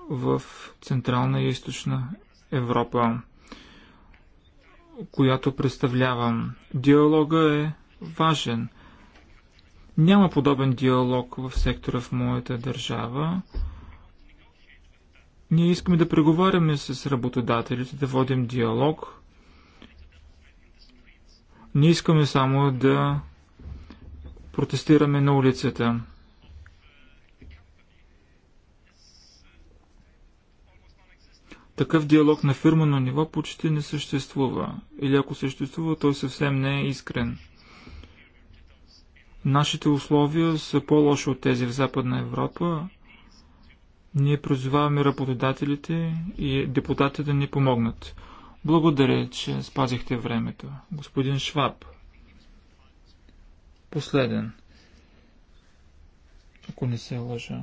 в Централна и Източна Европа, която представлявам. Диалога е важен – няма подобен диалог в сектора в моята държава. Ние искаме да преговаряме с работодателите, да водим диалог. Не искаме само да протестираме на улицата. Такъв диалог на фирмано ниво почти не съществува. Или ако съществува, той съвсем не е искрен. Нашите условия са по-лоши от тези в Западна Европа. Ние призоваваме работодателите и депутатите да ни помогнат. Благодаря, че спазихте времето. Господин Шваб. Последен. Ако не се лъжа.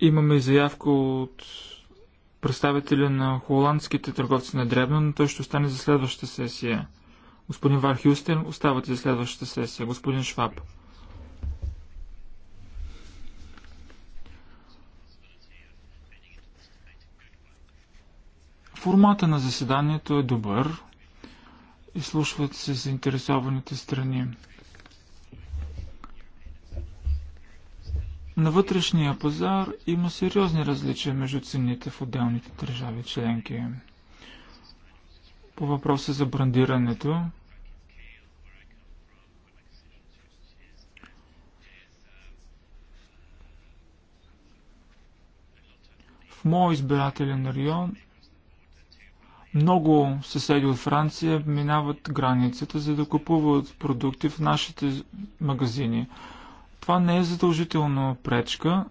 Имаме заявка от представителя на холандските търговци на Дребно, но той ще остане за следващата сесия. Господин Вар Хюстен, оставате за следващата сесия. Господин Шваб. Формата на заседанието е добър. Изслушват се заинтересованите страни. На вътрешния пазар има сериозни различия между цените в отделните държави членки. По въпроса за брандирането, в моят избирателен район много съседи от Франция минават границата, за да купуват продукти в нашите магазини. Това не е задължително пречка.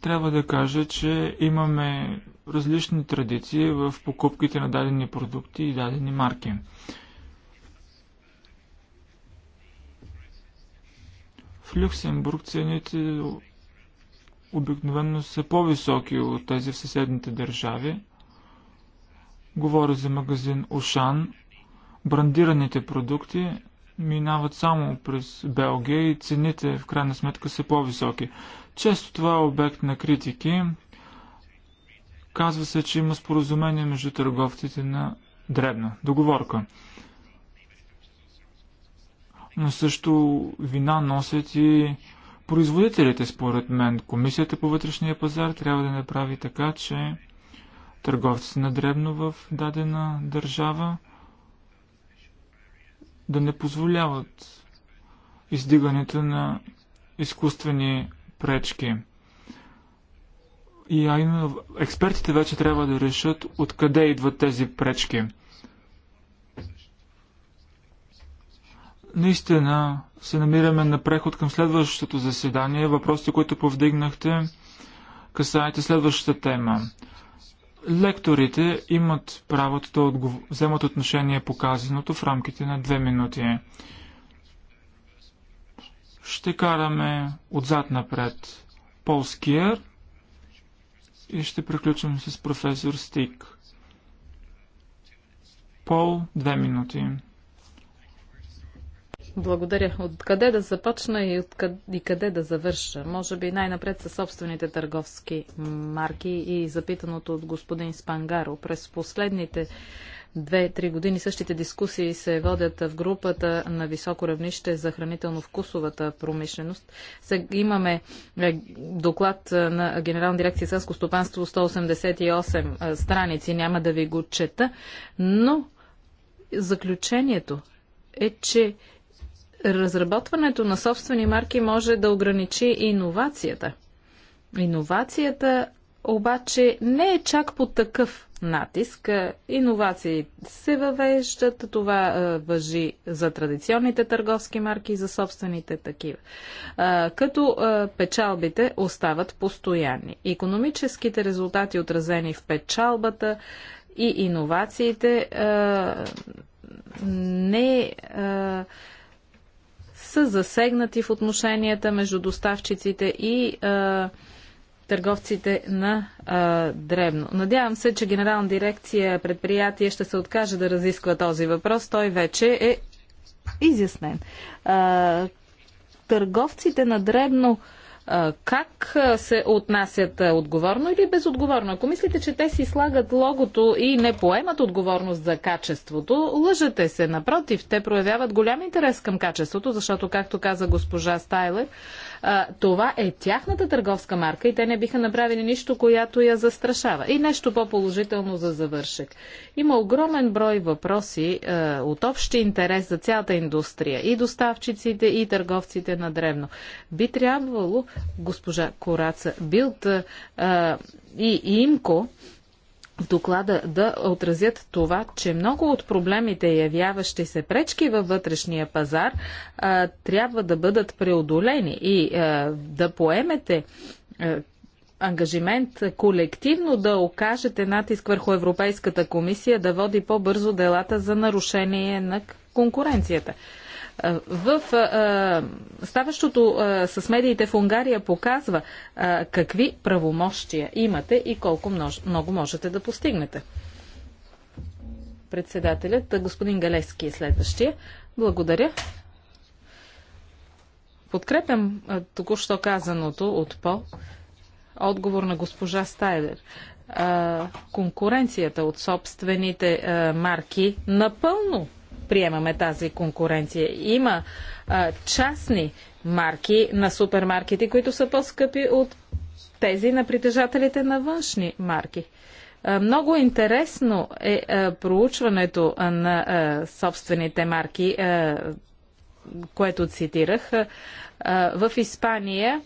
Трябва да кажа, че имаме различни традиции в покупките на дадени продукти и дадени марки. В Люксембург цените обикновено са по-високи от тези в съседните държави. Говоря за магазин Ошан, брандираните продукти минават само през Белгия и цените в крайна сметка са по-високи. Често това е обект на критики. Казва се, че има споразумение между търговците на дребна договорка. Но също вина носят и производителите, според мен. Комисията по вътрешния пазар трябва да направи така, че търговците на дребно в дадена държава да не позволяват издигането на изкуствени пречки. И а именно експертите вече трябва да решат откъде идват тези пречки. Наистина се намираме на преход към следващото заседание. Въпросите, които повдигнахте, касаете следващата тема. Лекторите имат правото да отгов... вземат отношение по казаното в рамките на две минути. Ще караме отзад напред Пол Скиер и ще приключим с професор Стик. Пол, две минути. Благодаря. Откъде да започна и, откъде, и къде да завърша? Може би най-напред са собствените търговски марки и запитаното от господин Спангаро. През последните две-три години същите дискусии се водят в групата на високо равнище за хранително-вкусовата промишленост. Сега имаме е, доклад е, на Генерална дирекция Селско стопанство 188 е, страници. Няма да ви го чета, но заключението е, че разработването на собствени марки може да ограничи иновацията. Иновацията обаче не е чак по такъв натиск. Е, иновации се въвеждат, това е, въжи за традиционните търговски марки и за собствените такива. Е, като печалбите остават постоянни. Економическите резултати, отразени в печалбата и иновациите, не са засегнати в отношенията между доставчиците и а, търговците на а, дребно. Надявам се, че Генерална дирекция предприятие ще се откаже да разисква този въпрос. Той вече е изяснен. А, търговците на дребно как се отнасят отговорно или безотговорно. Ако мислите, че те си слагат логото и не поемат отговорност за качеството, лъжете се. Напротив, те проявяват голям интерес към качеството, защото, както каза госпожа Стайлер, а, това е тяхната търговска марка и те не биха направили нищо, която я застрашава. И нещо по-положително за завършек. Има огромен брой въпроси а, от общи интерес за цялата индустрия. И доставчиците, и търговците на древно. Би трябвало госпожа Кораца Билт а, и Имко в доклада да отразят това, че много от проблемите, явяващи се пречки във вътрешния пазар, трябва да бъдат преодолени и да поемете ангажимент колективно да окажете натиск върху Европейската комисия да води по-бързо делата за нарушение на конкуренцията. В ставащото с медиите в Унгария показва какви правомощия имате и колко много можете да постигнете. Председателят, господин Галески е следващия. Благодаря. Подкрепям току-що казаното от Пол. Отговор на госпожа Стайлер. Конкуренцията от собствените марки напълно приемаме тази конкуренция. Има а, частни марки на супермаркети, които са по-скъпи от тези на притежателите на външни марки. Много интересно е проучването на собствените марки, което цитирах. В Испания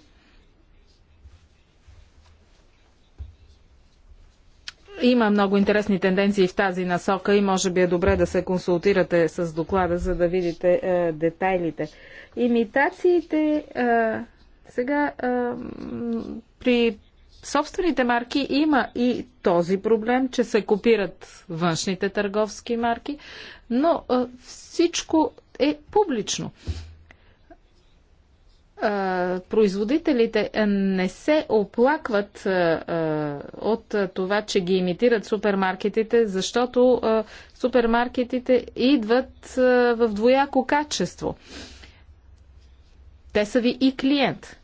Има много интересни тенденции в тази насока и може би е добре да се консултирате с доклада, за да видите е, детайлите. Имитациите е, сега е, при собствените марки има и този проблем, че се копират външните търговски марки, но е, всичко е публично производителите не се оплакват от това, че ги имитират супермаркетите, защото супермаркетите идват в двояко качество. Те са ви и клиент.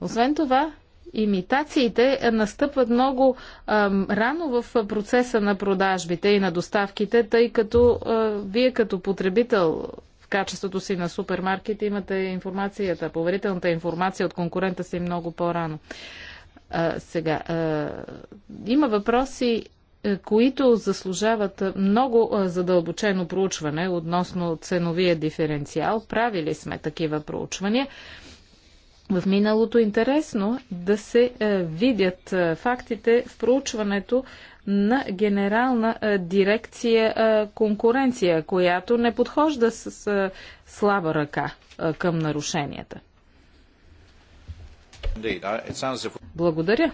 Освен това, имитациите настъпват много а, рано в процеса на продажбите и на доставките, тъй като а, вие като потребител в качеството си на супермаркет имате информацията, поверителната информация от конкурента си много по-рано. сега, а, има въпроси, е, които заслужават много е, задълбочено проучване относно ценовия диференциал. Правили сме такива проучвания. В миналото интересно да се е, видят фактите в проучването на генерална дирекция конкуренция, която не подхожда с слаба ръка към нарушенията. Благодаря.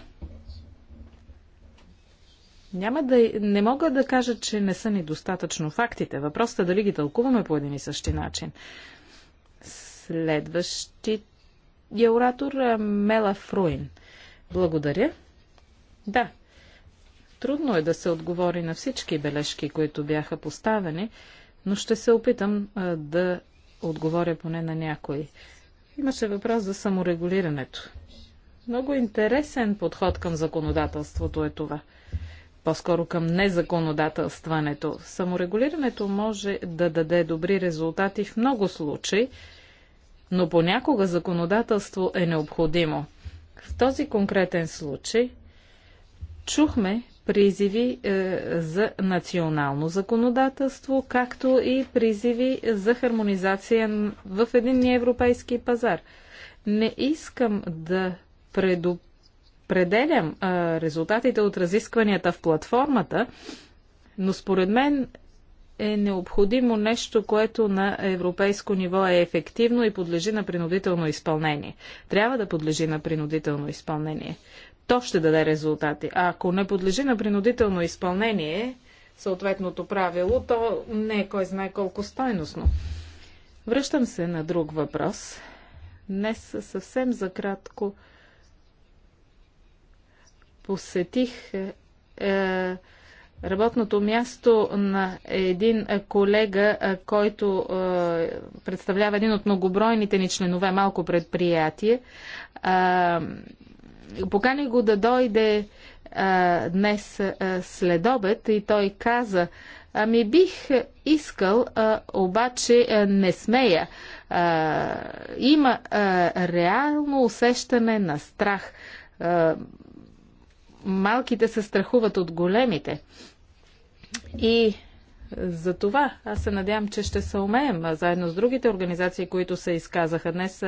Няма да, не мога да кажа, че не са ни достатъчно фактите. Въпросът е дали ги тълкуваме по един и същи начин. Следващия оратор е Мела Фруин. Благодаря. Да, Трудно е да се отговори на всички бележки, които бяха поставени, но ще се опитам а, да отговоря поне на някои. Имаше въпрос за саморегулирането. Много интересен подход към законодателството е това. По-скоро към незаконодателстването. Саморегулирането може да даде добри резултати в много случаи, но понякога законодателство е необходимо. В този конкретен случай чухме, призиви е, за национално законодателство, както и призиви за хармонизация в един европейски пазар. Не искам да предопределям е, резултатите от разискванията в платформата, но според мен е необходимо нещо, което на европейско ниво е ефективно и подлежи на принудително изпълнение. Трябва да подлежи на принудително изпълнение то ще даде резултати. А ако не подлежи на принудително изпълнение, съответното правило, то не е кой знае колко стойностно. Връщам се на друг въпрос. Днес съвсем за кратко посетих е, работното място на един колега, е, който е, представлява един от многобройните ни членове, малко предприятие. Е, поканих го да дойде а, днес а, след обед и той каза, ами бих искал, а, обаче а, не смея. А, има а, реално усещане на страх. А, малките се страхуват от големите. И за това аз се надявам, че ще се умеем, заедно с другите организации, които се изказаха днес,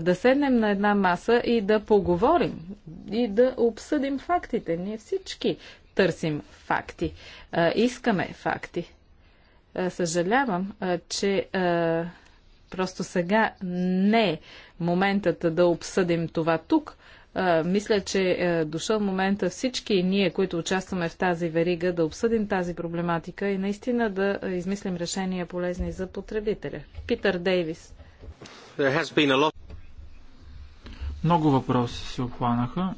да седнем на една маса и да поговорим и да обсъдим фактите. Ние всички търсим факти. Искаме факти. Съжалявам, че просто сега не е моментът да обсъдим това тук, мисля, че е дошъл момента всички ние, които участваме в тази верига, да обсъдим тази проблематика и наистина да е, измислим решения полезни за потребителя. Питър Дейвис. Lot... Много въпроси се опланаха.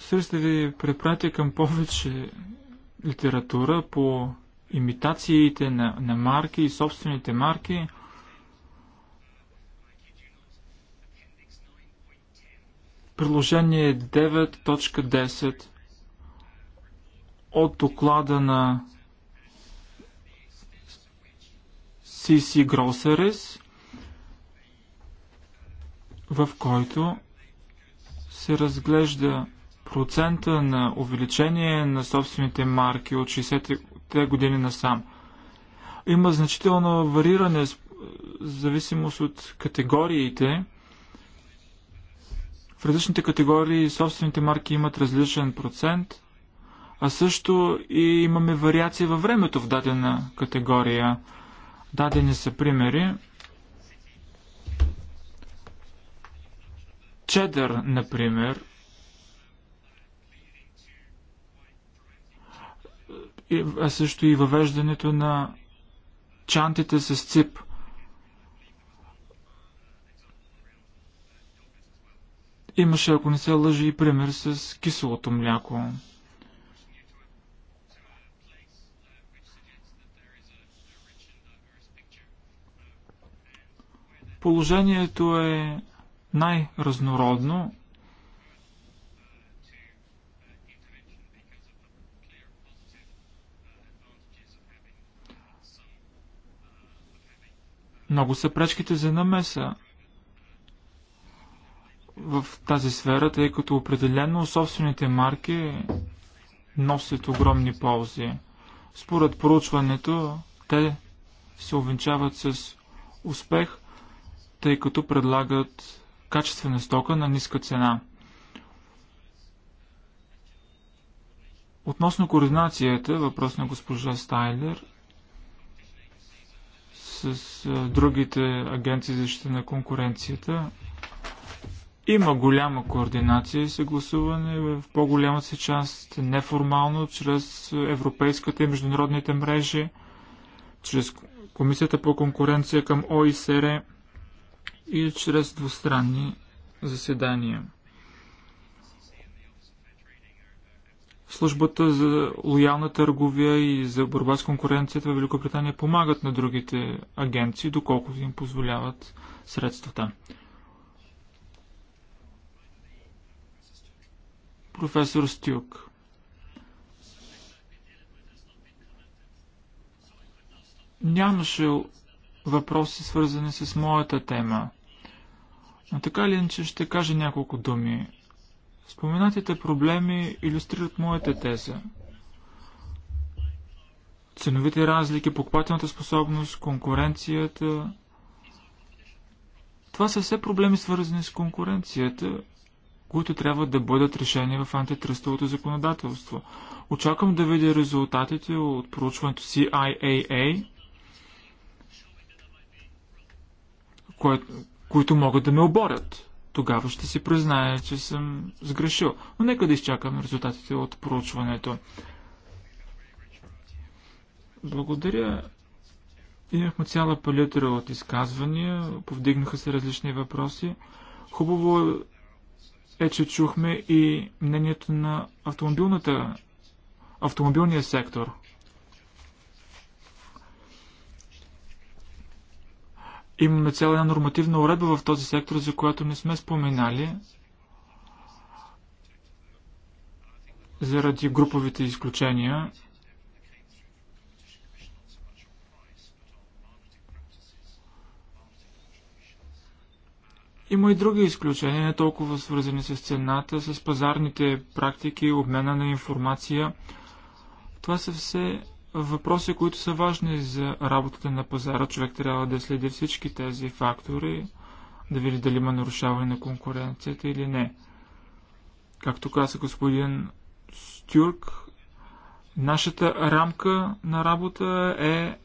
Също ви препратя към повече литература по имитациите на, на марки и собствените марки – Приложение 9.10 от доклада на CC Groceries, в който се разглежда процента на увеличение на собствените марки от 60-те години насам. Има значително вариране в зависимост от категориите. В различните категории собствените марки имат различен процент, а също и имаме вариация във времето в дадена категория. Дадени са примери. Чедър, например, а също и въвеждането на чантите с цип. Имаше, ако не се лъжи, и пример с киселото мляко. Положението е най-разнородно. Много са пречките за намеса в тази сфера, тъй като определено собствените марки носят огромни ползи. Според проучването, те се увенчават с успех, тъй като предлагат качествена стока на ниска цена. Относно координацията, въпрос на госпожа Стайлер с другите агенции за защита на конкуренцията, има голяма координация и съгласуване в по-голямата си част неформално, чрез европейската и международните мрежи, чрез Комисията по конкуренция към ОИСР и чрез двустранни заседания. Службата за лоялна търговия и за борба с конкуренцията в Великобритания помагат на другите агенции, доколкото им позволяват средствата. професор Стюк. Нямаше въпроси свързани с моята тема. но така ли че ще кажа няколко думи. Споменатите проблеми иллюстрират моята теза. Ценовите разлики, покупателната способност, конкуренцията. Това са все проблеми свързани с конкуренцията които трябва да бъдат решени в антитръстовото законодателство. Очаквам да видя резултатите от проучването CIAA, кое, които могат да ме оборят. Тогава ще си призная, че съм сгрешил. Но нека да изчакам резултатите от проучването. Благодаря. Имахме цяла палитра от изказвания, повдигнаха се различни въпроси. Хубаво е е, че чухме и мнението на автомобилната, автомобилния сектор. Имаме цяла една нормативна уредба в този сектор, за която не сме споменали, заради груповите изключения. Има и други изключения, не толкова свързани с цената, с пазарните практики, обмена на информация. Това са все въпроси, които са важни за работата на пазара. Човек трябва да следи всички тези фактори, да види дали има нарушаване на конкуренцията или не. Както каза господин Стюрк, нашата рамка на работа е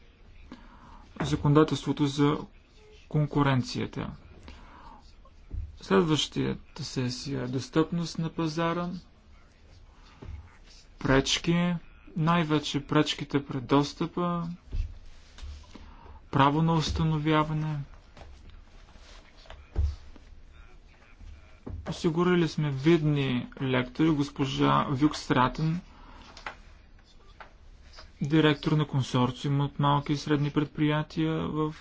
законодателството за конкуренцията. Следващата сесия е достъпност на пазара, пречки, най-вече пречките пред достъпа, право на установяване. Осигурили сме видни лектори, госпожа Вюк Стратен, директор на консорциум от малки и средни предприятия в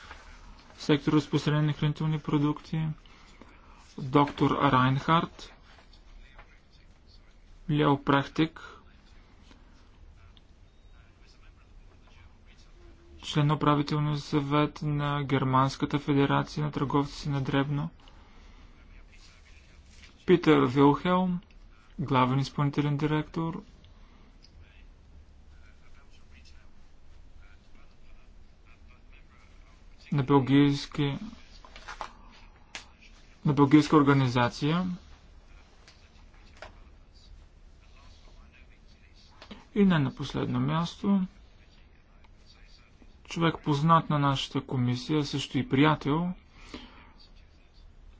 сектор разпространение на хранителни продукти доктор Райнхард, Лео Прехтик, член на управителния съвет на Германската федерация на търговци на Дребно, Питър Вилхелм, главен изпълнителен директор, на Белгийски на българска организация. И не на последно място, човек познат на нашата комисия, също и приятел,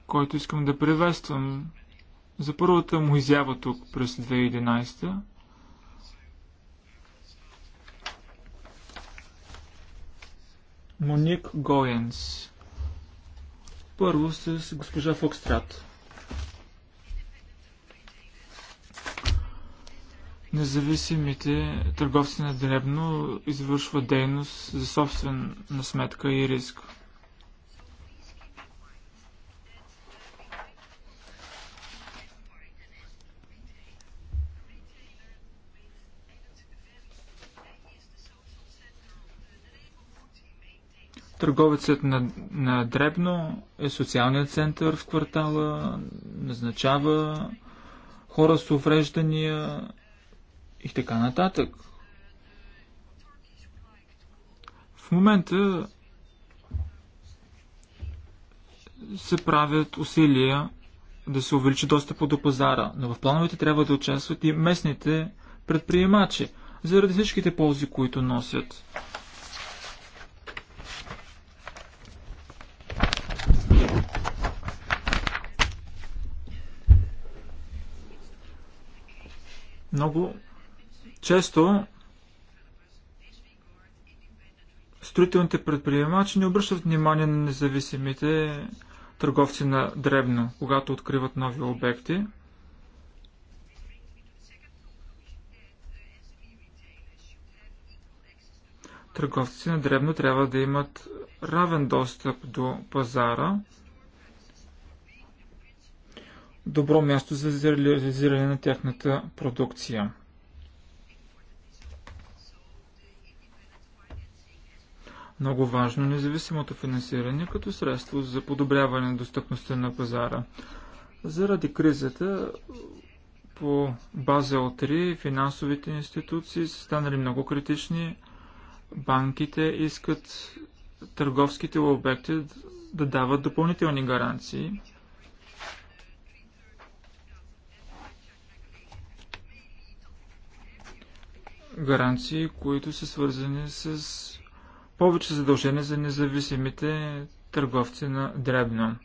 който искам да приветствам за първата му изява тук през 2011 Моник Гоенс. Първо с госпожа Фокстрат. Независимите търговци на дребно извършват дейност за собствена сметка и риск. Търговецът на, на Дребно е социалният център в квартала, назначава хора с увреждания и така нататък. В момента се правят усилия да се увеличи достъпа до пазара, но в плановете трябва да участват и местните предприемачи, заради всичките ползи, които носят. Много често строителните предприемачи не обръщат внимание на независимите търговци на дребно, когато откриват нови обекти. Търговците на дребно трябва да имат равен достъп до пазара добро място за реализиране на тяхната продукция. Много важно независимото финансиране като средство за подобряване на достъпността на пазара. Заради кризата по Базел 3 финансовите институции са станали много критични. Банките искат търговските обекти да дават допълнителни гаранции. гаранции, които са свързани с повече задължения за независимите търговци на дребно.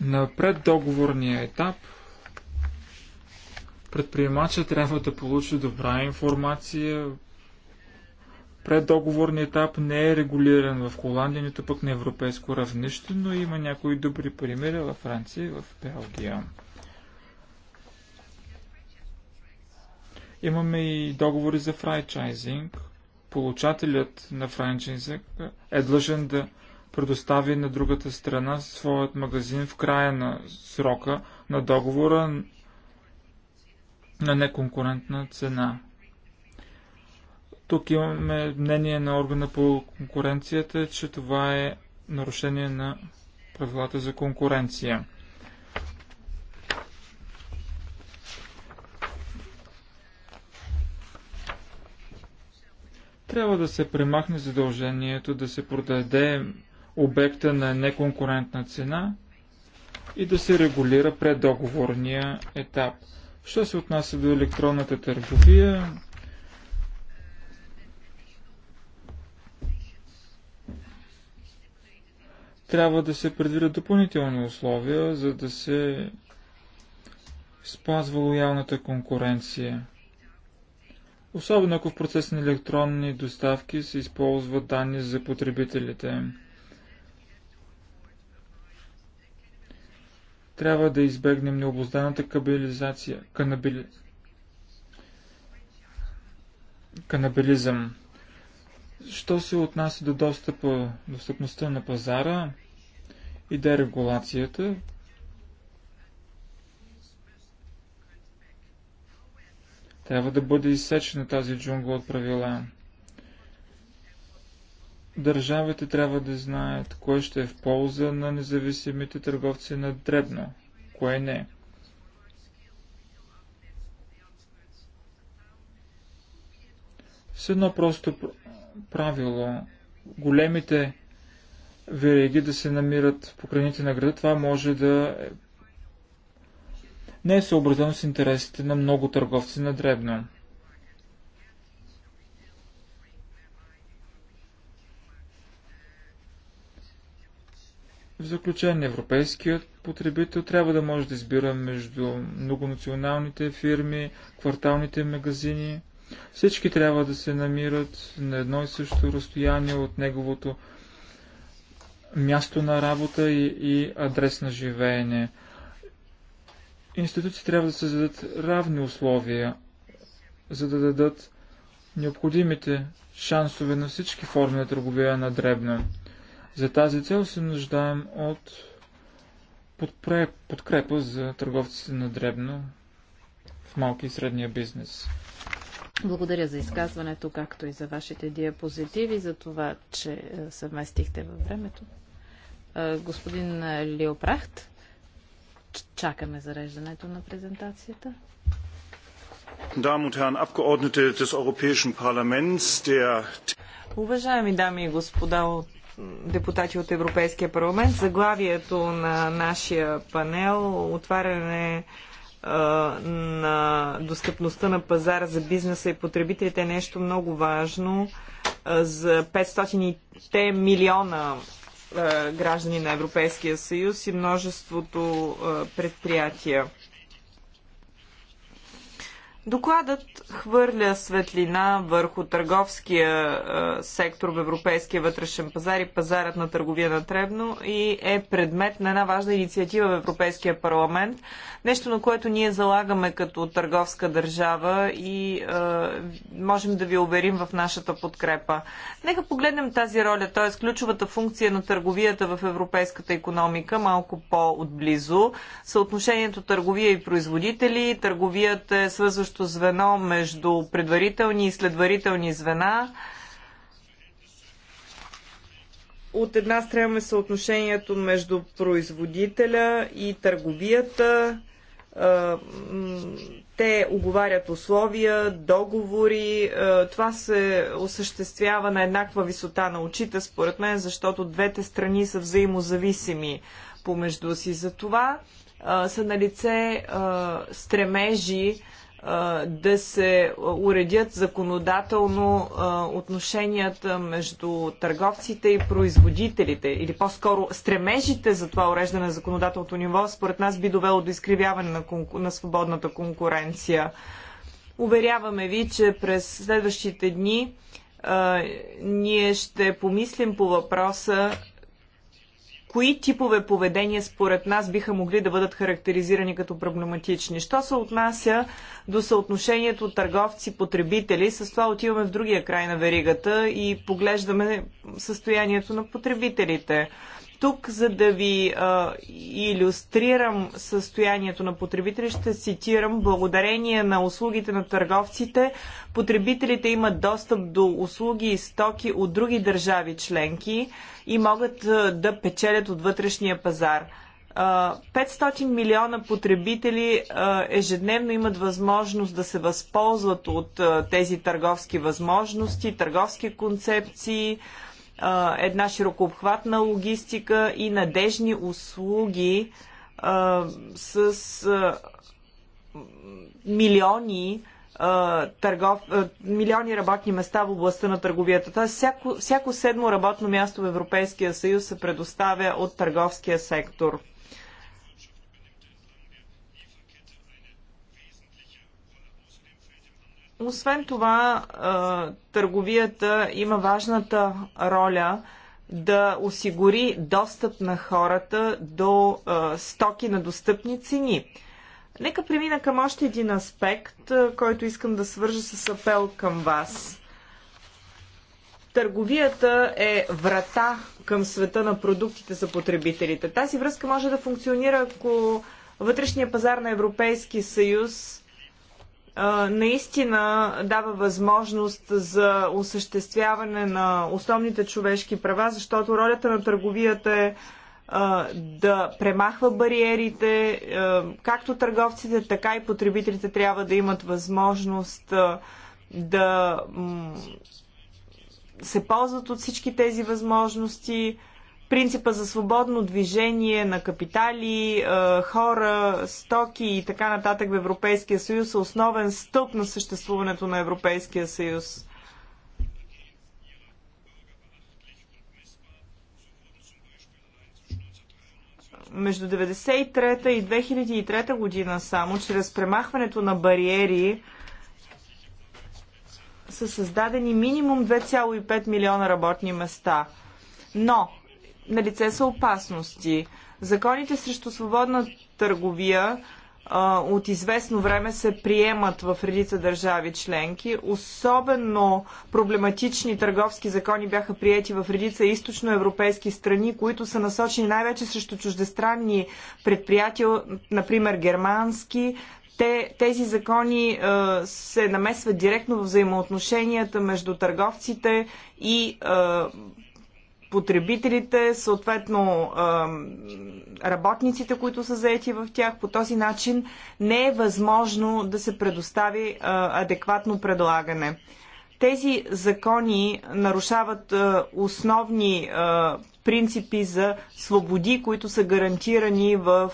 На преддоговорния етап предприемача трябва да получи добра информация преддоговорният етап не е регулиран в Холандия, нито пък на европейско равнище, но има някои добри примери във Франция и в Белгия. Имаме и договори за франчайзинг. Получателят на франчайзинг е длъжен да предостави на другата страна своят магазин в края на срока на договора на неконкурентна цена. Тук имаме мнение на органа по конкуренцията, че това е нарушение на правилата за конкуренция. Трябва да се премахне задължението да се продаде обекта на неконкурентна цена и да се регулира преддоговорния етап. Що се отнася до електронната търговия, трябва да се предвидят допълнителни условия, за да се спазва лоялната конкуренция. Особено ако в процес на електронни доставки се използват данни за потребителите. Трябва да избегнем необозданата кабелизация, канабили... канабилизъм. Що се отнася до достъпа, достъпността на пазара и дерегулацията, трябва да бъде изсечена тази джунгла от правила. Държавите трябва да знаят кое ще е в полза на независимите търговци на дребно, кое не. С едно просто правило. Големите вериги да се намират по краните на града, това може да не е съобразено с интересите на много търговци на дребно. В заключение, европейският потребител трябва да може да избира между многонационалните фирми, кварталните магазини, всички трябва да се намират на едно и също разстояние от неговото място на работа и, и адрес на живеене. Институции трябва да се зададат равни условия, за да дадат необходимите шансове на всички форми на търговия на дребно. За тази цел се нуждаем от подкрепа за търговците на дребно в малки и средния бизнес. Благодаря за изказването, както и за вашите диапозитиви, за това, че е, съвместихте във времето. Е, господин Леопрахт, чакаме зареждането на презентацията. Уважаеми дами и господа депутати от Европейския парламент, заглавието на нашия панел отваряне на достъпността на пазара за бизнеса и потребителите е нещо много важно за 500 милиона граждани на Европейския съюз и множеството предприятия. Докладът хвърля светлина върху търговския е, сектор в Европейския вътрешен пазар и пазарът на търговия на Требно и е предмет на една важна инициатива в Европейския парламент. Нещо, на което ние залагаме като търговска държава и е, можем да ви уверим в нашата подкрепа. Нека погледнем тази роля, т.е. ключовата функция на търговията в европейската економика малко по-отблизо. Съотношението търговия и производители, търговията е свързващо свързващо звено между предварителни и следварителни звена. От една страна е съотношението между производителя и търговията. Те оговарят условия, договори. Това се осъществява на еднаква висота на очите, според мен, защото двете страни са взаимозависими помежду си. Затова са на лице стремежи да се уредят законодателно отношенията между търговците и производителите, или по-скоро стремежите за това уреждане на законодателното ниво, според нас би довело до изкривяване на, конку... на свободната конкуренция. Уверяваме ви, че през следващите дни а, ние ще помислим по въпроса кои типове поведение според нас биха могли да бъдат характеризирани като проблематични. Що се отнася до съотношението търговци-потребители, с това отиваме в другия край на веригата и поглеждаме състоянието на потребителите. Тук, за да ви а, иллюстрирам състоянието на потребители, ще цитирам благодарение на услугите на търговците. Потребителите имат достъп до услуги и стоки от други държави членки и могат а, да печелят от вътрешния пазар. 500 милиона потребители ежедневно имат възможност да се възползват от тези търговски възможности, търговски концепции, една широкообхватна логистика и надежни услуги с милиони търгов, милиони работни места в областта на търговията. Тоест, всяко, всяко седмо работно място в Европейския съюз се предоставя от търговския сектор. Освен това, търговията има важната роля да осигури достъп на хората до стоки на достъпни цени. Нека премина към още един аспект, който искам да свържа с апел към вас. Търговията е врата към света на продуктите за потребителите. Тази връзка може да функционира, ако вътрешния пазар на Европейски съюз наистина дава възможност за осъществяване на основните човешки права, защото ролята на търговията е да премахва бариерите. Както търговците, така и потребителите трябва да имат възможност да се ползват от всички тези възможности принципа за свободно движение на капитали, е, хора, стоки и така нататък в Европейския съюз е основен стълб на съществуването на Европейския съюз. Между 1993 и 2003 година само, чрез премахването на бариери, са създадени минимум 2,5 милиона работни места. Но на лице са опасности. Законите срещу свободна търговия а, от известно време се приемат в редица държави членки. Особено проблематични търговски закони бяха приети в редица източноевропейски страни, които са насочени най-вече срещу чуждестранни предприятия, например германски, те, тези закони а, се намесват директно в взаимоотношенията между търговците и а, потребителите, съответно работниците, които са заети в тях. По този начин не е възможно да се предостави адекватно предлагане. Тези закони нарушават основни принципи за свободи, които са гарантирани в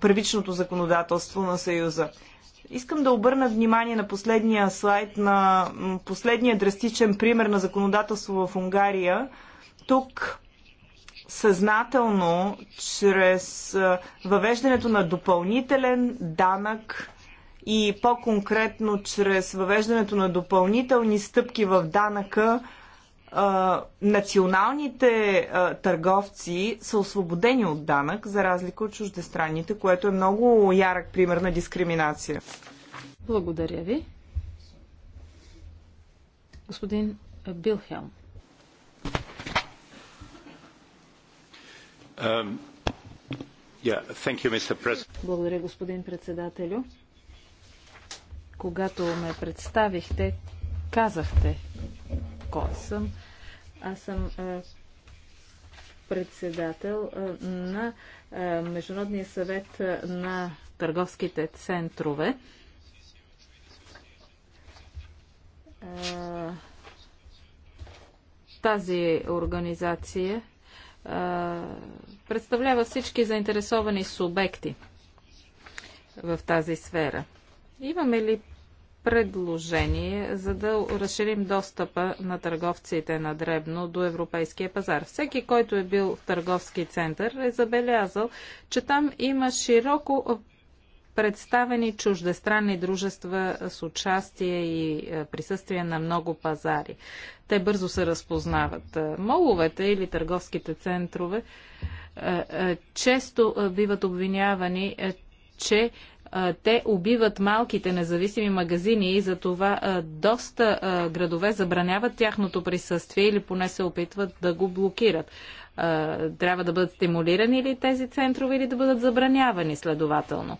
първичното законодателство на Съюза. Искам да обърна внимание на последния слайд, на последния драстичен пример на законодателство в Унгария. Тук съзнателно, чрез въвеждането на допълнителен данък и по-конкретно чрез въвеждането на допълнителни стъпки в данъка, националните а, търговци са освободени от данък, за разлика от чуждестранните, което е много ярък пример на дискриминация. Благодаря ви. Господин Билхелм. Um, Благодаря, господин председателю. Когато ме представихте, казахте, кой съм. Аз съм е, председател е, на е, Международния съвет на търговските центрове. Тази организация представлява всички заинтересовани субекти в тази сфера. Имаме ли предложение, за да разширим достъпа на търговците на дребно до европейския пазар. Всеки, който е бил в търговски център, е забелязал, че там има широко представени чуждестранни дружества с участие и е, присъствие на много пазари. Те бързо се разпознават. Е, моловете или търговските центрове е, често биват обвинявани, че те убиват малките независими магазини и за това доста градове забраняват тяхното присъствие или поне се опитват да го блокират. Трябва да бъдат стимулирани ли тези центрове или да бъдат забранявани следователно?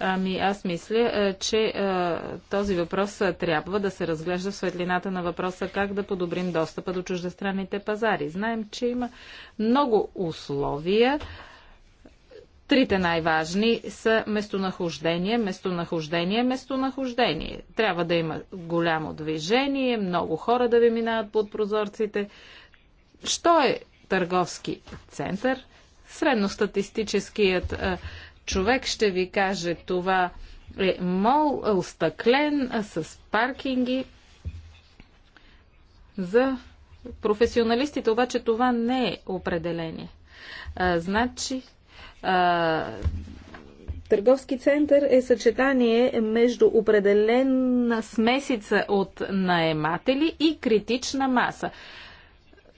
Ами аз мисля, че този въпрос трябва да се разглежда в светлината на въпроса как да подобрим достъпа до чуждестранните пазари. Знаем, че има много условия Трите най-важни са местонахождение, местонахождение, местонахождение. Трябва да има голямо движение, много хора да ви минават под прозорците. Що е търговски център? Средностатистическият а, човек ще ви каже това е мол, е остъклен, с паркинги. За професионалистите обаче това не е определение. А, значи, Търговски център е съчетание между определена смесица от наематели и критична маса.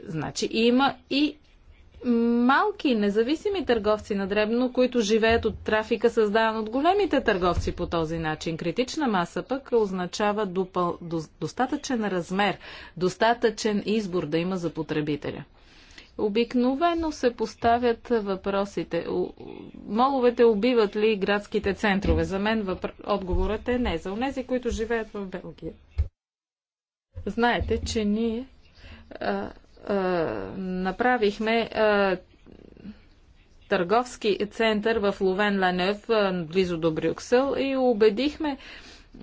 Значи има и малки, независими търговци на дребно, които живеят от трафика, създаван от големите търговци по този начин. Критична маса пък означава допъл... достатъчен размер, достатъчен избор да има за потребителя. Обикновено се поставят въпросите. Моловете убиват ли градските центрове? За мен въпр... отговорът е не. За онези, които живеят в Белгия. Знаете, че ние а, а, направихме а, търговски център в Ловен Ленев, близо до Брюксел, и убедихме а,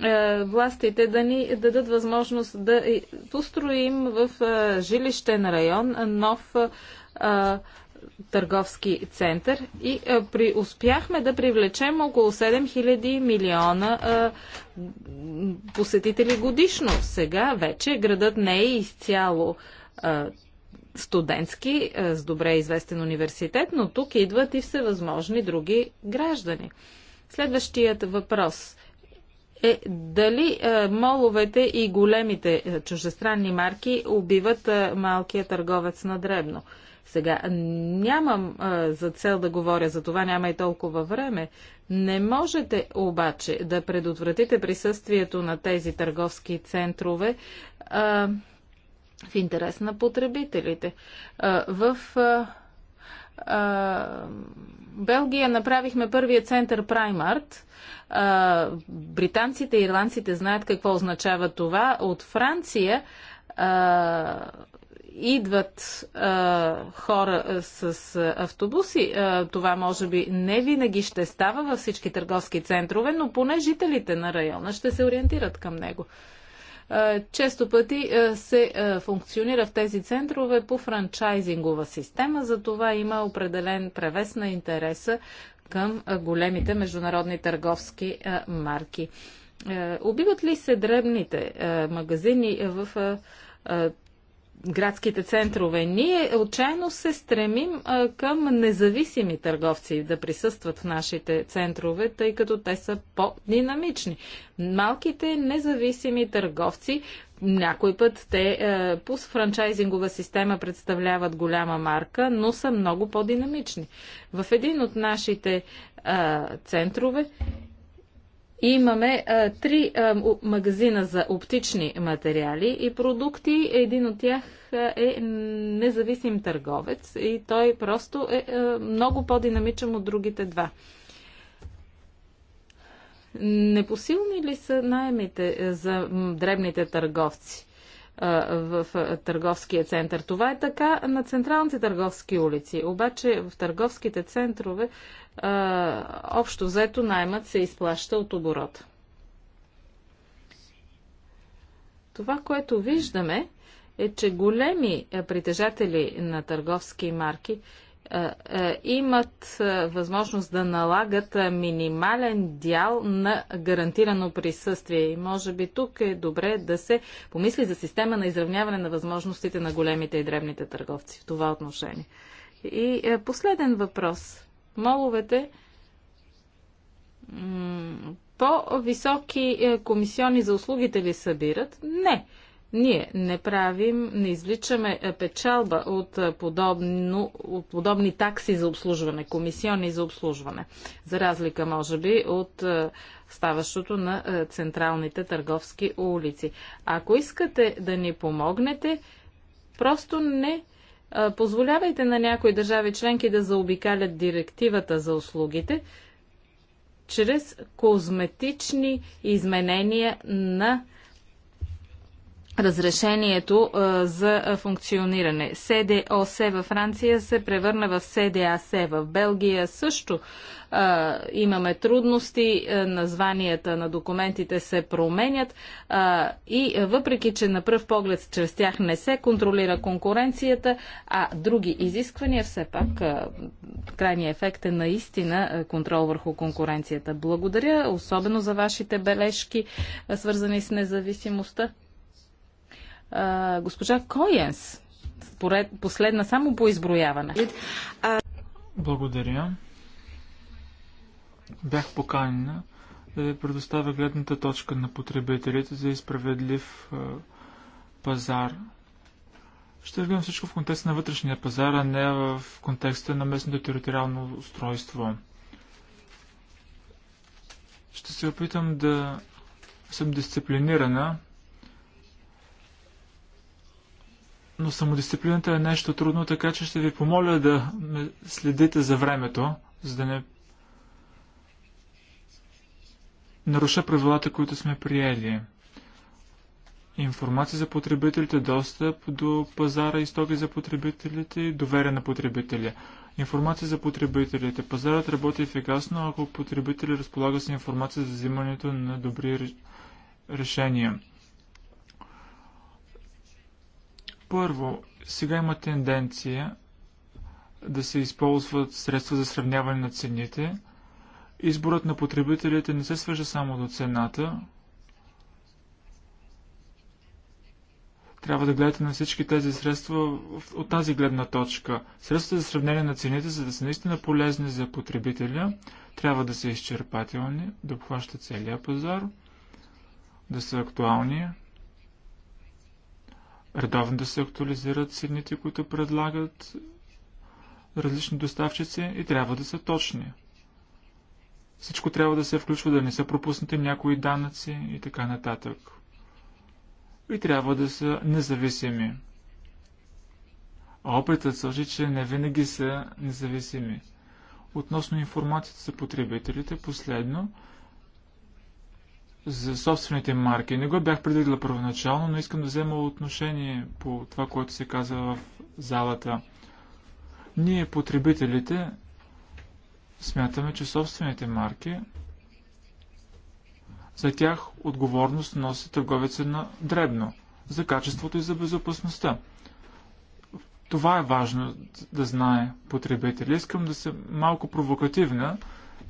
е, властите да ни дадат възможност да построим в е, жилищен район нов е, търговски център и при, успяхме да привлечем около 7000 милиона а, посетители годишно. Сега вече градът не е изцяло а, студентски, а, с добре известен университет, но тук идват и всевъзможни други граждани. Следващият въпрос е дали е, моловете и големите е, чужестранни марки убиват е, малкия търговец на дребно. Сега, нямам а, за цел да говоря за това, няма и толкова време. Не можете обаче да предотвратите присъствието на тези търговски центрове а, в интерес на потребителите. А, в а, а, Белгия направихме първия център Праймарт британците и ирландците знаят какво означава това. От Франция а, идват а, хора а, с автобуси. А, това може би не винаги ще става във всички търговски центрове, но поне жителите на района ще се ориентират към него. често пъти се функционира в тези центрове по франчайзингова система, за това има определен превес на интереса към големите международни търговски марки. Убиват ли се дребните магазини в градските центрове? Ние отчаяно се стремим към независими търговци да присъстват в нашите центрове, тъй като те са по-динамични. Малките независими търговци някой път те е, по франчайзингова система представляват голяма марка, но са много по-динамични. В един от нашите е, центрове имаме е, три е, магазина за оптични материали и продукти. Един от тях е, е независим търговец и той просто е, е много по-динамичен от другите два. Непосилни ли са найемите е, за дребните търговци? Е, в е, търговския център. Това е така на централните търговски улици. Обаче в търговските центрове общо взето наймат се изплаща от оборота. Това, което виждаме, е, че големи притежатели на търговски марки е, е, имат е, възможност да налагат минимален дял на гарантирано присъствие. И може би тук е добре да се помисли за система на изравняване на възможностите на големите и дребните търговци в това отношение. И последен въпрос. Моловете по-високи комисиони за услугите ли събират? Не. Ние не правим, не извличаме е, печалба от, е, подобно, от подобни такси за обслужване, комисиони за обслужване, за разлика, може би, от е, ставащото на централните търговски улици. Ако искате да ни помогнете, просто не позволявайте на някои държави членки да заобикалят директивата за услугите чрез козметични изменения на разрешението за функциониране. СДОС във Франция се превърна в СДАС. В Белгия също имаме трудности, названията на документите се променят и въпреки, че на пръв поглед чрез тях не се контролира конкуренцията, а други изисквания, все пак крайният ефект е наистина контрол върху конкуренцията. Благодаря особено за вашите бележки, свързани с независимостта госпожа Коенс. Поред, последна само по изброяване. Благодаря. Бях поканена да ви предоставя гледната точка на потребителите за изправедлив пазар. Ще разгледам всичко в контекста на вътрешния пазар, а не в контекста на местното териториално устройство. Ще се опитам да съм дисциплинирана но самодисциплината е нещо трудно, така че ще ви помоля да ме следите за времето, за да не наруша правилата, които сме приели. Информация за потребителите, достъп до пазара и стоки за потребителите и доверие на потребителя. Информация за потребителите. Пазарът работи ефикасно, ако потребители разполага с информация за взимането на добри решения. Първо, сега има тенденция да се използват средства за сравняване на цените. Изборът на потребителите не се свежда само до цената. Трябва да гледате на всички тези средства от тази гледна точка. Средствата за сравнение на цените, за да са наистина полезни за потребителя, трябва да са изчерпателни, да обхващат целия пазар, да са актуални, редовно да се актуализират цените, които предлагат различни доставчици и трябва да са точни. Всичко трябва да се включва, да не са пропуснати някои данъци и така нататък. И трябва да са независими. А опитът сължи, че не винаги са независими. Относно информацията за потребителите, последно – за собствените марки. Не го бях предвидила първоначално, но искам да взема отношение по това, което се казва в залата. Ние, потребителите, смятаме, че собствените марки за тях отговорност носи търговеца на дребно, за качеството и за безопасността. Това е важно да знае потребителя. Искам да съм малко провокативна,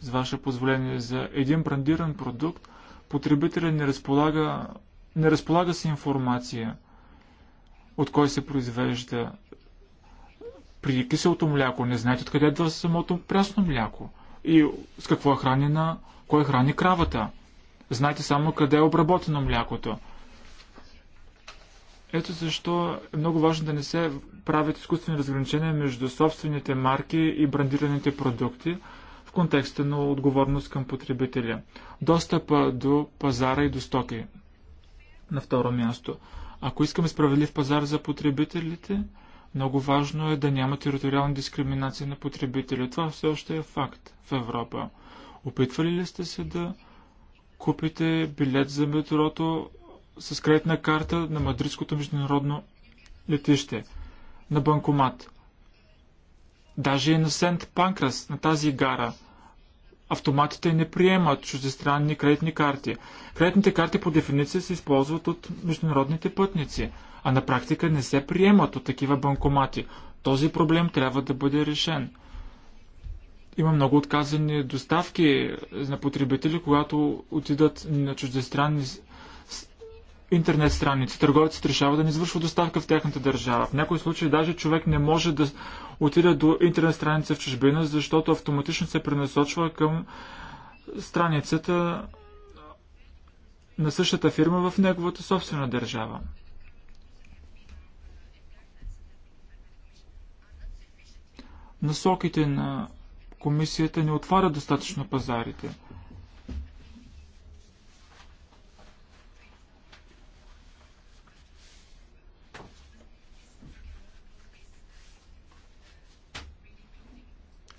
с ваше позволение, за един брандиран продукт, потребителя не разполага, не разполага с информация от кой се произвежда. При киселото мляко не знаете откъде идва самото прясно мляко и с какво е хранена, кой храни кравата. Знаете само къде е обработено млякото. Ето защо е много важно да не се правят изкуствени разграничения между собствените марки и брандираните продукти, контекста на отговорност към потребителя. Достъпа до пазара и до стоки. На второ място. Ако искаме справедлив пазар за потребителите, много важно е да няма териториална дискриминация на потребителя. Това все още е факт в Европа. Опитвали ли сте се да купите билет за метрото с кредитна карта на Мадридското международно летище на банкомат? Даже и на Сент Панкрас, на тази гара, автоматите не приемат чуждестранни кредитни карти. Кредитните карти по дефиниция се използват от международните пътници, а на практика не се приемат от такива банкомати. Този проблем трябва да бъде решен. Има много отказани доставки на потребители, когато отидат на чуждестранни интернет страници. Търговецът решава да не извършва доставка в тяхната държава. В някои случаи даже човек не може да отиде до интернет страница в чужбина, защото автоматично се пренасочва към страницата на същата фирма в неговата собствена държава. Насоките на комисията не отварят достатъчно пазарите.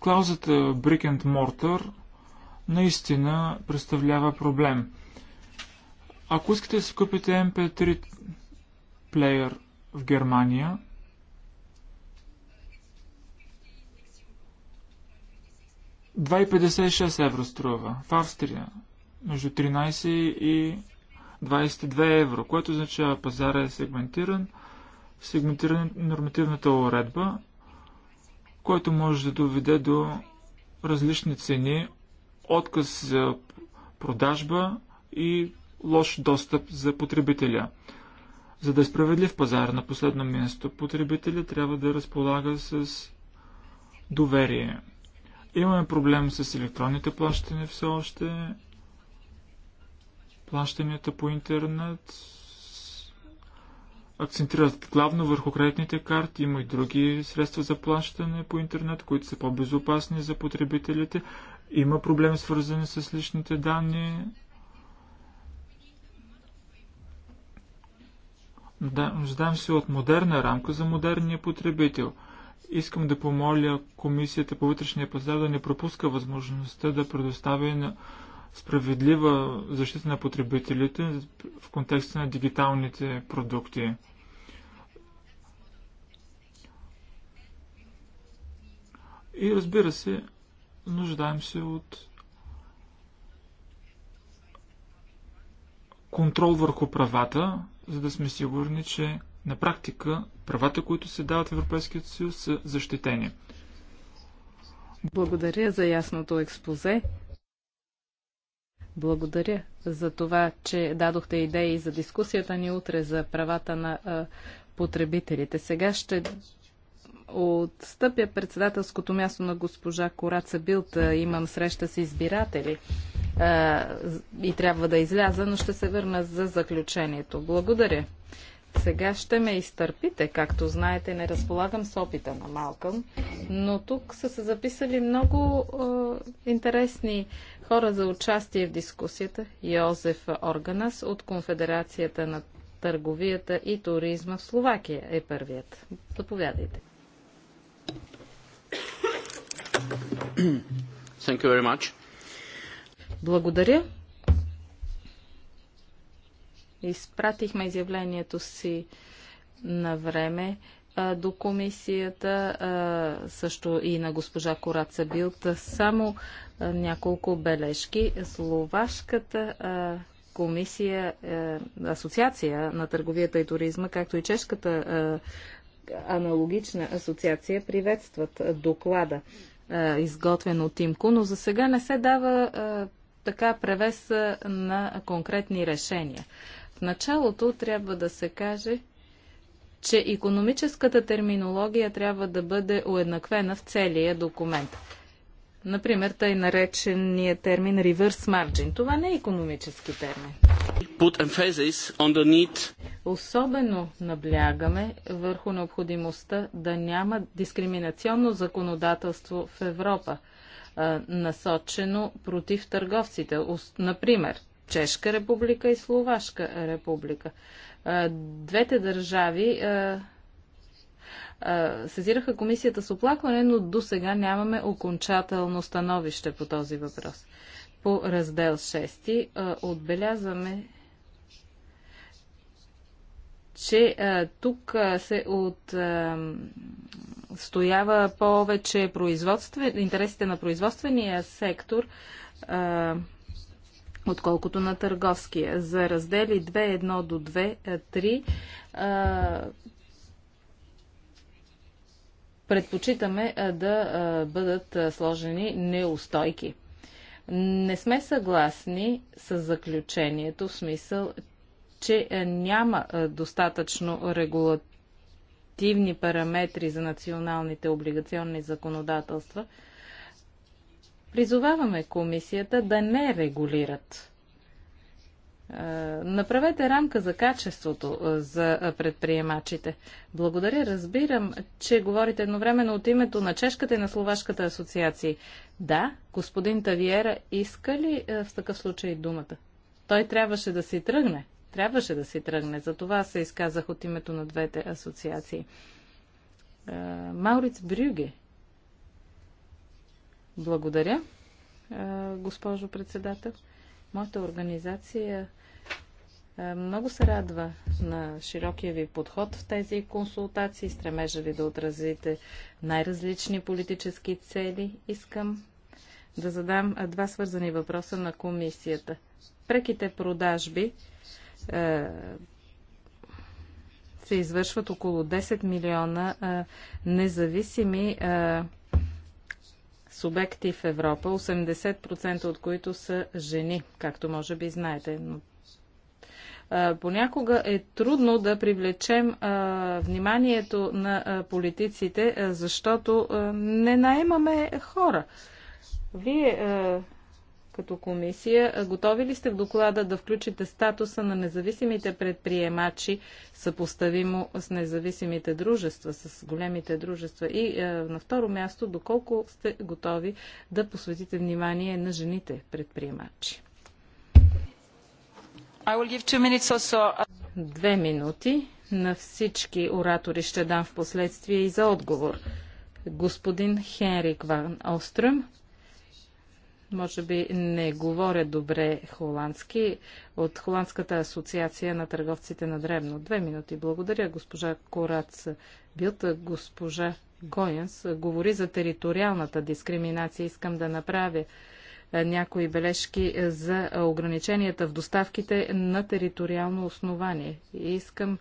Клаузата Brick and Mortar наистина представлява проблем. Ако искате да си купите MP3 плеер в Германия, ,56 евро струва. В Австрия между 13 и 22 евро, което означава пазара е сегментиран, сегментиран нормативната уредба което може да доведе до различни цени, отказ за продажба и лош достъп за потребителя. За да е справедлив пазар на последно място, потребителя трябва да разполага с доверие. Имаме проблем с електронните плащания все още, плащанията по интернет, акцентират главно върху кредитните карти. Има и други средства за плащане по интернет, които са по-безопасни за потребителите. Има проблеми свързани с личните данни. Нуждам се от модерна рамка за модерния потребител. Искам да помоля Комисията по вътрешния пазар да не пропуска възможността да предоставя на справедлива защита на потребителите в контекста на дигиталните продукти. И разбира се, нуждаем се от контрол върху правата, за да сме сигурни, че на практика правата, които се дават в Европейския съюз, са защитени. Благодаря за ясното експозе. Благодаря за това, че дадохте идеи за дискусията ни утре за правата на а, потребителите. Сега ще отстъпя председателското място на госпожа Кораца Билт. Имам среща с избиратели а, и трябва да изляза, но ще се върна за заключението. Благодаря. Сега ще ме изтърпите. Както знаете, не разполагам с опита на Малкъм, но тук са се записали много интересни Хора за участие в дискусията Йозеф Органас от Конфедерацията на търговията и туризма в Словакия е първият. Заповядайте. Thank you very much. Благодаря. Изпратихме изявлението си на време до комисията, също и на госпожа Кораца Билт. Само няколко бележки. Словашката комисия, е, асоциация на търговията и туризма, както и чешката аналогична асоциация приветстват доклада, изготвен от Тимко, но за сега не се дава така превес на конкретни решения. В началото трябва да се каже, че економическата терминология трябва да бъде уеднаквена в целия документ. Например, тъй наречения термин reverse margin. Това не е економически термин. Особено наблягаме върху необходимостта да няма дискриминационно законодателство в Европа, насочено против търговците. Например, Чешка република и Словашка република. Двете държави сезираха комисията с оплакване, но до сега нямаме окончателно становище по този въпрос. По раздел 6 отбелязваме, че тук се отстоява повече интересите на производствения сектор отколкото на търговския. За раздели 2, 1 до 2, 3 предпочитаме да бъдат сложени неустойки. Не сме съгласни с заключението в смисъл, че няма достатъчно регулативни параметри за националните облигационни законодателства. Призоваваме комисията да не регулират е, направете рамка за качеството е, за е, предприемачите. Благодаря, разбирам, че говорите едновременно от името на Чешката и на Словашката асоциации. Да, господин Тавиера иска ли в такъв случай думата? Той трябваше да си тръгне. Трябваше да си тръгне. За това се изказах от името на двете асоциации. Мауриц Брюге. Благодаря, госпожо председател. Моята организация много се радва на широкия ви подход в тези консултации. Стремежа ви да отразите най-различни политически цели. Искам да задам два свързани въпроса на комисията. Преките продажби се извършват около 10 милиона независими субекти в Европа, 80% от които са жени, както може би знаете. Но понякога е трудно да привлечем а, вниманието на а, политиците, а, защото не наемаме хора. Вие като комисия. Готови ли сте в доклада да включите статуса на независимите предприемачи, съпоставимо с независимите дружества, с големите дружества? И е, на второ място, доколко сте готови да посветите внимание на жените предприемачи? Две минути на всички оратори ще дам в последствие и за отговор. Господин Хенрик Ван Остръм, може би не говоря добре холандски от Холандската асоциация на търговците на древно. Две минути. Благодаря, госпожа Корац Билт. Госпожа Гоенс говори за териториалната дискриминация. Искам да направя е, някои бележки за ограниченията в доставките на териториално основание. Искам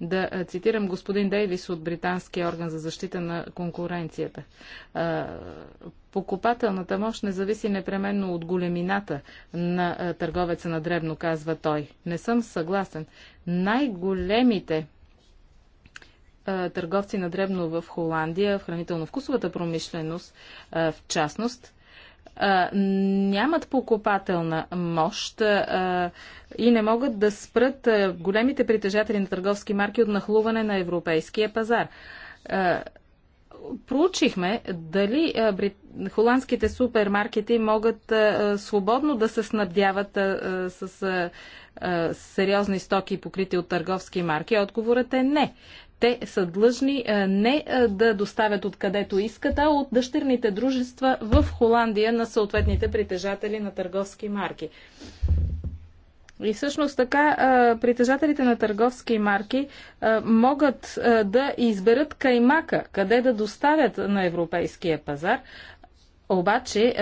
да цитирам господин Дейвис от Британския орган за защита на конкуренцията. Покупателната мощ не зависи непременно от големината на търговеца на дребно, казва той. Не съм съгласен. Най-големите търговци на дребно в Холандия, в хранително-вкусовата промишленост, в частност, нямат покупателна мощ и не могат да спрат големите притежатели на търговски марки от нахлуване на европейския пазар проучихме дали холандските супермаркети могат свободно да се снабдяват с сериозни стоки, покрити от търговски марки. Отговорът е не те са длъжни е, не е, да доставят откъдето искат, а от дъщерните дружества в Холандия на съответните притежатели на търговски марки. И всъщност така е, притежателите на търговски марки могат да изберат каймака, къде да доставят на европейския пазар. Обаче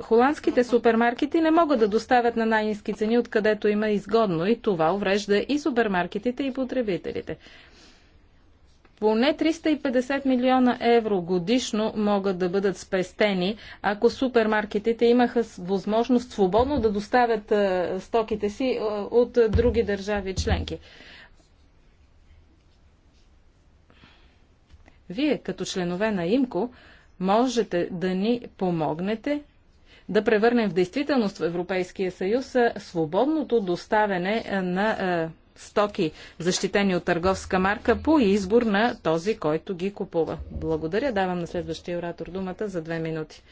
холандските супермаркети не могат да доставят на най-низки цени, откъдето има изгодно и това уврежда и супермаркетите и потребителите. Поне 350 милиона евро годишно могат да бъдат спестени, ако супермаркетите имаха възможност свободно да доставят стоките си от други държави членки. Вие, като членове на ИМКО, можете да ни помогнете да превърнем в действителност в Европейския съюз свободното доставяне на стоки, защитени от търговска марка, по избор на този, който ги купува. Благодаря. Давам на следващия оратор думата за две минути.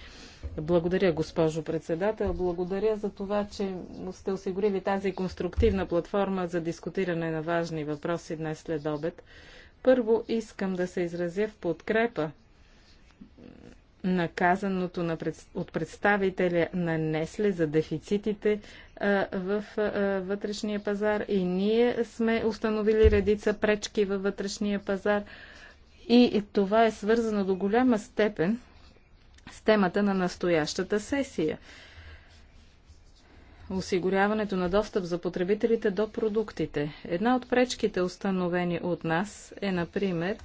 Благодаря, госпожо председател. Благодаря за това, че сте осигурили тази конструктивна платформа за дискутиране на важни въпроси днес след обед. Първо искам да се изразя в подкрепа наказаното на пред... от представителя нанесле за дефицитите а, в а, вътрешния пазар и ние сме установили редица пречки във вътрешния пазар и това е свързано до голяма степен с темата на настоящата сесия. Осигуряването на достъп за потребителите до продуктите. Една от пречките, установени от нас, е, например,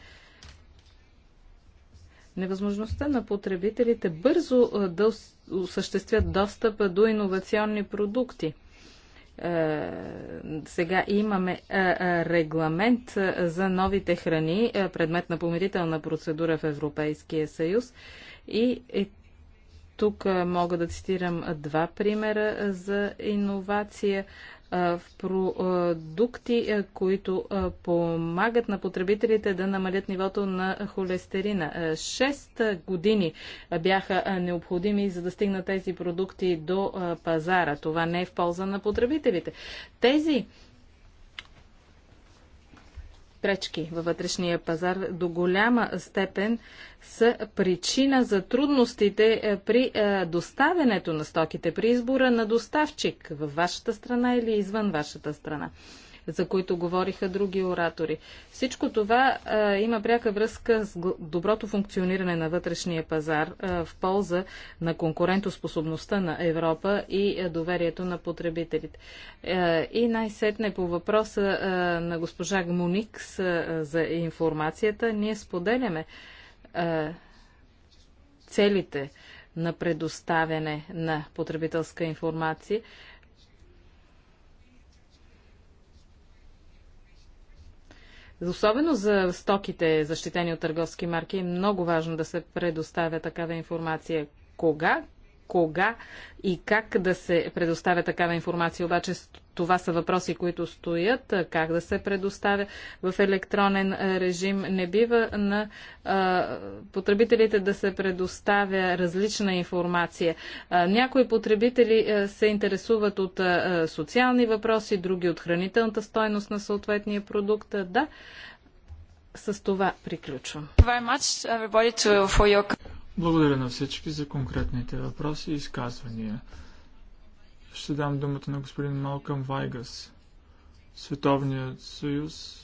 Невъзможността на потребителите бързо да осъществят достъп до иновационни продукти е, – сега имаме е, е, регламент за новите храни, предмет на помирителна процедура в Европейския съюз. И тук мога да цитирам два примера за иновация в продукти, които помагат на потребителите да намалят нивото на холестерина. Шест години бяха необходими за да стигнат тези продукти до пазара. Това не е в полза на потребителите. Тези пречки във вътрешния пазар до голяма степен са причина за трудностите е, при е, доставянето на стоките, при избора на доставчик във вашата страна или извън вашата страна за които говориха други оратори. Всичко това а, има пряка връзка с доброто функциониране на вътрешния пазар а, в полза на конкурентоспособността на Европа и а, доверието на потребителите. А, и най-сетне по въпроса а, на госпожа Гмоникс а, за информацията, ние споделяме а, целите на предоставяне на потребителска информация. Особено за стоките, защитени от търговски марки, е много важно да се предоставя такава информация. Кога, кога и как да се предоставя такава информация. Обаче това са въпроси, които стоят, как да се предоставя в електронен режим. Не бива на а, потребителите да се предоставя различна информация. А, някои потребители а, се интересуват от а, социални въпроси, други от хранителната стойност на съответния продукт. Да, с това приключвам. Благодаря на всички за конкретните въпроси и изказвания. Ще дам думата на господин Малкам Вайгас, Световният съюз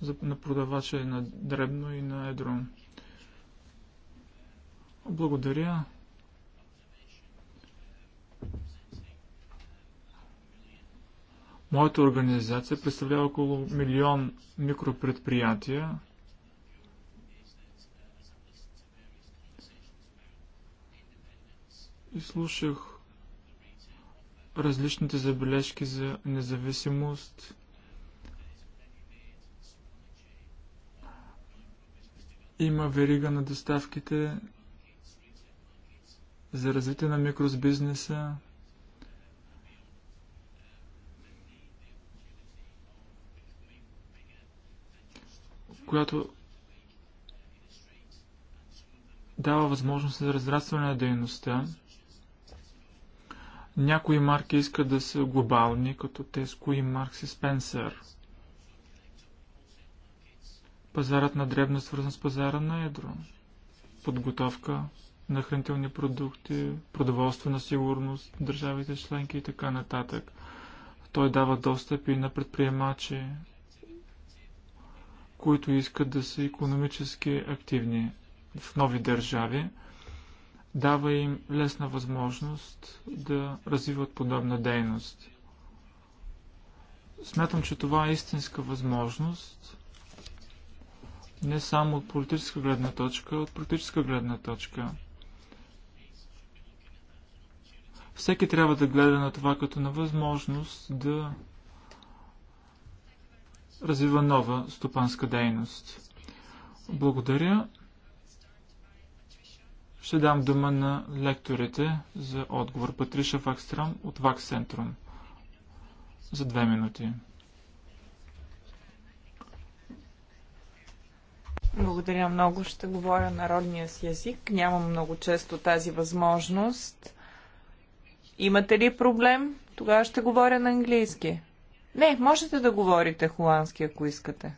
за, на продавача на дребно и на едро. Благодаря. Моята организация представлява около милион микропредприятия И слушах различните забележки за независимост. Има верига на доставките за развитие на микросбизнеса. която дава възможност за разрастване на дейността. Някои марки искат да са глобални, като Теско и Маркс и Спенсър. Пазарът на дребно свързан с пазара на едро. Подготовка на хранителни продукти, продоволство на сигурност, държавите членки и така нататък. Той дава достъп и на предприемачи, които искат да са економически активни в нови държави дава им лесна възможност да развиват подобна дейност. Смятам, че това е истинска възможност не само от политическа гледна точка, а от политическа гледна точка. Всеки трябва да гледа на това като на възможност да развива нова стопанска дейност. Благодаря. Ще дам дума на лекторите за отговор. Патриша Вакстрам от Вак Центрум за две минути. Благодаря много. Ще говоря народния си език. Нямам много често тази възможност. Имате ли проблем? Тогава ще говоря на английски. Не, можете да говорите холандски, ако искате.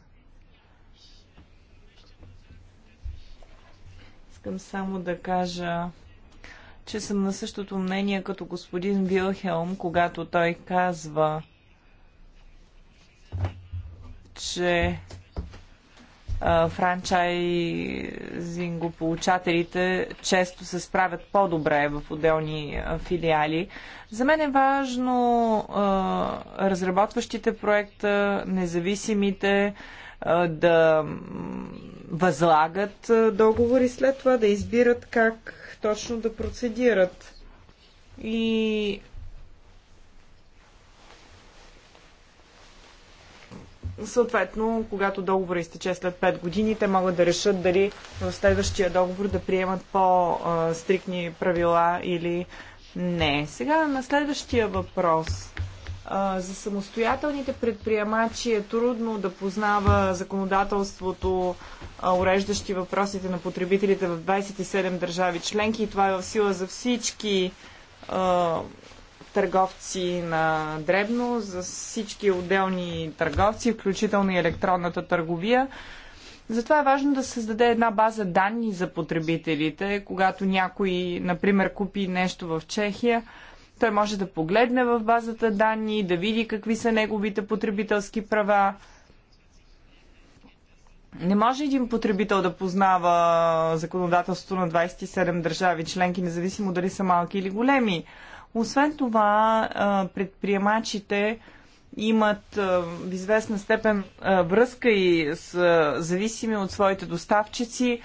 Искам само да кажа, че съм на същото мнение като господин Вилхелм, когато той казва, че франчайзингополучателите често се справят по-добре в отделни филиали. За мен е важно а, разработващите проекта, независимите да възлагат договори, след това да избират как точно да процедират. И съответно, когато договор изтече след 5 години, те могат да решат дали в следващия договор да приемат по-стрикни правила или не. Сега на следващия въпрос. За самостоятелните предприемачи е трудно да познава законодателството, уреждащи въпросите на потребителите в 27 държави членки и това е в сила за всички търговци на дребно, за всички отделни търговци, включително и електронната търговия. Затова е важно да създаде една база данни за потребителите, когато някой, например, купи нещо в Чехия той може да погледне в базата данни, да види какви са неговите потребителски права. Не може един потребител да познава законодателството на 27 държави членки, независимо дали са малки или големи. Освен това, предприемачите имат в известна степен връзка и с зависими от своите доставчици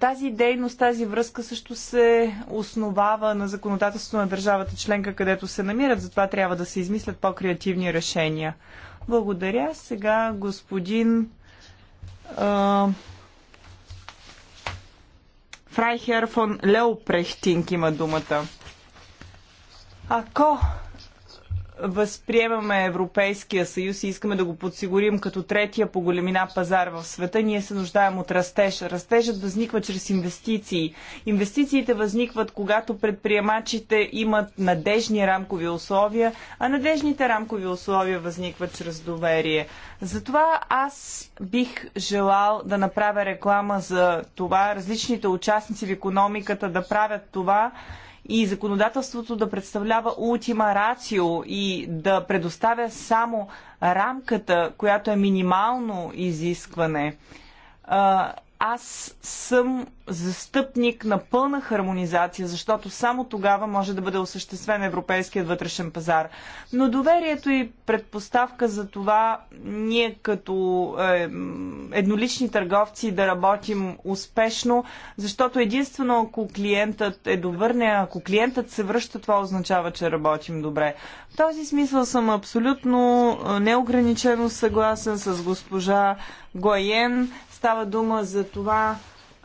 тази дейност, тази връзка също се основава на законодателството на държавата членка, където се намират. Затова трябва да се измислят по-креативни решения. Благодаря. Сега господин а, Фрайхер фон Леопрехтинг има думата. Ако възприемаме Европейския съюз и искаме да го подсигурим като третия по големина пазар в света, ние се нуждаем от растеж. Растежът възниква чрез инвестиции. Инвестициите възникват, когато предприемачите имат надежни рамкови условия, а надежните рамкови условия възникват чрез доверие. Затова аз бих желал да направя реклама за това, различните участници в економиката да правят това и законодателството да представлява ултима рацио и да предоставя само рамката, която е минимално изискване аз съм застъпник на пълна хармонизация, защото само тогава може да бъде осъществен европейският вътрешен пазар. Но доверието и предпоставка за това ние като е, еднолични търговци да работим успешно, защото единствено ако клиентът е довърне, ако клиентът се връща, това означава, че работим добре. В този смисъл съм абсолютно е, неограничено съгласен с госпожа Гоен Става дума за това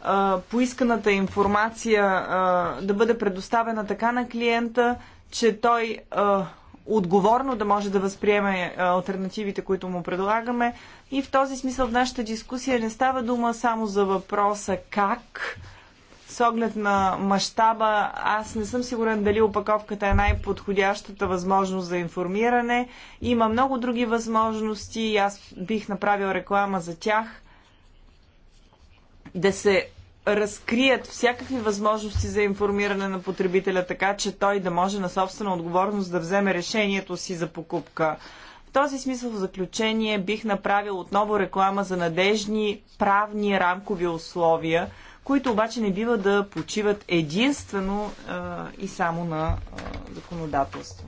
а, поисканата информация а, да бъде предоставена така на клиента, че той а, отговорно да може да възприеме альтернативите, които му предлагаме. И в този смисъл в нашата дискусия не става дума само за въпроса как. С оглед на мащаба, аз не съм сигурен дали опаковката е най-подходящата възможност за информиране. Има много други възможности и аз бих направил реклама за тях да се разкрият всякакви възможности за информиране на потребителя, така че той да може на собствена отговорност да вземе решението си за покупка. В този смисъл в заключение бих направил отново реклама за надежни правни рамкови условия, които обаче не бива да почиват единствено а, и само на а, законодателство.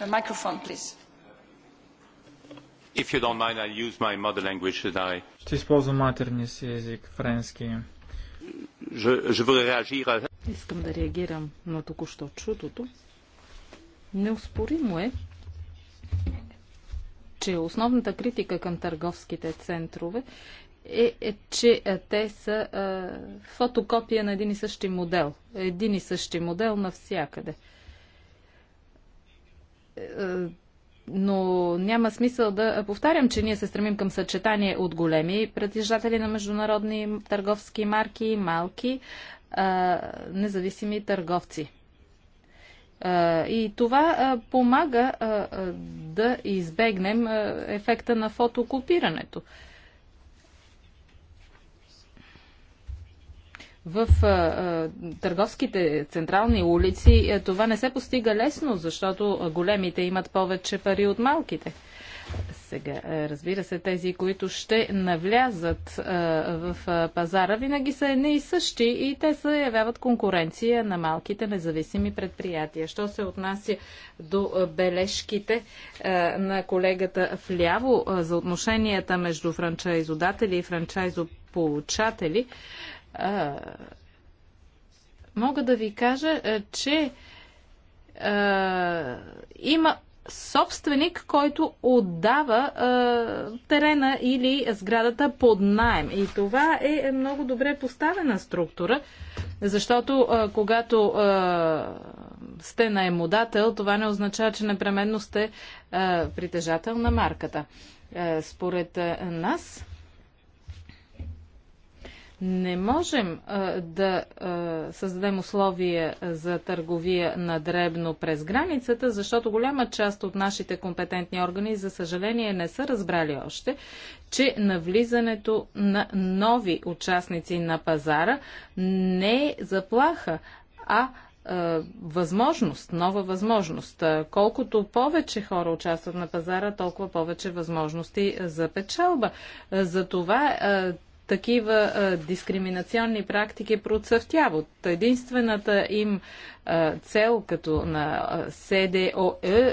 Microphone, please. If you don't mind, I use my mother language that Ще използвам матерния си език, френски. Je, je veux Искам да реагирам на току-що чутото. Неоспоримо е, че основната критика към търговските центрове е, е че е, те са е, фотокопия на един и същи модел. Един и същи модел навсякъде. Е, е, но няма смисъл да повтарям, че ние се стремим към съчетание от големи притежатели на международни търговски марки и малки а, е, независими търговци. А, и това а, помага да избегнем ефекта на фотокопирането. в търговските централни улици е, това не се постига лесно, защото големите имат повече пари от малките. Сега, е, разбира се, тези, които ще навлязат а, е, в а, пазара, винаги са едни и същи и те се явяват конкуренция на малките независими предприятия. Що се отнася до бележките а, на колегата вляво за отношенията между франчайзодатели и франчайзополучатели, а, мога да ви кажа, а, че а, има собственик, който отдава а, терена или сградата под найем. И това е много добре поставена структура, защото а, когато а, сте наемодател, това не означава, че непременно сте а, притежател на марката. А, според а, нас, не можем а, да а, създадем условия за търговия на дребно през границата, защото голяма част от нашите компетентни органи, за съжаление, не са разбрали още, че навлизането на нови участници на пазара не е заплаха, а възможност, нова възможност. Колкото повече хора участват на пазара, толкова повече възможности за печалба. Затова такива а, дискриминационни практики процъфтяват. Единствената им а, цел като на СДОЕ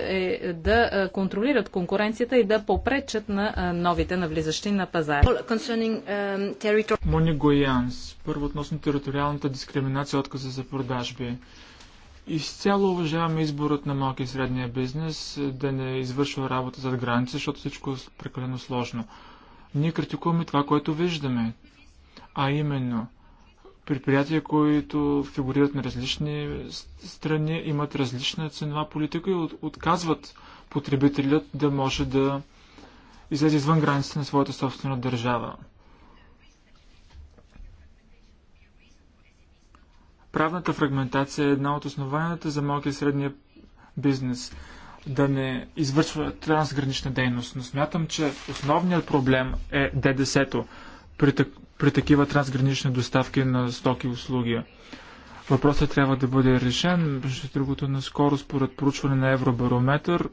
е да а, контролират конкуренцията и да попречат на а, новите навлизащи на пазара. Мони Гоянс, първо относно териториалната дискриминация отказа за продажби. Изцяло уважаваме изборът на малки и средния бизнес е, да не извършва работа зад граница, защото всичко е прекалено сложно. Ние критикуваме това, което виждаме. А именно, предприятия, които фигурират на различни страни, имат различна ценова политика и отказват потребителят да може да излезе извън границите на своята собствена държава. Правната фрагментация е една от основанията за малкия и средния бизнес да не извършва трансгранична дейност. Но смятам, че основният проблем е ДДС-то при, так- при такива трансгранични доставки на стоки и услуги. Въпросът трябва да бъде решен. Между другото, наскоро, според проучване на Евробарометър,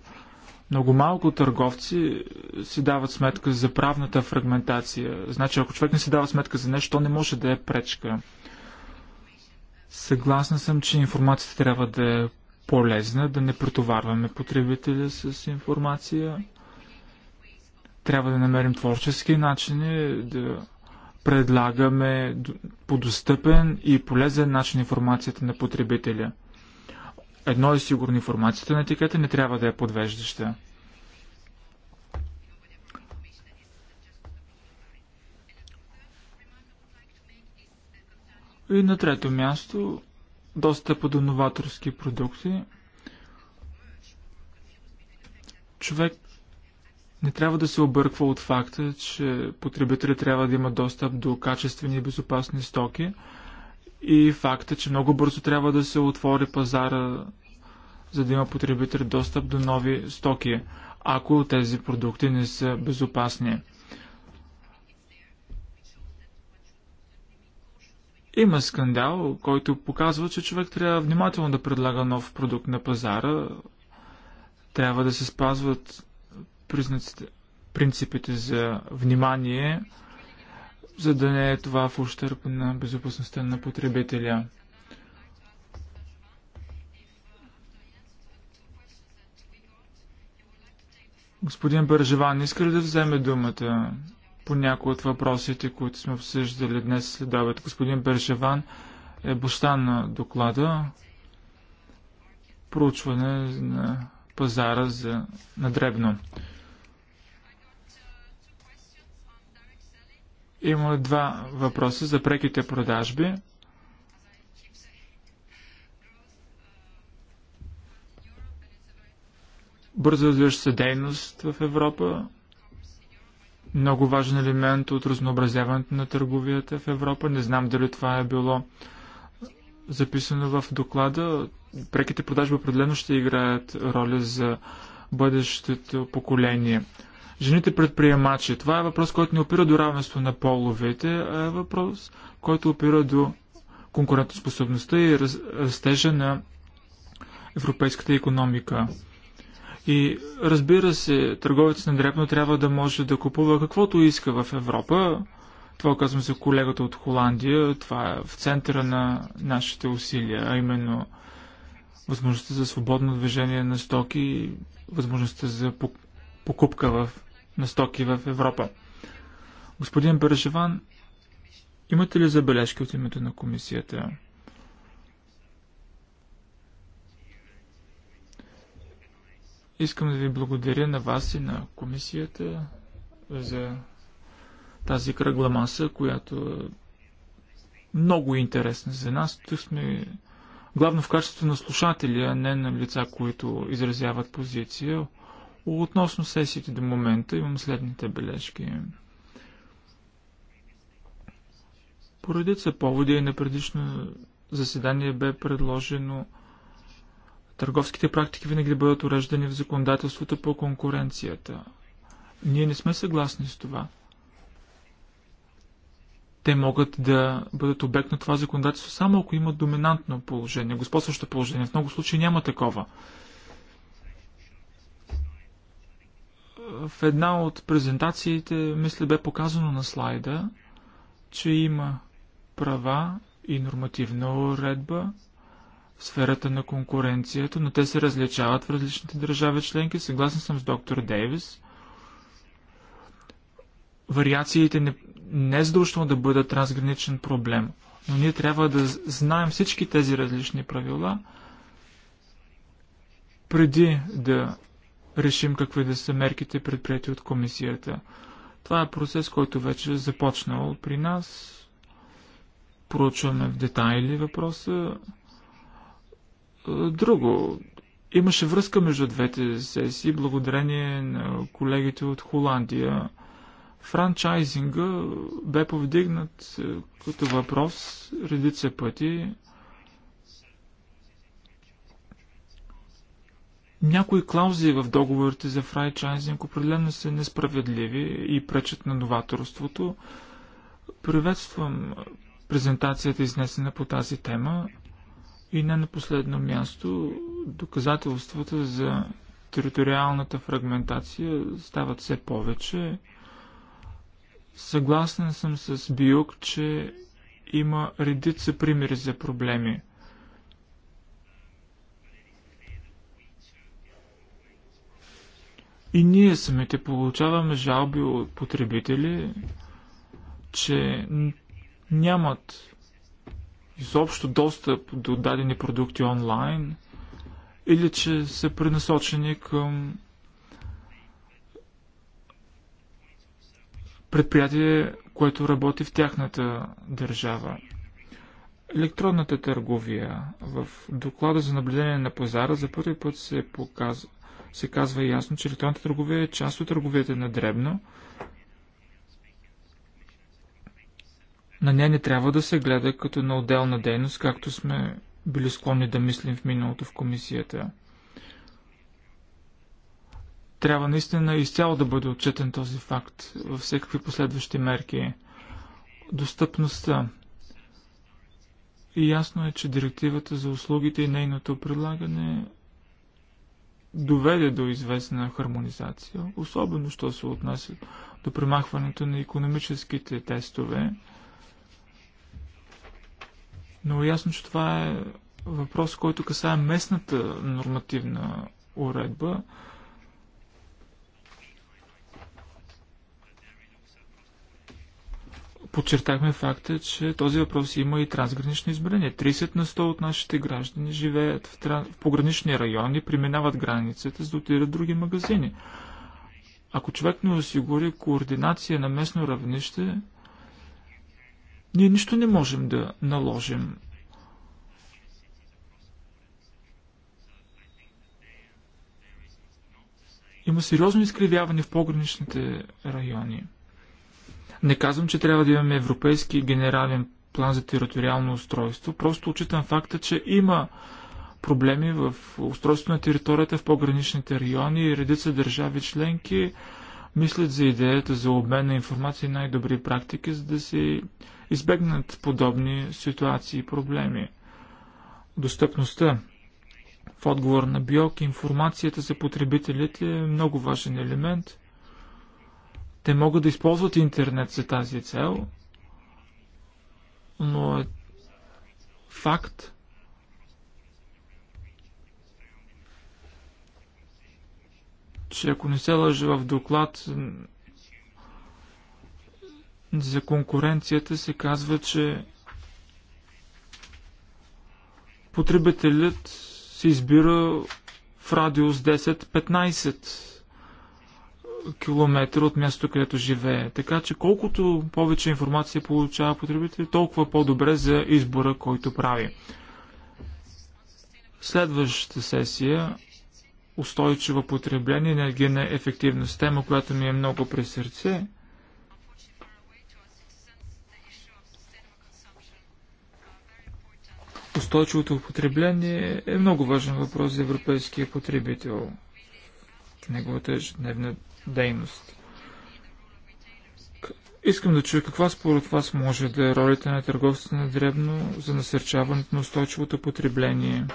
много малко търговци е, си дават сметка за правната фрагментация. Значи, ако човек не си дава сметка за нещо, то не може да е пречка. Съгласна съм, че информацията трябва да е полезна, да не претоварваме потребителя с информация. Трябва да намерим творчески начини да предлагаме по достъпен и полезен начин информацията на потребителя. Едно е сигурно, информацията на етикета не трябва да е подвеждаща. И на трето място достъпа до новаторски продукти. Човек не трябва да се обърква от факта, че потребителят трябва да имат достъп до качествени и безопасни стоки и факта, че много бързо трябва да се отвори пазара, за да има потребител достъп до нови стоки, ако тези продукти не са безопасни. Има скандал, който показва, че човек трябва внимателно да предлага нов продукт на пазара, трябва да се спазват принципите за внимание, за да не е това в ущърп на безопасността на потребителя. Господин Бържеван, иска ли да вземе думата? по някои от въпросите, които сме обсъждали днес след обед. Господин Бержеван е баща на доклада проучване на пазара за, на дребно. Има два въпроса за преките продажби. Бързо развиваща се дейност в Европа много важен елемент от разнообразяването на търговията в Европа. Не знам дали това е било записано в доклада. Преките продажби определено ще играят роля за бъдещето поколение. Жените предприемачи. Това е въпрос, който не опира до равенство на половете, а е въпрос, който опира до конкурентоспособността и растежа на европейската економика. И разбира се, търговец на дребно трябва да може да купува каквото иска в Европа. Това казвам за колегата от Холандия. Това е в центъра на нашите усилия, а именно възможността за свободно движение на стоки и възможността за покупка в, на стоки в Европа. Господин Бережеван, имате ли забележки от името на комисията? Искам да ви благодаря на вас и на комисията за тази кръгла маса, която е много интересна за нас. Тук сме главно в качество на слушатели, а не на лица, които изразяват позиция. Относно сесиите до момента имам следните бележки. Поредица редица поводи на предишно заседание бе предложено търговските практики винаги да бъдат уреждани в законодателството по конкуренцията. Ние не сме съгласни с това. Те могат да бъдат обект на това законодателство само ако имат доминантно положение, господстващо положение. В много случаи няма такова. В една от презентациите, мисля, бе показано на слайда, че има права и нормативна уредба, в сферата на конкуренцията, но те се различават в различните държави членки. Съгласен съм с доктор Дейвис. Вариациите не, не е задължително да бъдат трансграничен проблем, но ние трябва да знаем всички тези различни правила, преди да решим какви да са мерките предприяти от комисията. Това е процес, който вече е започнал при нас. Проучваме в детайли въпроса. Друго, имаше връзка между двете сесии, благодарение на колегите от Холандия. Франчайзинга бе повдигнат е, като въпрос редица пъти. Някои клаузи в договорите за франчайзинг определено са несправедливи и пречат на новаторството. Приветствам презентацията, изнесена по тази тема. И не на последно място, доказателствата за териториалната фрагментация стават все повече. Съгласен съм с Биок, че има редица примери за проблеми. И ние самите получаваме жалби от потребители, че нямат изобщо достъп до дадени продукти онлайн или че са пренасочени към предприятие, което работи в тяхната държава. Електронната търговия. В доклада за наблюдение на пазара за първи път се, показва, се казва ясно, че електронната търговия е част от търговията на дребно на нея не трябва да се гледа като на отделна дейност, както сме били склонни да мислим в миналото в комисията. Трябва наистина изцяло да бъде отчетен този факт във всякакви последващи мерки. Достъпността. И ясно е, че директивата за услугите и нейното прилагане доведе до известна хармонизация, особено що се отнася до премахването на економическите тестове. Но е ясно, че това е въпрос, който касае местната нормативна уредба. Подчертахме факта, че този въпрос има и трансгранично измерение. 30 на 100 от нашите граждани живеят в, тран... в погранични райони, преминават границата, за да отидат в други магазини. Ако човек не осигури координация на местно равнище, ние нищо не можем да наложим. Има сериозно изкривяване в пограничните райони. Не казвам, че трябва да имаме европейски генерален план за териториално устройство, просто отчитам факта, че има проблеми в устройството на територията в пограничните райони и редица държави членки мислят за идеята за обмен на информация и най-добри практики, за да се избегнат подобни ситуации и проблеми. Достъпността в отговор на Биок, информацията за потребителите е много важен елемент. Те могат да използват интернет за тази цел, но е факт, че ако не се лъжа в доклад за конкуренцията се казва, че потребителят се избира в радиус 10-15 км от мястото, където живее. Така че колкото повече информация получава потребител, толкова по-добре за избора, който прави. Следващата сесия устойчиво потребление, енергийна ефективност, тема, която ми е много при сърце. Устойчивото употребление е много важен въпрос за европейския потребител в неговата ежедневна дейност. Искам да чуя каква според вас може да е ролята на търговците на дребно за насърчаването на устойчивото потребление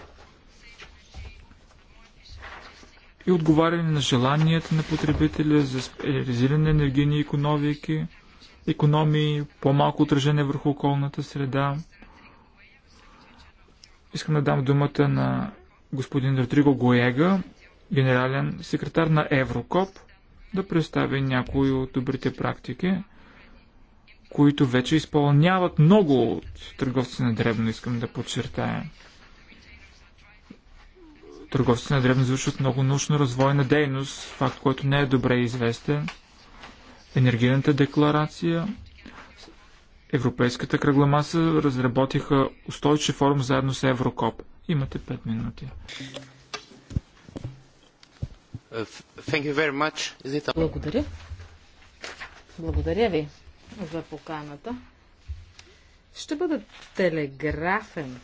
и отговаряне на желанията на потребителя за реализиране на енергийни економики, економии, по-малко отражение върху околната среда – Искам да дам думата на господин Родриго Гоега, генерален секретар на Еврокоп, да представи някои от добрите практики, които вече изпълняват много от търговци на дребно, искам да подчертая. Търговците на дребно извършват много научно-развойна дейност, факт, който не е добре известен. Енергийната декларация, Европейската кръгла маса разработиха устойчив форум заедно с Еврокоп. Имате 5 минути. Благодаря. Благодаря ви за поканата. Ще бъда телеграфен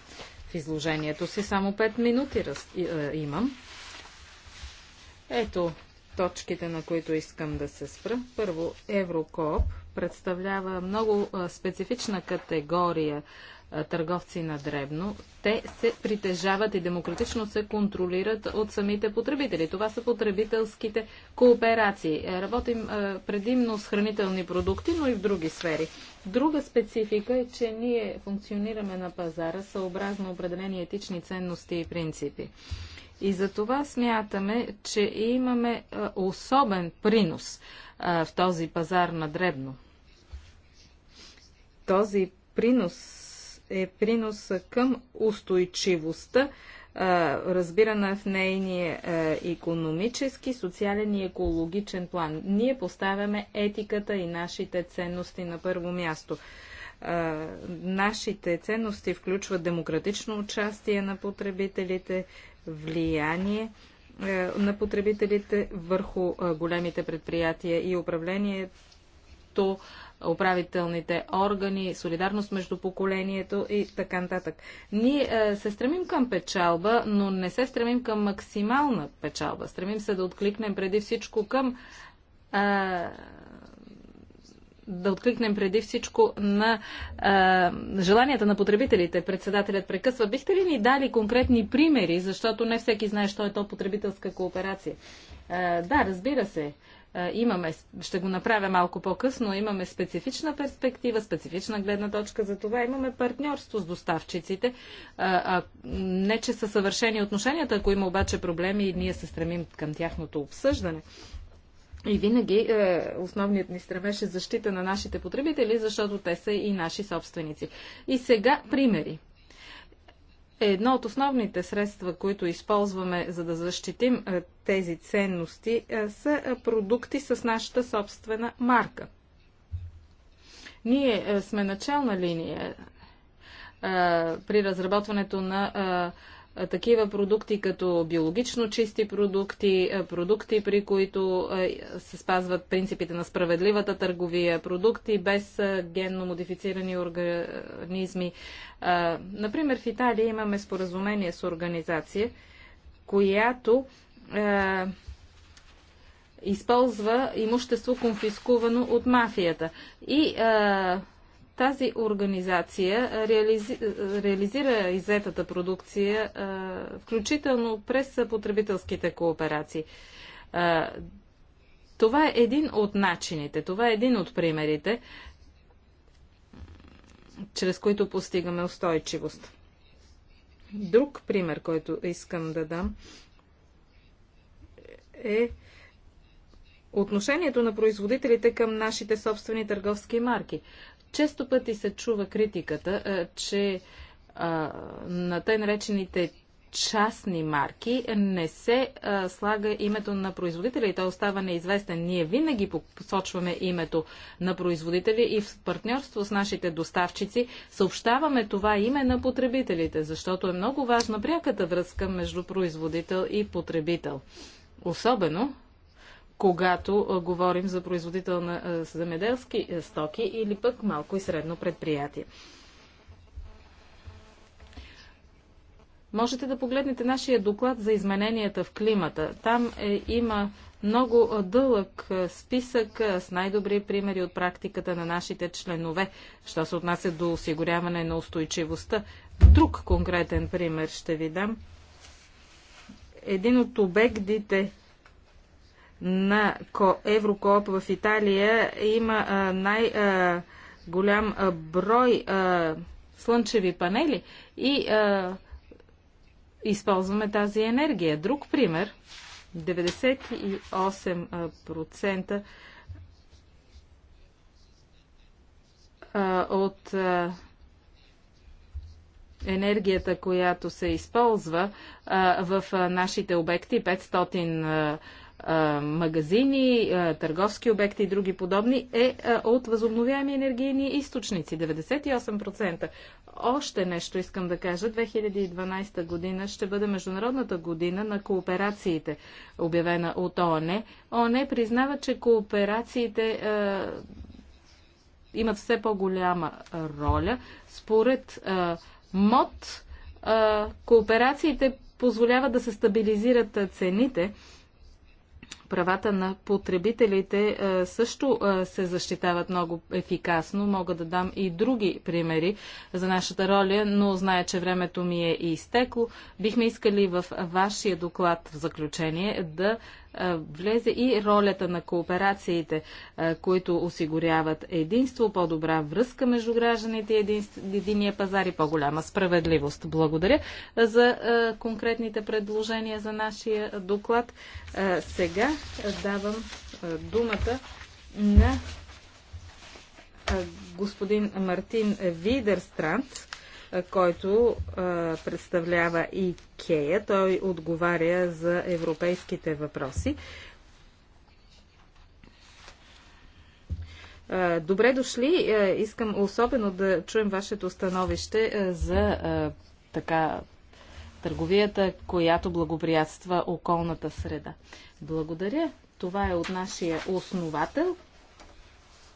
в изложението си. Само 5 минути раз... Е, имам. Ето точките, на които искам да се спра. Първо, Еврокоп – представлява много специфична категория търговци на дребно, те се притежават и демократично се контролират от самите потребители. Това са потребителските кооперации. Е, работим предимно с хранителни продукти, но и в други сфери. Друга специфика е, че ние функционираме на пазара съобразно определени етични ценности и принципи. И за това смятаме, че имаме особен принос в този пазар на дребно. Този принос е принос към устойчивостта, разбирана в нейния економически, социален и екологичен план. Ние поставяме етиката и нашите ценности на първо място. Нашите ценности включват демократично участие на потребителите, влияние на потребителите върху големите предприятия и управлението управителните органи, солидарност между поколението и така нататък. Ние е, се стремим към печалба, но не се стремим към максимална печалба. Стремим се да откликнем преди всичко към е, да откликнем преди всичко на а, е, желанията на потребителите. Председателят прекъсва. Бихте ли ни дали конкретни примери, защото не всеки знае, що е то потребителска кооперация? А, да, разбира се. Е, имаме, ще го направя малко по-късно, имаме специфична перспектива, специфична гледна точка за това. Имаме партньорство с доставчиците. А, а, не, че са съвършени отношенията, ако има обаче проблеми, и ние се стремим към тяхното обсъждане. И винаги е, основният ни стремеше защита на нашите потребители, защото те са и наши собственици. И сега примери е едно от основните средства, които използваме за да защитим тези ценности, са продукти с нашата собствена марка. Ние сме начална линия при разработването на такива продукти като биологично чисти продукти, продукти при които се спазват принципите на справедливата търговия, продукти без генно модифицирани организми. Например, в Италия имаме споразумение с организация, която използва имущество конфискувано от мафията. И тази организация реализи... реализира иззетата продукция, включително през потребителските кооперации. Това е един от начините, това е един от примерите, чрез които постигаме устойчивост. Друг пример, който искам да дам, е отношението на производителите към нашите собствени търговски марки. Често пъти се чува критиката, че на тъй наречените частни марки не се слага името на производителя и той остава неизвестен. Ние винаги посочваме името на производителя и в партньорство с нашите доставчици съобщаваме това име на потребителите, защото е много важна пряката връзка между производител и потребител. Особено когато говорим за производител на земеделски стоки или пък малко и средно предприятие. Можете да погледнете нашия доклад за измененията в климата. Там е, има много дълъг списък с най-добри примери от практиката на нашите членове, що се отнася до осигуряване на устойчивостта. Друг конкретен пример ще ви дам. Един от обектите на Еврокоп в Италия има най-голям брой слънчеви панели и използваме тази енергия. Друг пример 98% от енергията, която се използва в нашите обекти, 500 магазини, търговски обекти и други подобни, е от възобновяеми енергийни източници. 98%. Още нещо искам да кажа. 2012 година ще бъде Международната година на кооперациите, обявена от ОНЕ, ОНЕ признава, че кооперациите имат все по-голяма роля. Според МОД, кооперациите позволяват да се стабилизират цените Правата на потребителите е, също е, се защитават много ефикасно. Мога да дам и други примери за нашата роля, но зная, че времето ми е изтекло. Бихме искали в вашия доклад в заключение да влезе и ролята на кооперациите, които осигуряват единство, по-добра връзка между гражданите и единия пазар и по-голяма справедливост. Благодаря за конкретните предложения за нашия доклад. Сега давам думата на господин Мартин Видерстранд, който представлява ИКея. Той отговаря за европейските въпроси. Добре дошли. Искам особено да чуем вашето становище за така търговията, която благоприятства околната среда. Благодаря. Това е от нашия основател.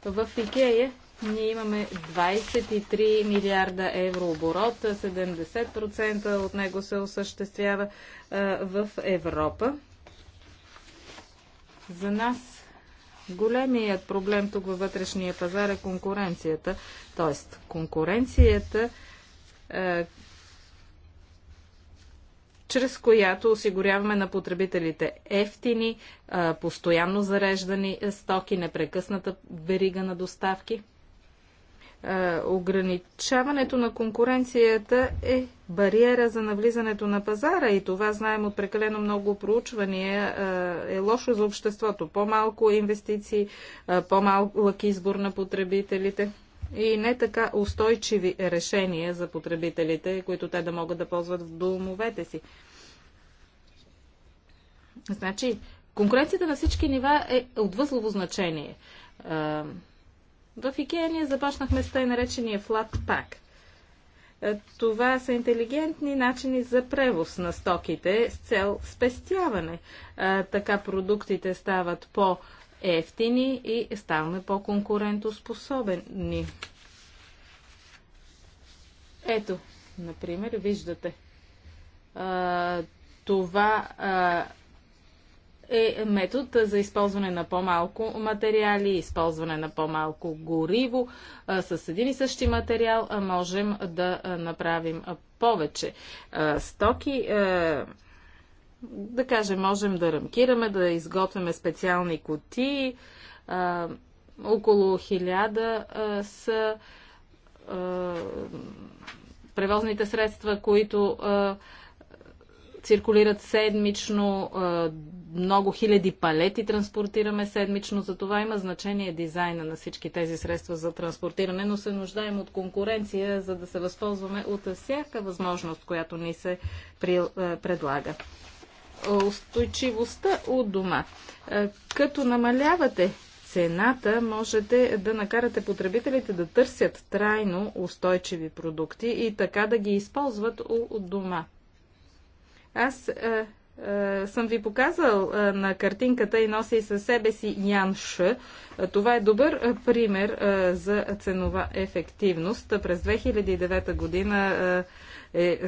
В Икея е ние имаме 23 милиарда евро оборот, 70% от него се осъществява в Европа. За нас големият проблем тук във вътрешния пазар е конкуренцията. Тоест, конкуренцията, чрез която осигуряваме на потребителите ефтини, постоянно зареждани стоки, непрекъсната верига на доставки. Е, ограничаването на конкуренцията е бариера за навлизането на пазара и това знаем от прекалено много проучвания е, е лошо за обществото. По-малко инвестиции, е, по-малък избор на потребителите и не така устойчиви решения за потребителите, които те да могат да ползват в домовете си. Значи, конкуренцията на всички нива е от възлово значение в Икея ние започнахме с тъй наречения flat pack. Е, това са интелигентни начини за превоз на стоките с цел спестяване. Е, така продуктите стават по-ефтини и ставаме по-конкурентоспособени. Ето, например, виждате. Е, това е метод за използване на по-малко материали, използване на по-малко гориво. С един и същи материал можем да направим повече стоки. Да кажем, можем да рамкираме, да изготвяме специални кутии. Около хиляда са превозните средства, които циркулират седмично, много хиляди палети транспортираме седмично, за това има значение дизайна на всички тези средства за транспортиране, но се нуждаем от конкуренция, за да се възползваме от всяка възможност, която ни се предлага. Устойчивостта от дома. Като намалявате цената, можете да накарате потребителите да търсят трайно устойчиви продукти и така да ги използват у дома. Аз а, е, а, е, съм ви показал а, е, на картинката и носи със себе си Ян Ш. Това е добър пример за ценова ефективност. През 2009 година е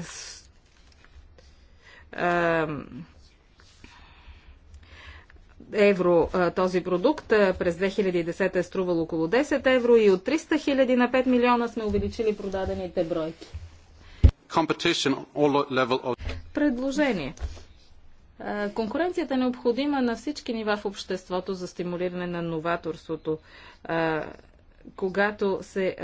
евро този продукт. През 2010 е струвал около 10 евро и от 300 хиляди на 5 милиона сме увеличили продадените бройки. Предложение. Конкуренцията е необходима на всички нива в обществото за стимулиране на новаторството. Когато се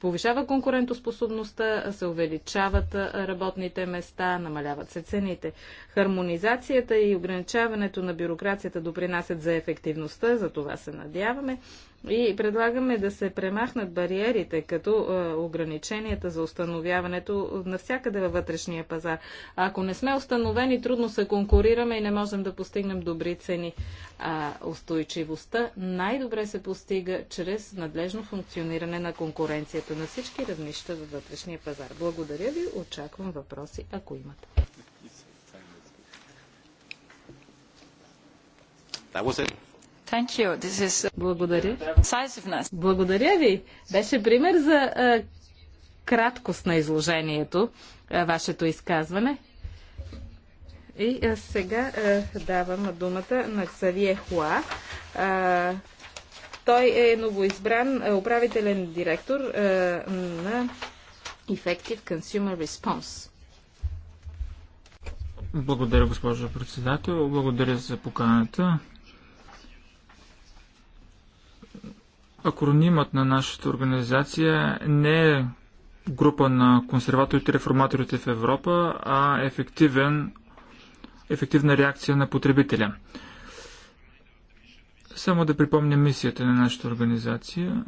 повишава конкурентоспособността, се увеличават работните места, намаляват се цените. Хармонизацията и ограничаването на бюрокрацията допринасят за ефективността, за това се надяваме. И предлагаме да се премахнат бариерите, като е, ограниченията за установяването навсякъде във вътрешния пазар. А ако не сме установени, трудно се конкурираме и не можем да постигнем добри цени. А устойчивостта най-добре се постига чрез надлежно функциониране на конкуренцията на всички равнища във вътрешния пазар. Благодаря ви, очаквам въпроси, ако имате. That was it. Благодаря. Благодаря ви. Беше пример за а, краткост на изложението, а, вашето изказване. И а, сега давам думата на Ксавие Хуа. Той е новоизбран управителен директор на Effective Consumer Response. Благодаря, госпожо председател. Благодаря за поканата. Акронимът на нашата организация не е група на консерваторите и реформаторите в Европа, а ефективен, ефективна реакция на потребителя. Само да припомня мисията на нашата организация.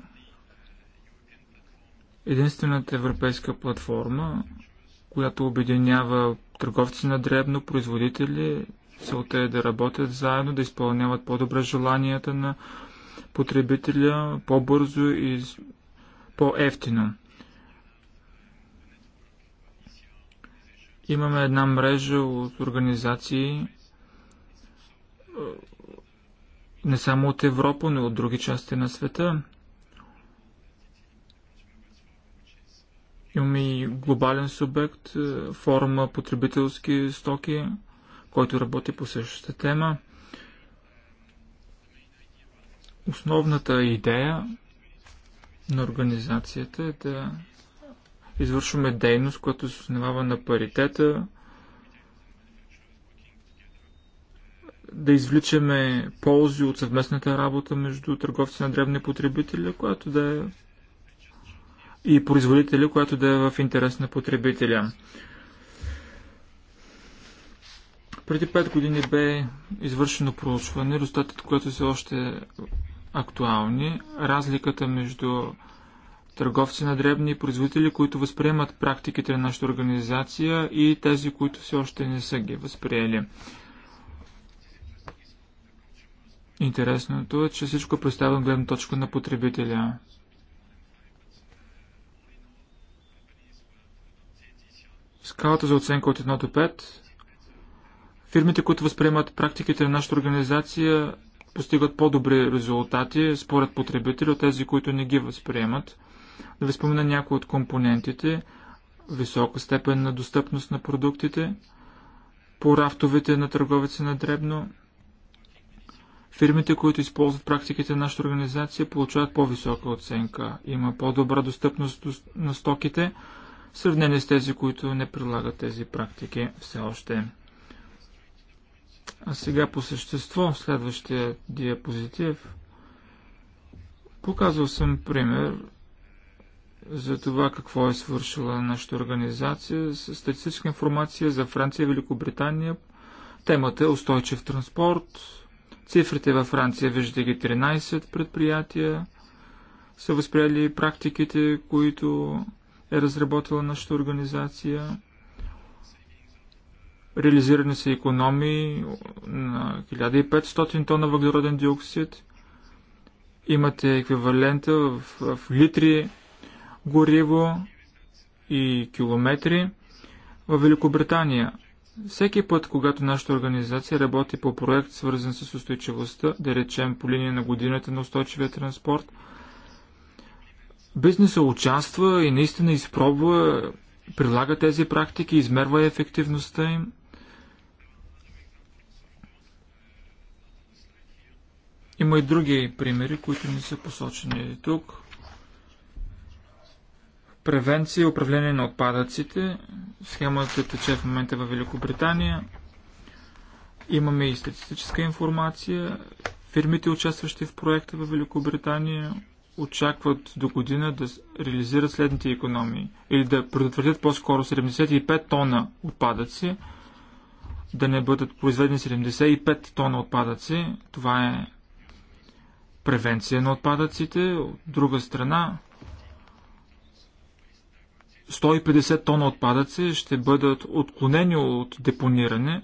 Единствената европейска платформа, която обединява търговци на дребно, производители. Целта е да работят заедно, да изпълняват по-добре желанията на потребителя по-бързо и по-ефтино. Имаме една мрежа от организации, е, не само от Европа, но и от други части на света. Имаме и глобален субект, е, форма потребителски стоки, който работи по същата тема. Основната идея на организацията е да извършваме дейност, която се основава на паритета, да извличаме ползи от съвместната работа между търговци на древни потребители, която да е и производителя, която да е в интерес на потребителя. Преди 5 години бе извършено проучване, резултатът, което все още актуални. Разликата между търговци на дребни и производители, които възприемат практиките на нашата организация и тези, които все още не са ги възприели. Интересното е, че всичко е представено гледна точка на потребителя. Скалата за оценка от 1 до 5. Фирмите, които възприемат практиките на нашата организация, постигат по-добри резултати според потребители от тези, които не ги възприемат. Да ви спомена някои от компонентите. Висока степен на достъпност на продуктите, по рафтовете на търговеца на дребно. Фирмите, които използват практиките на нашата организация, получават по-висока оценка. Има по-добра достъпност на стоките, в сравнение с тези, които не прилагат тези практики все още. А сега по същество, следващия диапозитив. Показвал съм пример за това какво е свършила нашата организация с статистическа информация за Франция и Великобритания. Темата е устойчив транспорт. Цифрите във Франция, виждате ги 13 предприятия, са възприели практиките, които е разработила нашата организация. Реализирани са економии на 1500 тона въглероден диоксид. Имате еквивалента в, в литри гориво и километри в Великобритания. Всеки път, когато нашата организация работи по проект, свързан с устойчивостта, да речем по линия на годината на устойчивия транспорт, бизнесът участва и наистина изпробва, прилага тези практики, измерва ефективността им. Има и други примери, които не са посочени тук. Превенция и управление на отпадъците. Схемата тече в момента във Великобритания. Имаме и статистическа информация. Фирмите, участващи в проекта в Великобритания, очакват до година да реализират следните економии или да предотвратят по-скоро 75 тона отпадъци, да не бъдат произведени 75 тона отпадъци. Това е превенция на отпадъците, от друга страна 150 тона отпадъци ще бъдат отклонени от депониране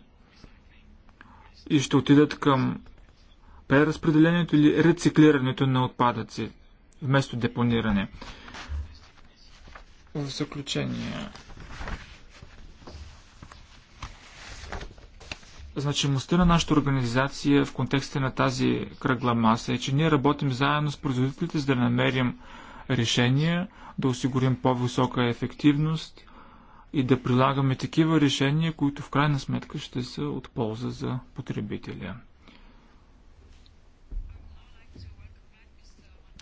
и ще отидат към преразпределението или рециклирането на отпадъци вместо депониране. В заключение, значимостта на нашата организация в контекста на тази кръгла маса е, че ние работим заедно с производителите, за да намерим решения, да осигурим по-висока ефективност и да прилагаме такива решения, които в крайна сметка ще са от полза за потребителя.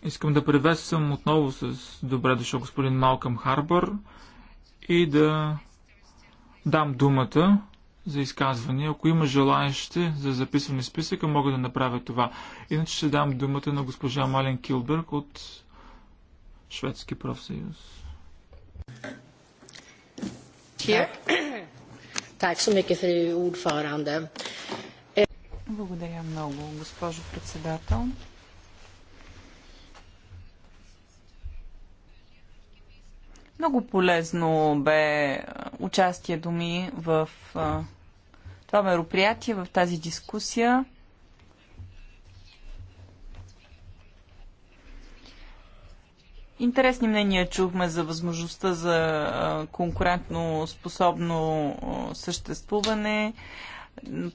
Искам да приветствам отново с добре дошъл господин Малкам Харбър и да дам думата за изказвания. Ако има желаящи за записване в списъка, мога да направя това. Иначе ще дам думата на госпожа Мален Килберг от Шведски профсъюз. Благодаря много, госпожо председател. Много полезно бе участието ми в а, това мероприятие, в тази дискусия. Интересни мнения чухме за възможността за конкурентно способно съществуване,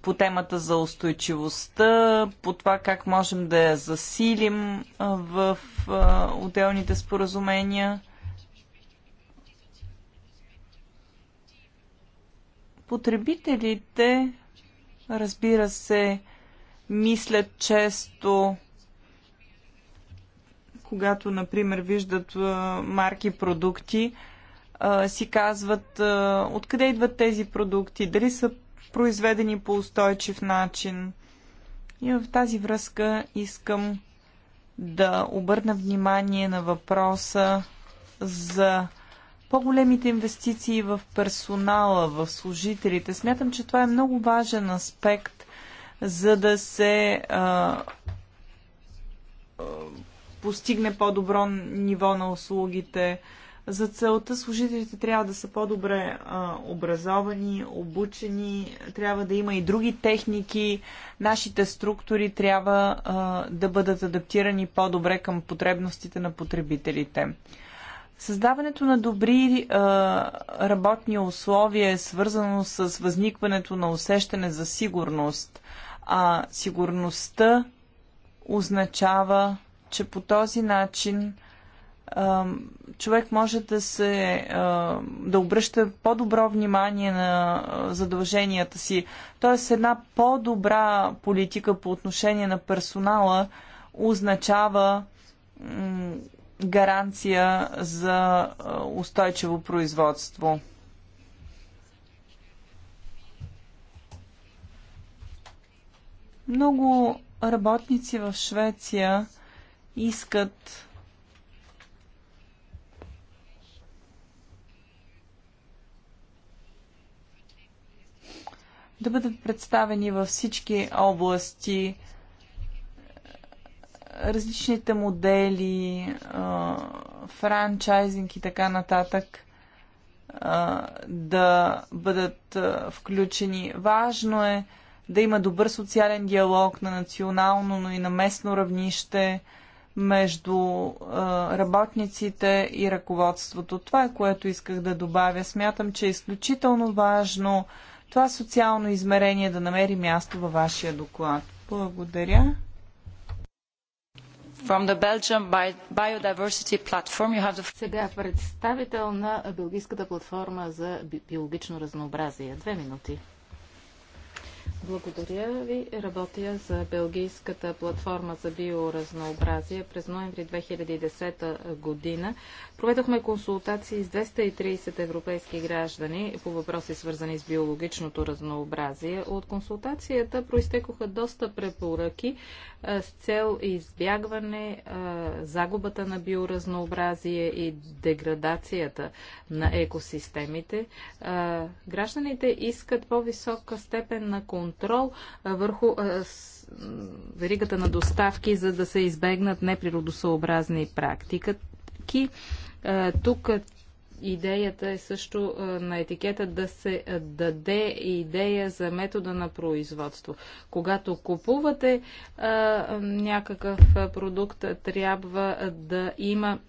по темата за устойчивостта, по това как можем да я засилим в отделните споразумения. Потребителите, разбира се, мислят често, когато, например, виждат марки продукти, си казват откъде идват тези продукти, дали са произведени по устойчив начин. И в тази връзка искам да обърна внимание на въпроса за по-големите инвестиции в персонала, в служителите. Смятам, че това е много важен аспект, за да се а, а, постигне по-добро ниво на услугите. За целта служителите трябва да са по-добре образовани, обучени, трябва да има и други техники. Нашите структури трябва а, да бъдат адаптирани по-добре към потребностите на потребителите. Създаването на добри а, работни условия е свързано с възникването на усещане за сигурност, а сигурността означава, че по този начин а, човек може да се а, да обръща по-добро внимание на задълженията си. Тоест една по-добра политика по отношение на персонала означава гаранция за устойчиво производство. Много работници в Швеция искат да бъдат представени във всички области различните модели, франчайзинг и така нататък да бъдат включени. Важно е да има добър социален диалог на национално, но и на местно равнище между работниците и ръководството. Това е което исках да добавя. Смятам, че е изключително важно това социално измерение да намери място във вашия доклад. Благодаря. From the Belgium Biodiversity Platform, you have the... Сега представител на Белгийската платформа за биологично разнообразие. Две минути. Благодаря ви. Работя за Белгийската платформа за биоразнообразие. През ноември 2010 година проведохме консултации с 230 европейски граждани по въпроси свързани с биологичното разнообразие. От консултацията проистекоха доста препоръки с цел избягване загубата на биоразнообразие и деградацията на екосистемите. Гражданите искат по-висока степен на контрол върху веригата на доставки, за да се избегнат неприродосъобразни практики. Тук Идеята е също на етикета да се даде идея за метода на производство. Когато купувате а, някакъв продукт, трябва да има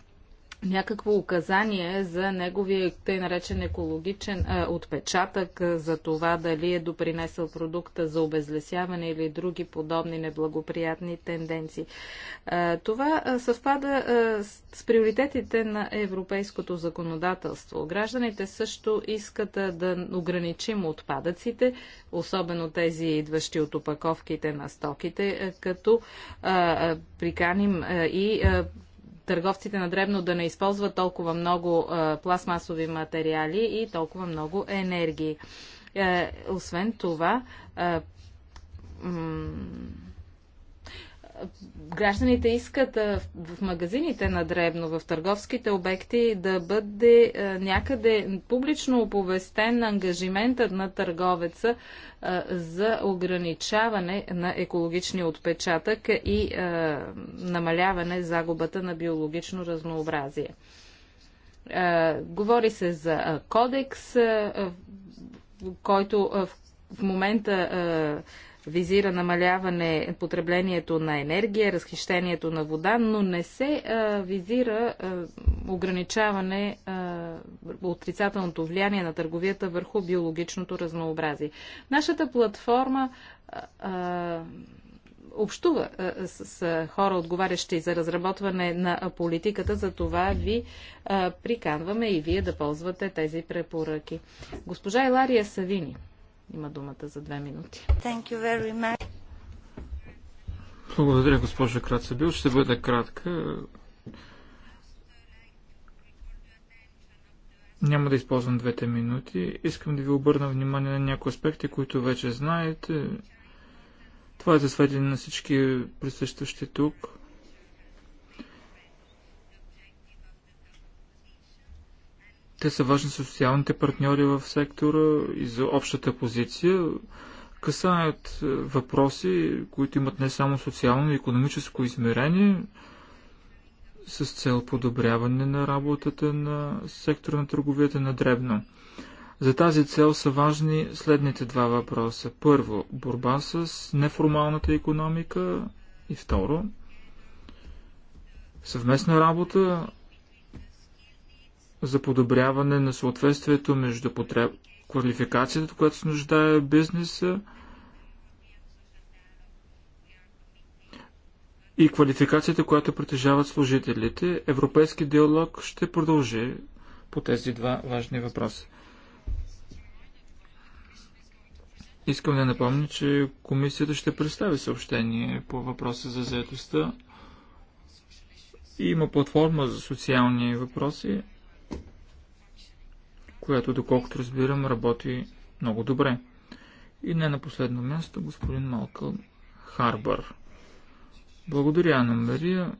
някакво указание за неговия тъй наречен екологичен а, отпечатък, а, за това дали е допринесъл продукта за обезлесяване или други подобни неблагоприятни тенденции. А, това а, съвпада а, с, приоритетите на европейското законодателство. Гражданите също искат а, да ограничим отпадъците, особено тези идващи от опаковките на стоките, а, като а, а, приканим а, и а, търговците на дребно да не използват толкова много пластмасови материали и толкова много енергии. Е, освен това, гражданите искат в магазините на дребно, в търговските обекти да бъде някъде публично оповестен ангажиментът на търговеца за ограничаване на екологичния отпечатък и намаляване загубата на биологично разнообразие. Говори се за кодекс, който в момента визира намаляване потреблението на енергия, разхищението на вода, но не се а, визира а, ограничаване а, отрицателното влияние на търговията върху биологичното разнообразие. Нашата платформа а, общува с хора, отговарящи за разработване на политиката, за това ви приканваме и вие да ползвате тези препоръки. Госпожа Илария Савини – има думата за две минути. Благодаря, госпожа Крацабил. Ще бъде кратка. Няма да използвам двете минути. Искам да ви обърна внимание на някои аспекти, които вече знаете. Това е за сведение на всички присъстващи тук. Те са важни социалните партньори в сектора и за общата позиция. Касаят е, въпроси, които имат не само социално и економическо измерение, с цел подобряване на работата на сектора на търговията на дребно. За тази цел са важни следните два въпроса. Първо, борба с неформалната економика и второ, съвместна работа за подобряване на съответствието между потреб... квалификацията, която се нуждае бизнеса и квалификацията, която притежават служителите. Европейски диалог ще продължи по тези два важни въпроса. Искам да напомня, че комисията ще представи съобщение по въпроса за заедостта. Има платформа за социални въпроси която, доколкото разбирам, работи много добре. И не на последно място, господин Малкъл Харбър. Благодаря, Анна Мария.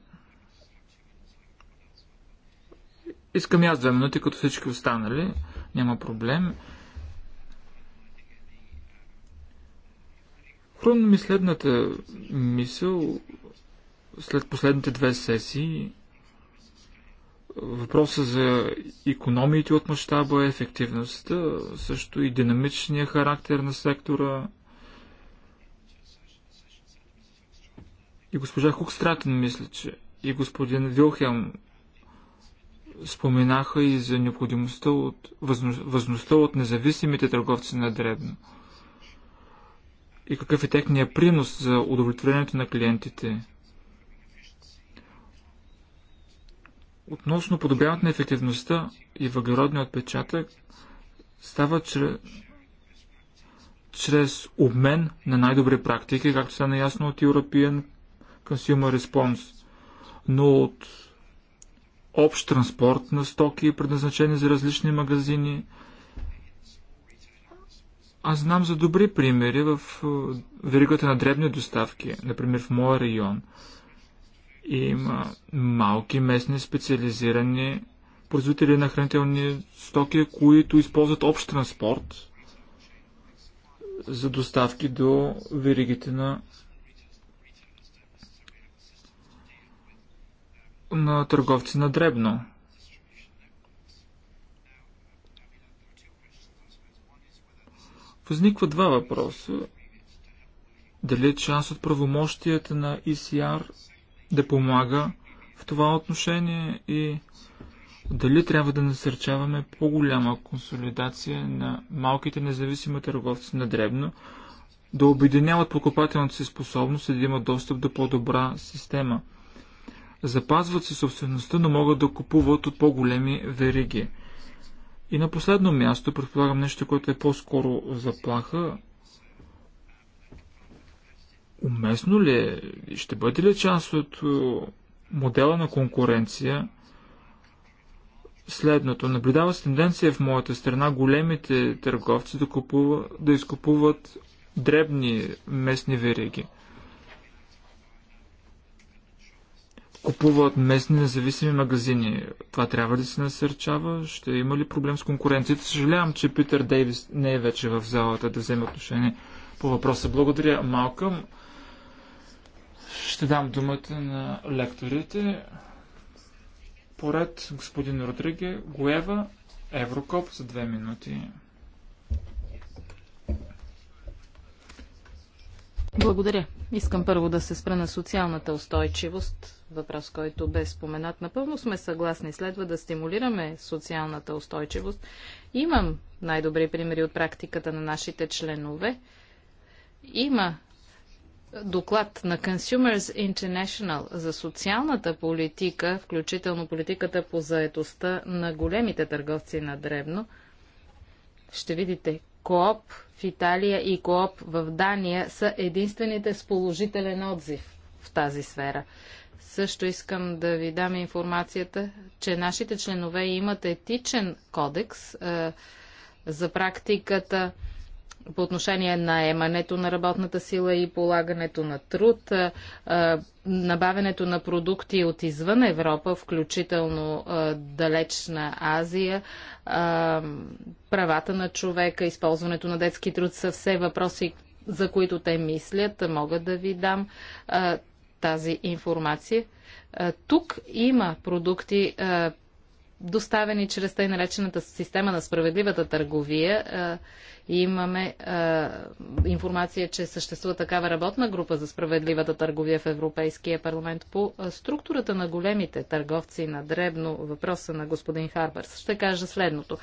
Искам и аз две минути, като всички останали. Няма проблем. Хрумна ми следната мисъл след последните две сесии. Въпросът за економиите от мащаба, ефективността, също и динамичния характер на сектора. И госпожа Хукстратен мисля, че и господин Вилхем споменаха и за необходимостта от възможността от независимите търговци на дребно. И какъв е техният принос за удовлетворението на клиентите. Относно подобряването на ефективността и въглеродния отпечатък става чрез, чрез обмен на най-добри практики, както стана ясно от European Consumer Response, но от общ транспорт на стоки, предназначени за различни магазини. Аз знам за добри примери в е, веригата на дребни доставки, например в моя район – има малки местни специализирани производители на хранителни стоки, които използват общ транспорт за доставки до веригите на, на търговци на дребно. Възниква два въпроса. Дали част от правомощията на ИСР да помага в това отношение и дали трябва да насърчаваме по-голяма консолидация на малките независими търговци на дребно, да обединяват покупателната си способност и да имат достъп до по-добра система. Запазват си собствеността, но могат да купуват от по-големи вериги. И на последно място, предполагам нещо, което е по-скоро заплаха, уместно ли е, ще бъде ли част от е, модела на конкуренция следното. Наблюдава се тенденция в моята страна големите търговци да, купува, да изкупуват дребни местни вериги. Купуват местни независими магазини. Това трябва да се насърчава. Ще има ли проблем с конкуренцията? Съжалявам, че Питър Дейвис не е вече в залата да вземе отношение по въпроса. Благодаря, Малкам. Ще дам думата на лекторите. Поред господин Родриге, Гоева, Еврокоп за две минути. Благодаря. Искам първо да се спра на социалната устойчивост, въпрос, който бе споменат. Напълно сме съгласни, следва да стимулираме социалната устойчивост. Имам най-добри примери от практиката на нашите членове. Има доклад на Consumers International за социалната политика, включително политиката по заетостта на големите търговци на Дребно, ще видите Кооп в Италия и Кооп в Дания са единствените с положителен отзив в тази сфера. Също искам да ви дам информацията, че нашите членове имат етичен кодекс е, за практиката по отношение на емането на работната сила и полагането на труд, набавянето на продукти от извън Европа, включително далечна Азия, правата на човека, използването на детски труд са все въпроси, за които те мислят. Мога да ви дам тази информация. Тук има продукти, доставени чрез тъй наречената система на справедливата търговия. И е, имаме е, информация, че съществува такава работна група за справедливата търговия в Европейския парламент по е, структурата на големите търговци на дребно. Въпроса на господин Харбърс. Ще кажа следното.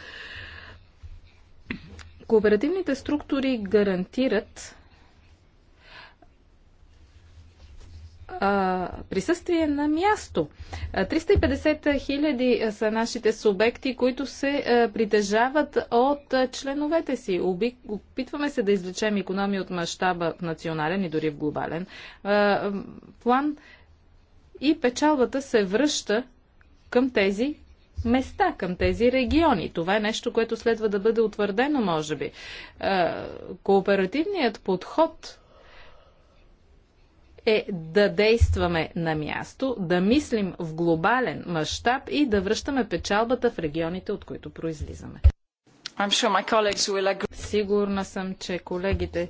Кооперативните структури гарантират присъствие на място. 350 хиляди са нашите субекти, които се притежават от членовете си. Опитваме се да извлечем економия от мащаба в национален и дори в глобален план и печалбата се връща към тези места, към тези региони. Това е нещо, което следва да бъде утвърдено, може би. Кооперативният подход е да действаме на място, да мислим в глобален мащаб и да връщаме печалбата в регионите, от които произлизаме. Sure Сигурна съм, че колегите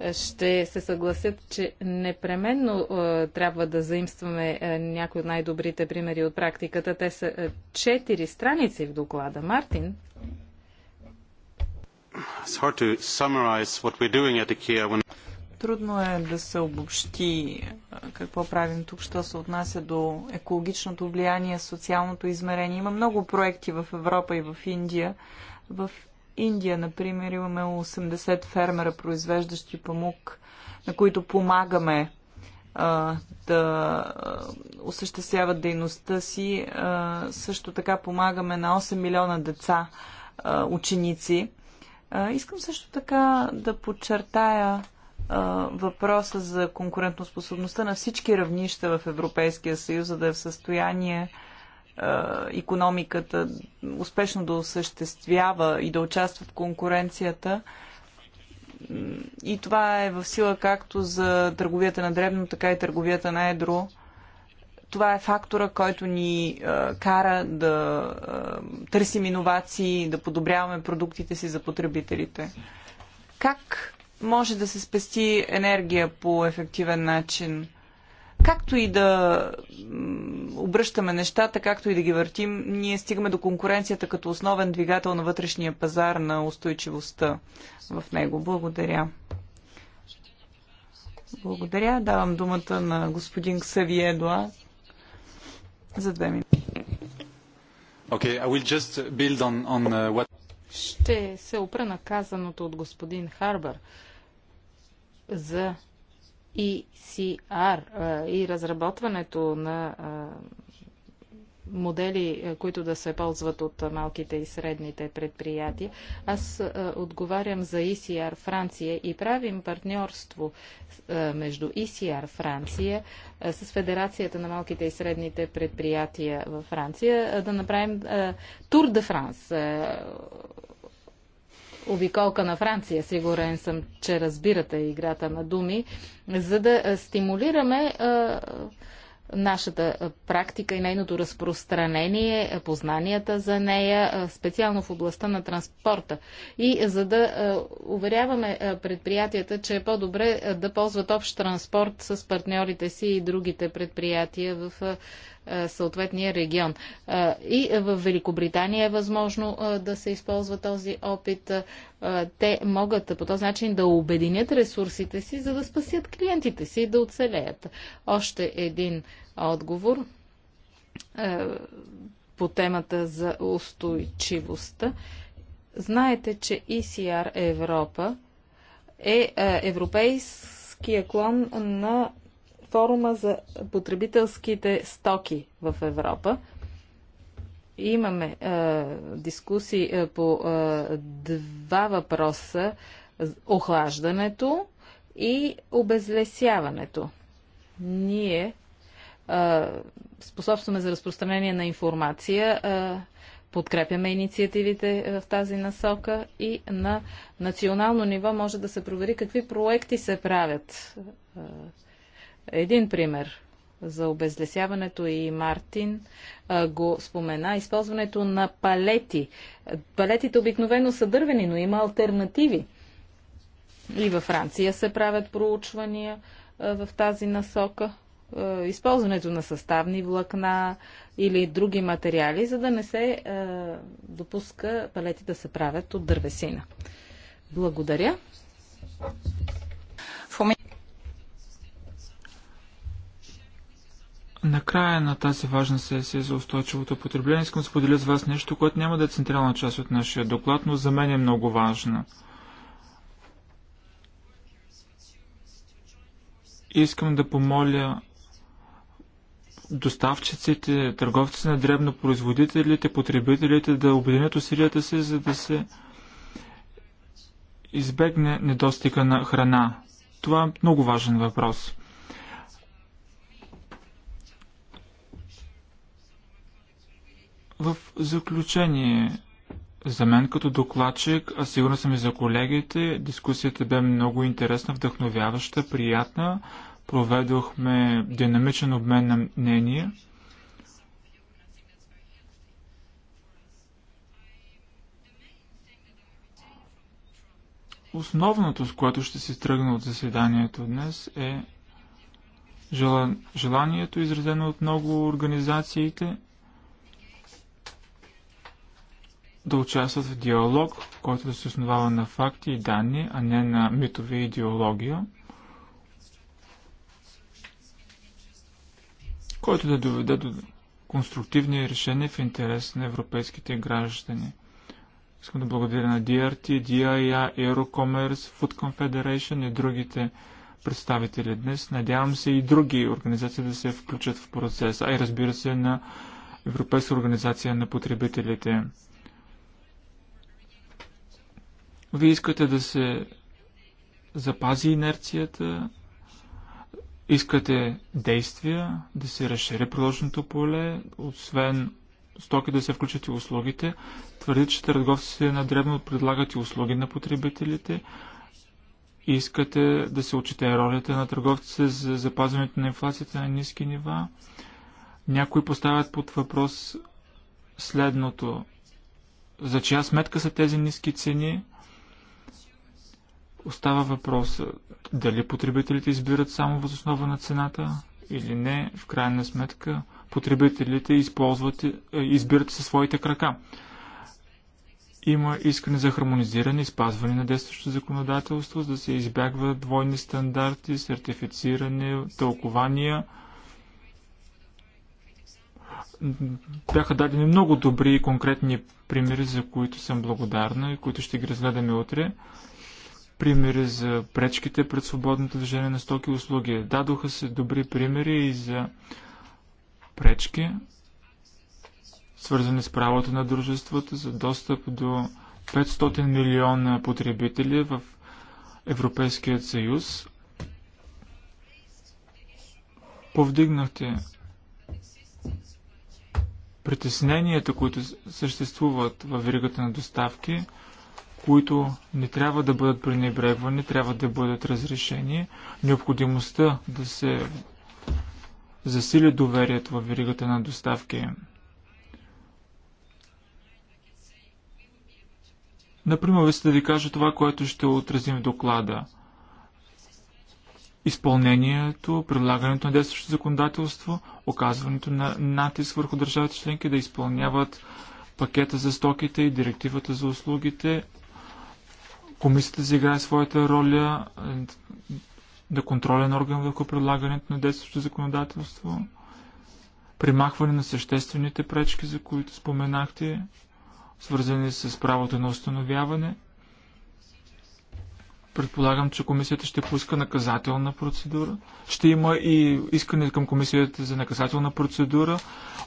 е, ще се съгласят, че непременно е, трябва да заимстваме е, някои от най-добрите примери от практиката. Те са е, четири е, страници в доклада. Мартин? It's hard to summarize what we're doing at IKEA when Трудно е да се обобщи какво правим тук, що се отнася до екологичното влияние, социалното измерение. Има много проекти в Европа и в Индия. В Индия, например, имаме 80 фермера, произвеждащи памук, на които помагаме а, да осъществяват дейността си. А, също така помагаме на 8 милиона деца, а, ученици. А, искам също така да подчертая въпроса за конкурентоспособността на всички равнища в Европейския съюз, за да е в състояние економиката успешно да осъществява и да участва в конкуренцията. И това е в сила както за търговията на дребно, така и търговията на едро. Това е фактора, който ни а, кара да а, търсим иновации, да подобряваме продуктите си за потребителите. Как може да се спести енергия по ефективен начин. Както и да обръщаме нещата, както и да ги въртим, ние стигаме до конкуренцията като основен двигател на вътрешния пазар на устойчивостта в него. Благодаря. Благодаря. Давам думата на господин Ксавие Едуа за две минути. Okay, I will just build on, on uh, what... Ще се опра на казаното от господин Харбър за ECR и разработването на модели, които да се ползват от малките и средните предприятия. Аз отговарям за ECR Франция и правим партньорство между ECR Франция с Федерацията на малките и средните предприятия във Франция да направим Тур де Франс обиколка на Франция. Сигурен съм, че разбирате играта на думи, за да стимулираме нашата практика и нейното разпространение, познанията за нея, специално в областта на транспорта. И за да уверяваме предприятията, че е по-добре да ползват общ транспорт с партньорите си и другите предприятия в е, съответния регион. Е, и в Великобритания е възможно е, да се използва този опит. Те могат по този начин да обединят ресурсите си, за да спасят клиентите си и да оцелеят. Още един отговор по темата за устойчивостта. Знаете, че ECR Европа е европейския клон на форума за потребителските стоки в Европа. Имаме е, дискусии е, по е, два въпроса охлаждането и обезлесяването. Ние е, способстваме за разпространение на информация. Е, подкрепяме инициативите е, в тази насока и на национално ниво може да се провери какви проекти се правят е, един пример за обезлесяването и Мартин а, го спомена. Използването на палети. Палетите обикновено са дървени, но има альтернативи. И във Франция се правят проучвания а, в тази насока. А, използването на съставни влакна или други материали, за да не се а, допуска палети да се правят от дървесина. Благодаря. Накрая на тази важна сесия за устойчивото потребление искам да споделя с вас нещо, което няма да е централна част от нашия доклад, но за мен е много важно. Искам да помоля доставчиците, търговците на дребно, производителите, потребителите да обединят усилията си, за да се избегне недостига на храна. Това е много важен въпрос. В заключение, за мен като докладчик, а сигурно съм и за колегите, дискусията бе много интересна, вдъхновяваща, приятна. Проведохме динамичен обмен на мнения. Основното, с което ще се тръгна от заседанието днес е желанието, изразено от много организациите – да участват в диалог, който да се основава на факти и данни, а не на митове и идеология, който да доведе до конструктивни решения в интерес на европейските граждани. Искам да благодаря на DRT, DIA, Eurocommerce, Food Confederation и другите представители днес. Надявам се и други организации да се включат в процеса, а и разбира се на Европейска организация на потребителите. Вие искате да се запази инерцията, искате действия, да се разшири приложеното поле, освен стоки да се включат и услугите. Твърдите, че търговците на древно предлагат и услуги на потребителите. Искате да се отчете ролята на търговците за запазването на инфлацията на ниски нива. Някои поставят под въпрос следното. За чия сметка са тези ниски цени? Остава въпрос е, дали потребителите избират само основа на цената или не. В крайна сметка потребителите използват, е, избират със своите крака. Има искане за хармонизиране и спазване на действащото законодателство, за да се избягват двойни стандарти, сертифициране, тълкования. Бяха дадени много добри и конкретни примери, за които съм благодарна и които ще ги разгледаме утре примери за пречките пред свободното движение на стоки и услуги. Дадоха се добри примери и за пречки, свързани с правото на дружествата за достъп до 500 милиона потребители в Европейският съюз. Повдигнахте притесненията, които съществуват във веригата на доставки – които не трябва да бъдат пренебрегвани, трябва да бъдат разрешени. Необходимостта да се засили доверието в веригата на доставки. Например, ви да ви кажа това, което ще отразим в доклада. Изпълнението, прилагането на действащото законодателство, оказването на натиск върху държавите членки да изпълняват пакета за стоките и директивата за услугите, комисията да своята роля, е, да контролен орган върху предлагането на действото законодателство, примахване на съществените пречки, за които споменахте, свързани с правото на установяване. Предполагам, че комисията ще поиска наказателна процедура. Ще има и искане към комисията за наказателна процедура,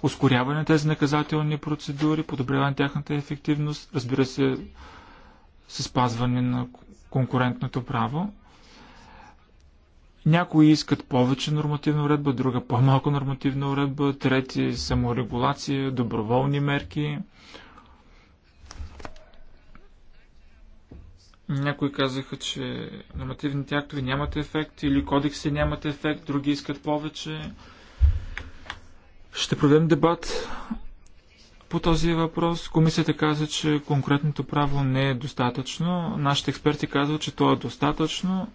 ускоряване на тези наказателни процедури, подобряване на тяхната ефективност, разбира се, с спазване на конкурентното право. Някои искат повече нормативна уредба, друга по-малко нормативна уредба, трети саморегулация, доброволни мерки. Някои казаха, че нормативните актове нямат ефект или кодекси нямат ефект, други искат повече. Ще проведем дебат по този въпрос. Комисията каза, че конкретното право не е достатъчно. Нашите експерти казват, че то е достатъчно.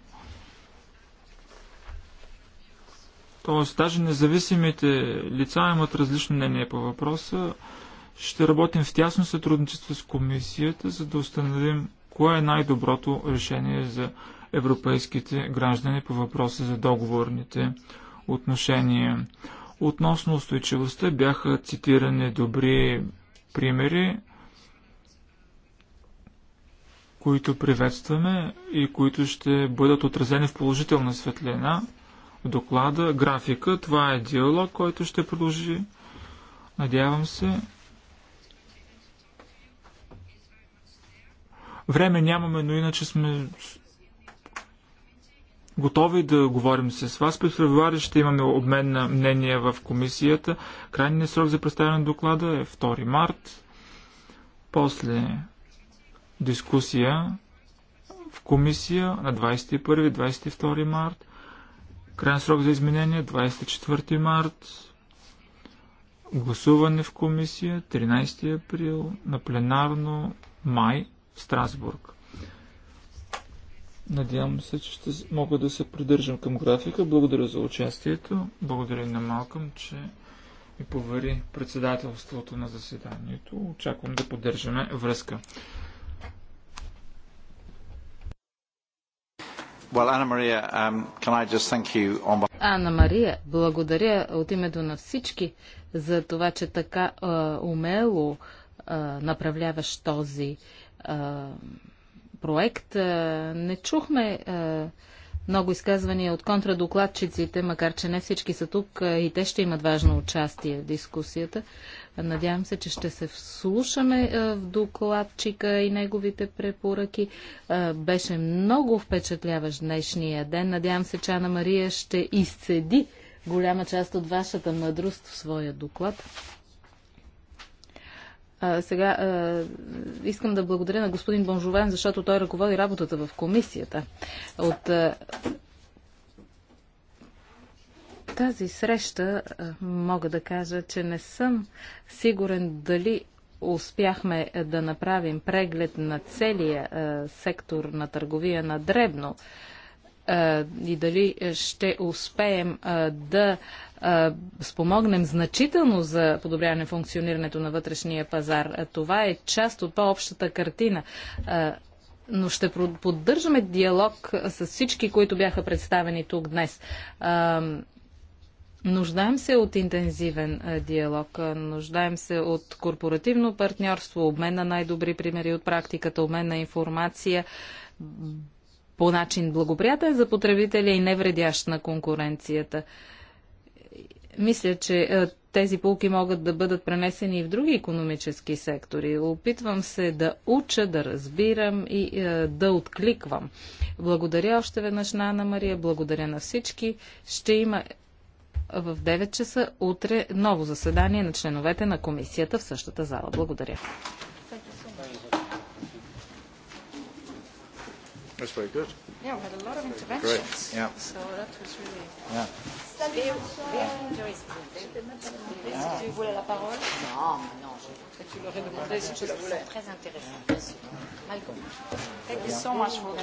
Тоест, даже независимите лица имат различно мнение по въпроса. Ще работим в тясно сътрудничество с комисията, за да установим кое е най-доброто решение за европейските граждани по въпроса за договорните отношения. Относно устойчивостта бяха цитирани добри примери, които приветстваме и които ще бъдат отразени в положителна светлина доклада, графика. Това е диалог, който ще продължи. Надявам се. Време нямаме, но иначе сме готови да говорим с вас. През февруари ще имаме обмен на мнения в комисията. Крайният срок за представяне на доклада е 2 март. После дискусия в комисия на 21-22 март. Крайен срок за изменение 24 март. Гласуване в комисия 13 април на пленарно май в Страсбург. Надявам се, че ще мога да се придържам към графика. Благодаря за участието. Благодаря на Малкам, че ми повари председателството на заседанието. Очаквам да поддържаме връзка. Well, Anna Maria, um, can I just thank you on... Анна Мария, благодаря от името на всички за това, че така умело направляваш този проект. Не чухме много изказвания от контрадокладчиците, макар че не всички са тук и те ще имат важно участие в дискусията. Надявам се, че ще се вслушаме в докладчика и неговите препоръки. Беше много впечатляващ днешния ден. Надявам се, че Ана Мария ще изцеди голяма част от вашата мъдрост в своя доклад. А, сега а, искам да благодаря на господин Бонжовен, защото той ръководи работата в комисията. От а, тази среща а, мога да кажа, че не съм сигурен дали успяхме да направим преглед на целия а, сектор на търговия на дребно. А, и дали е, ще успеем да спомогнем значително за подобряване функционирането на вътрешния пазар. Това е част от по-общата картина. Но ще поддържаме диалог с всички, които бяха представени тук днес. Нуждаем се от интензивен диалог, нуждаем се от корпоративно партньорство, обмен на най-добри примери от практиката, обмен на информация, по начин благоприятен за потребителя и невредящ на конкуренцията. Мисля, че е, тези полки могат да бъдат пренесени и в други економически сектори. Опитвам се да уча, да разбирам и е, да откликвам. Благодаря още веднъж на Анна Мария, благодаря на всички. Ще има в 9 часа утре ново заседание на членовете на комисията в същата зала. Благодаря. That's very good. Yeah, we had a lot of interventions. Great. Yeah. So that was really. Yeah. tu voulais la parole Non, non. Tu l'aurais demandé si tu voulais. Très intéressant. Malcolm. Thank you so much for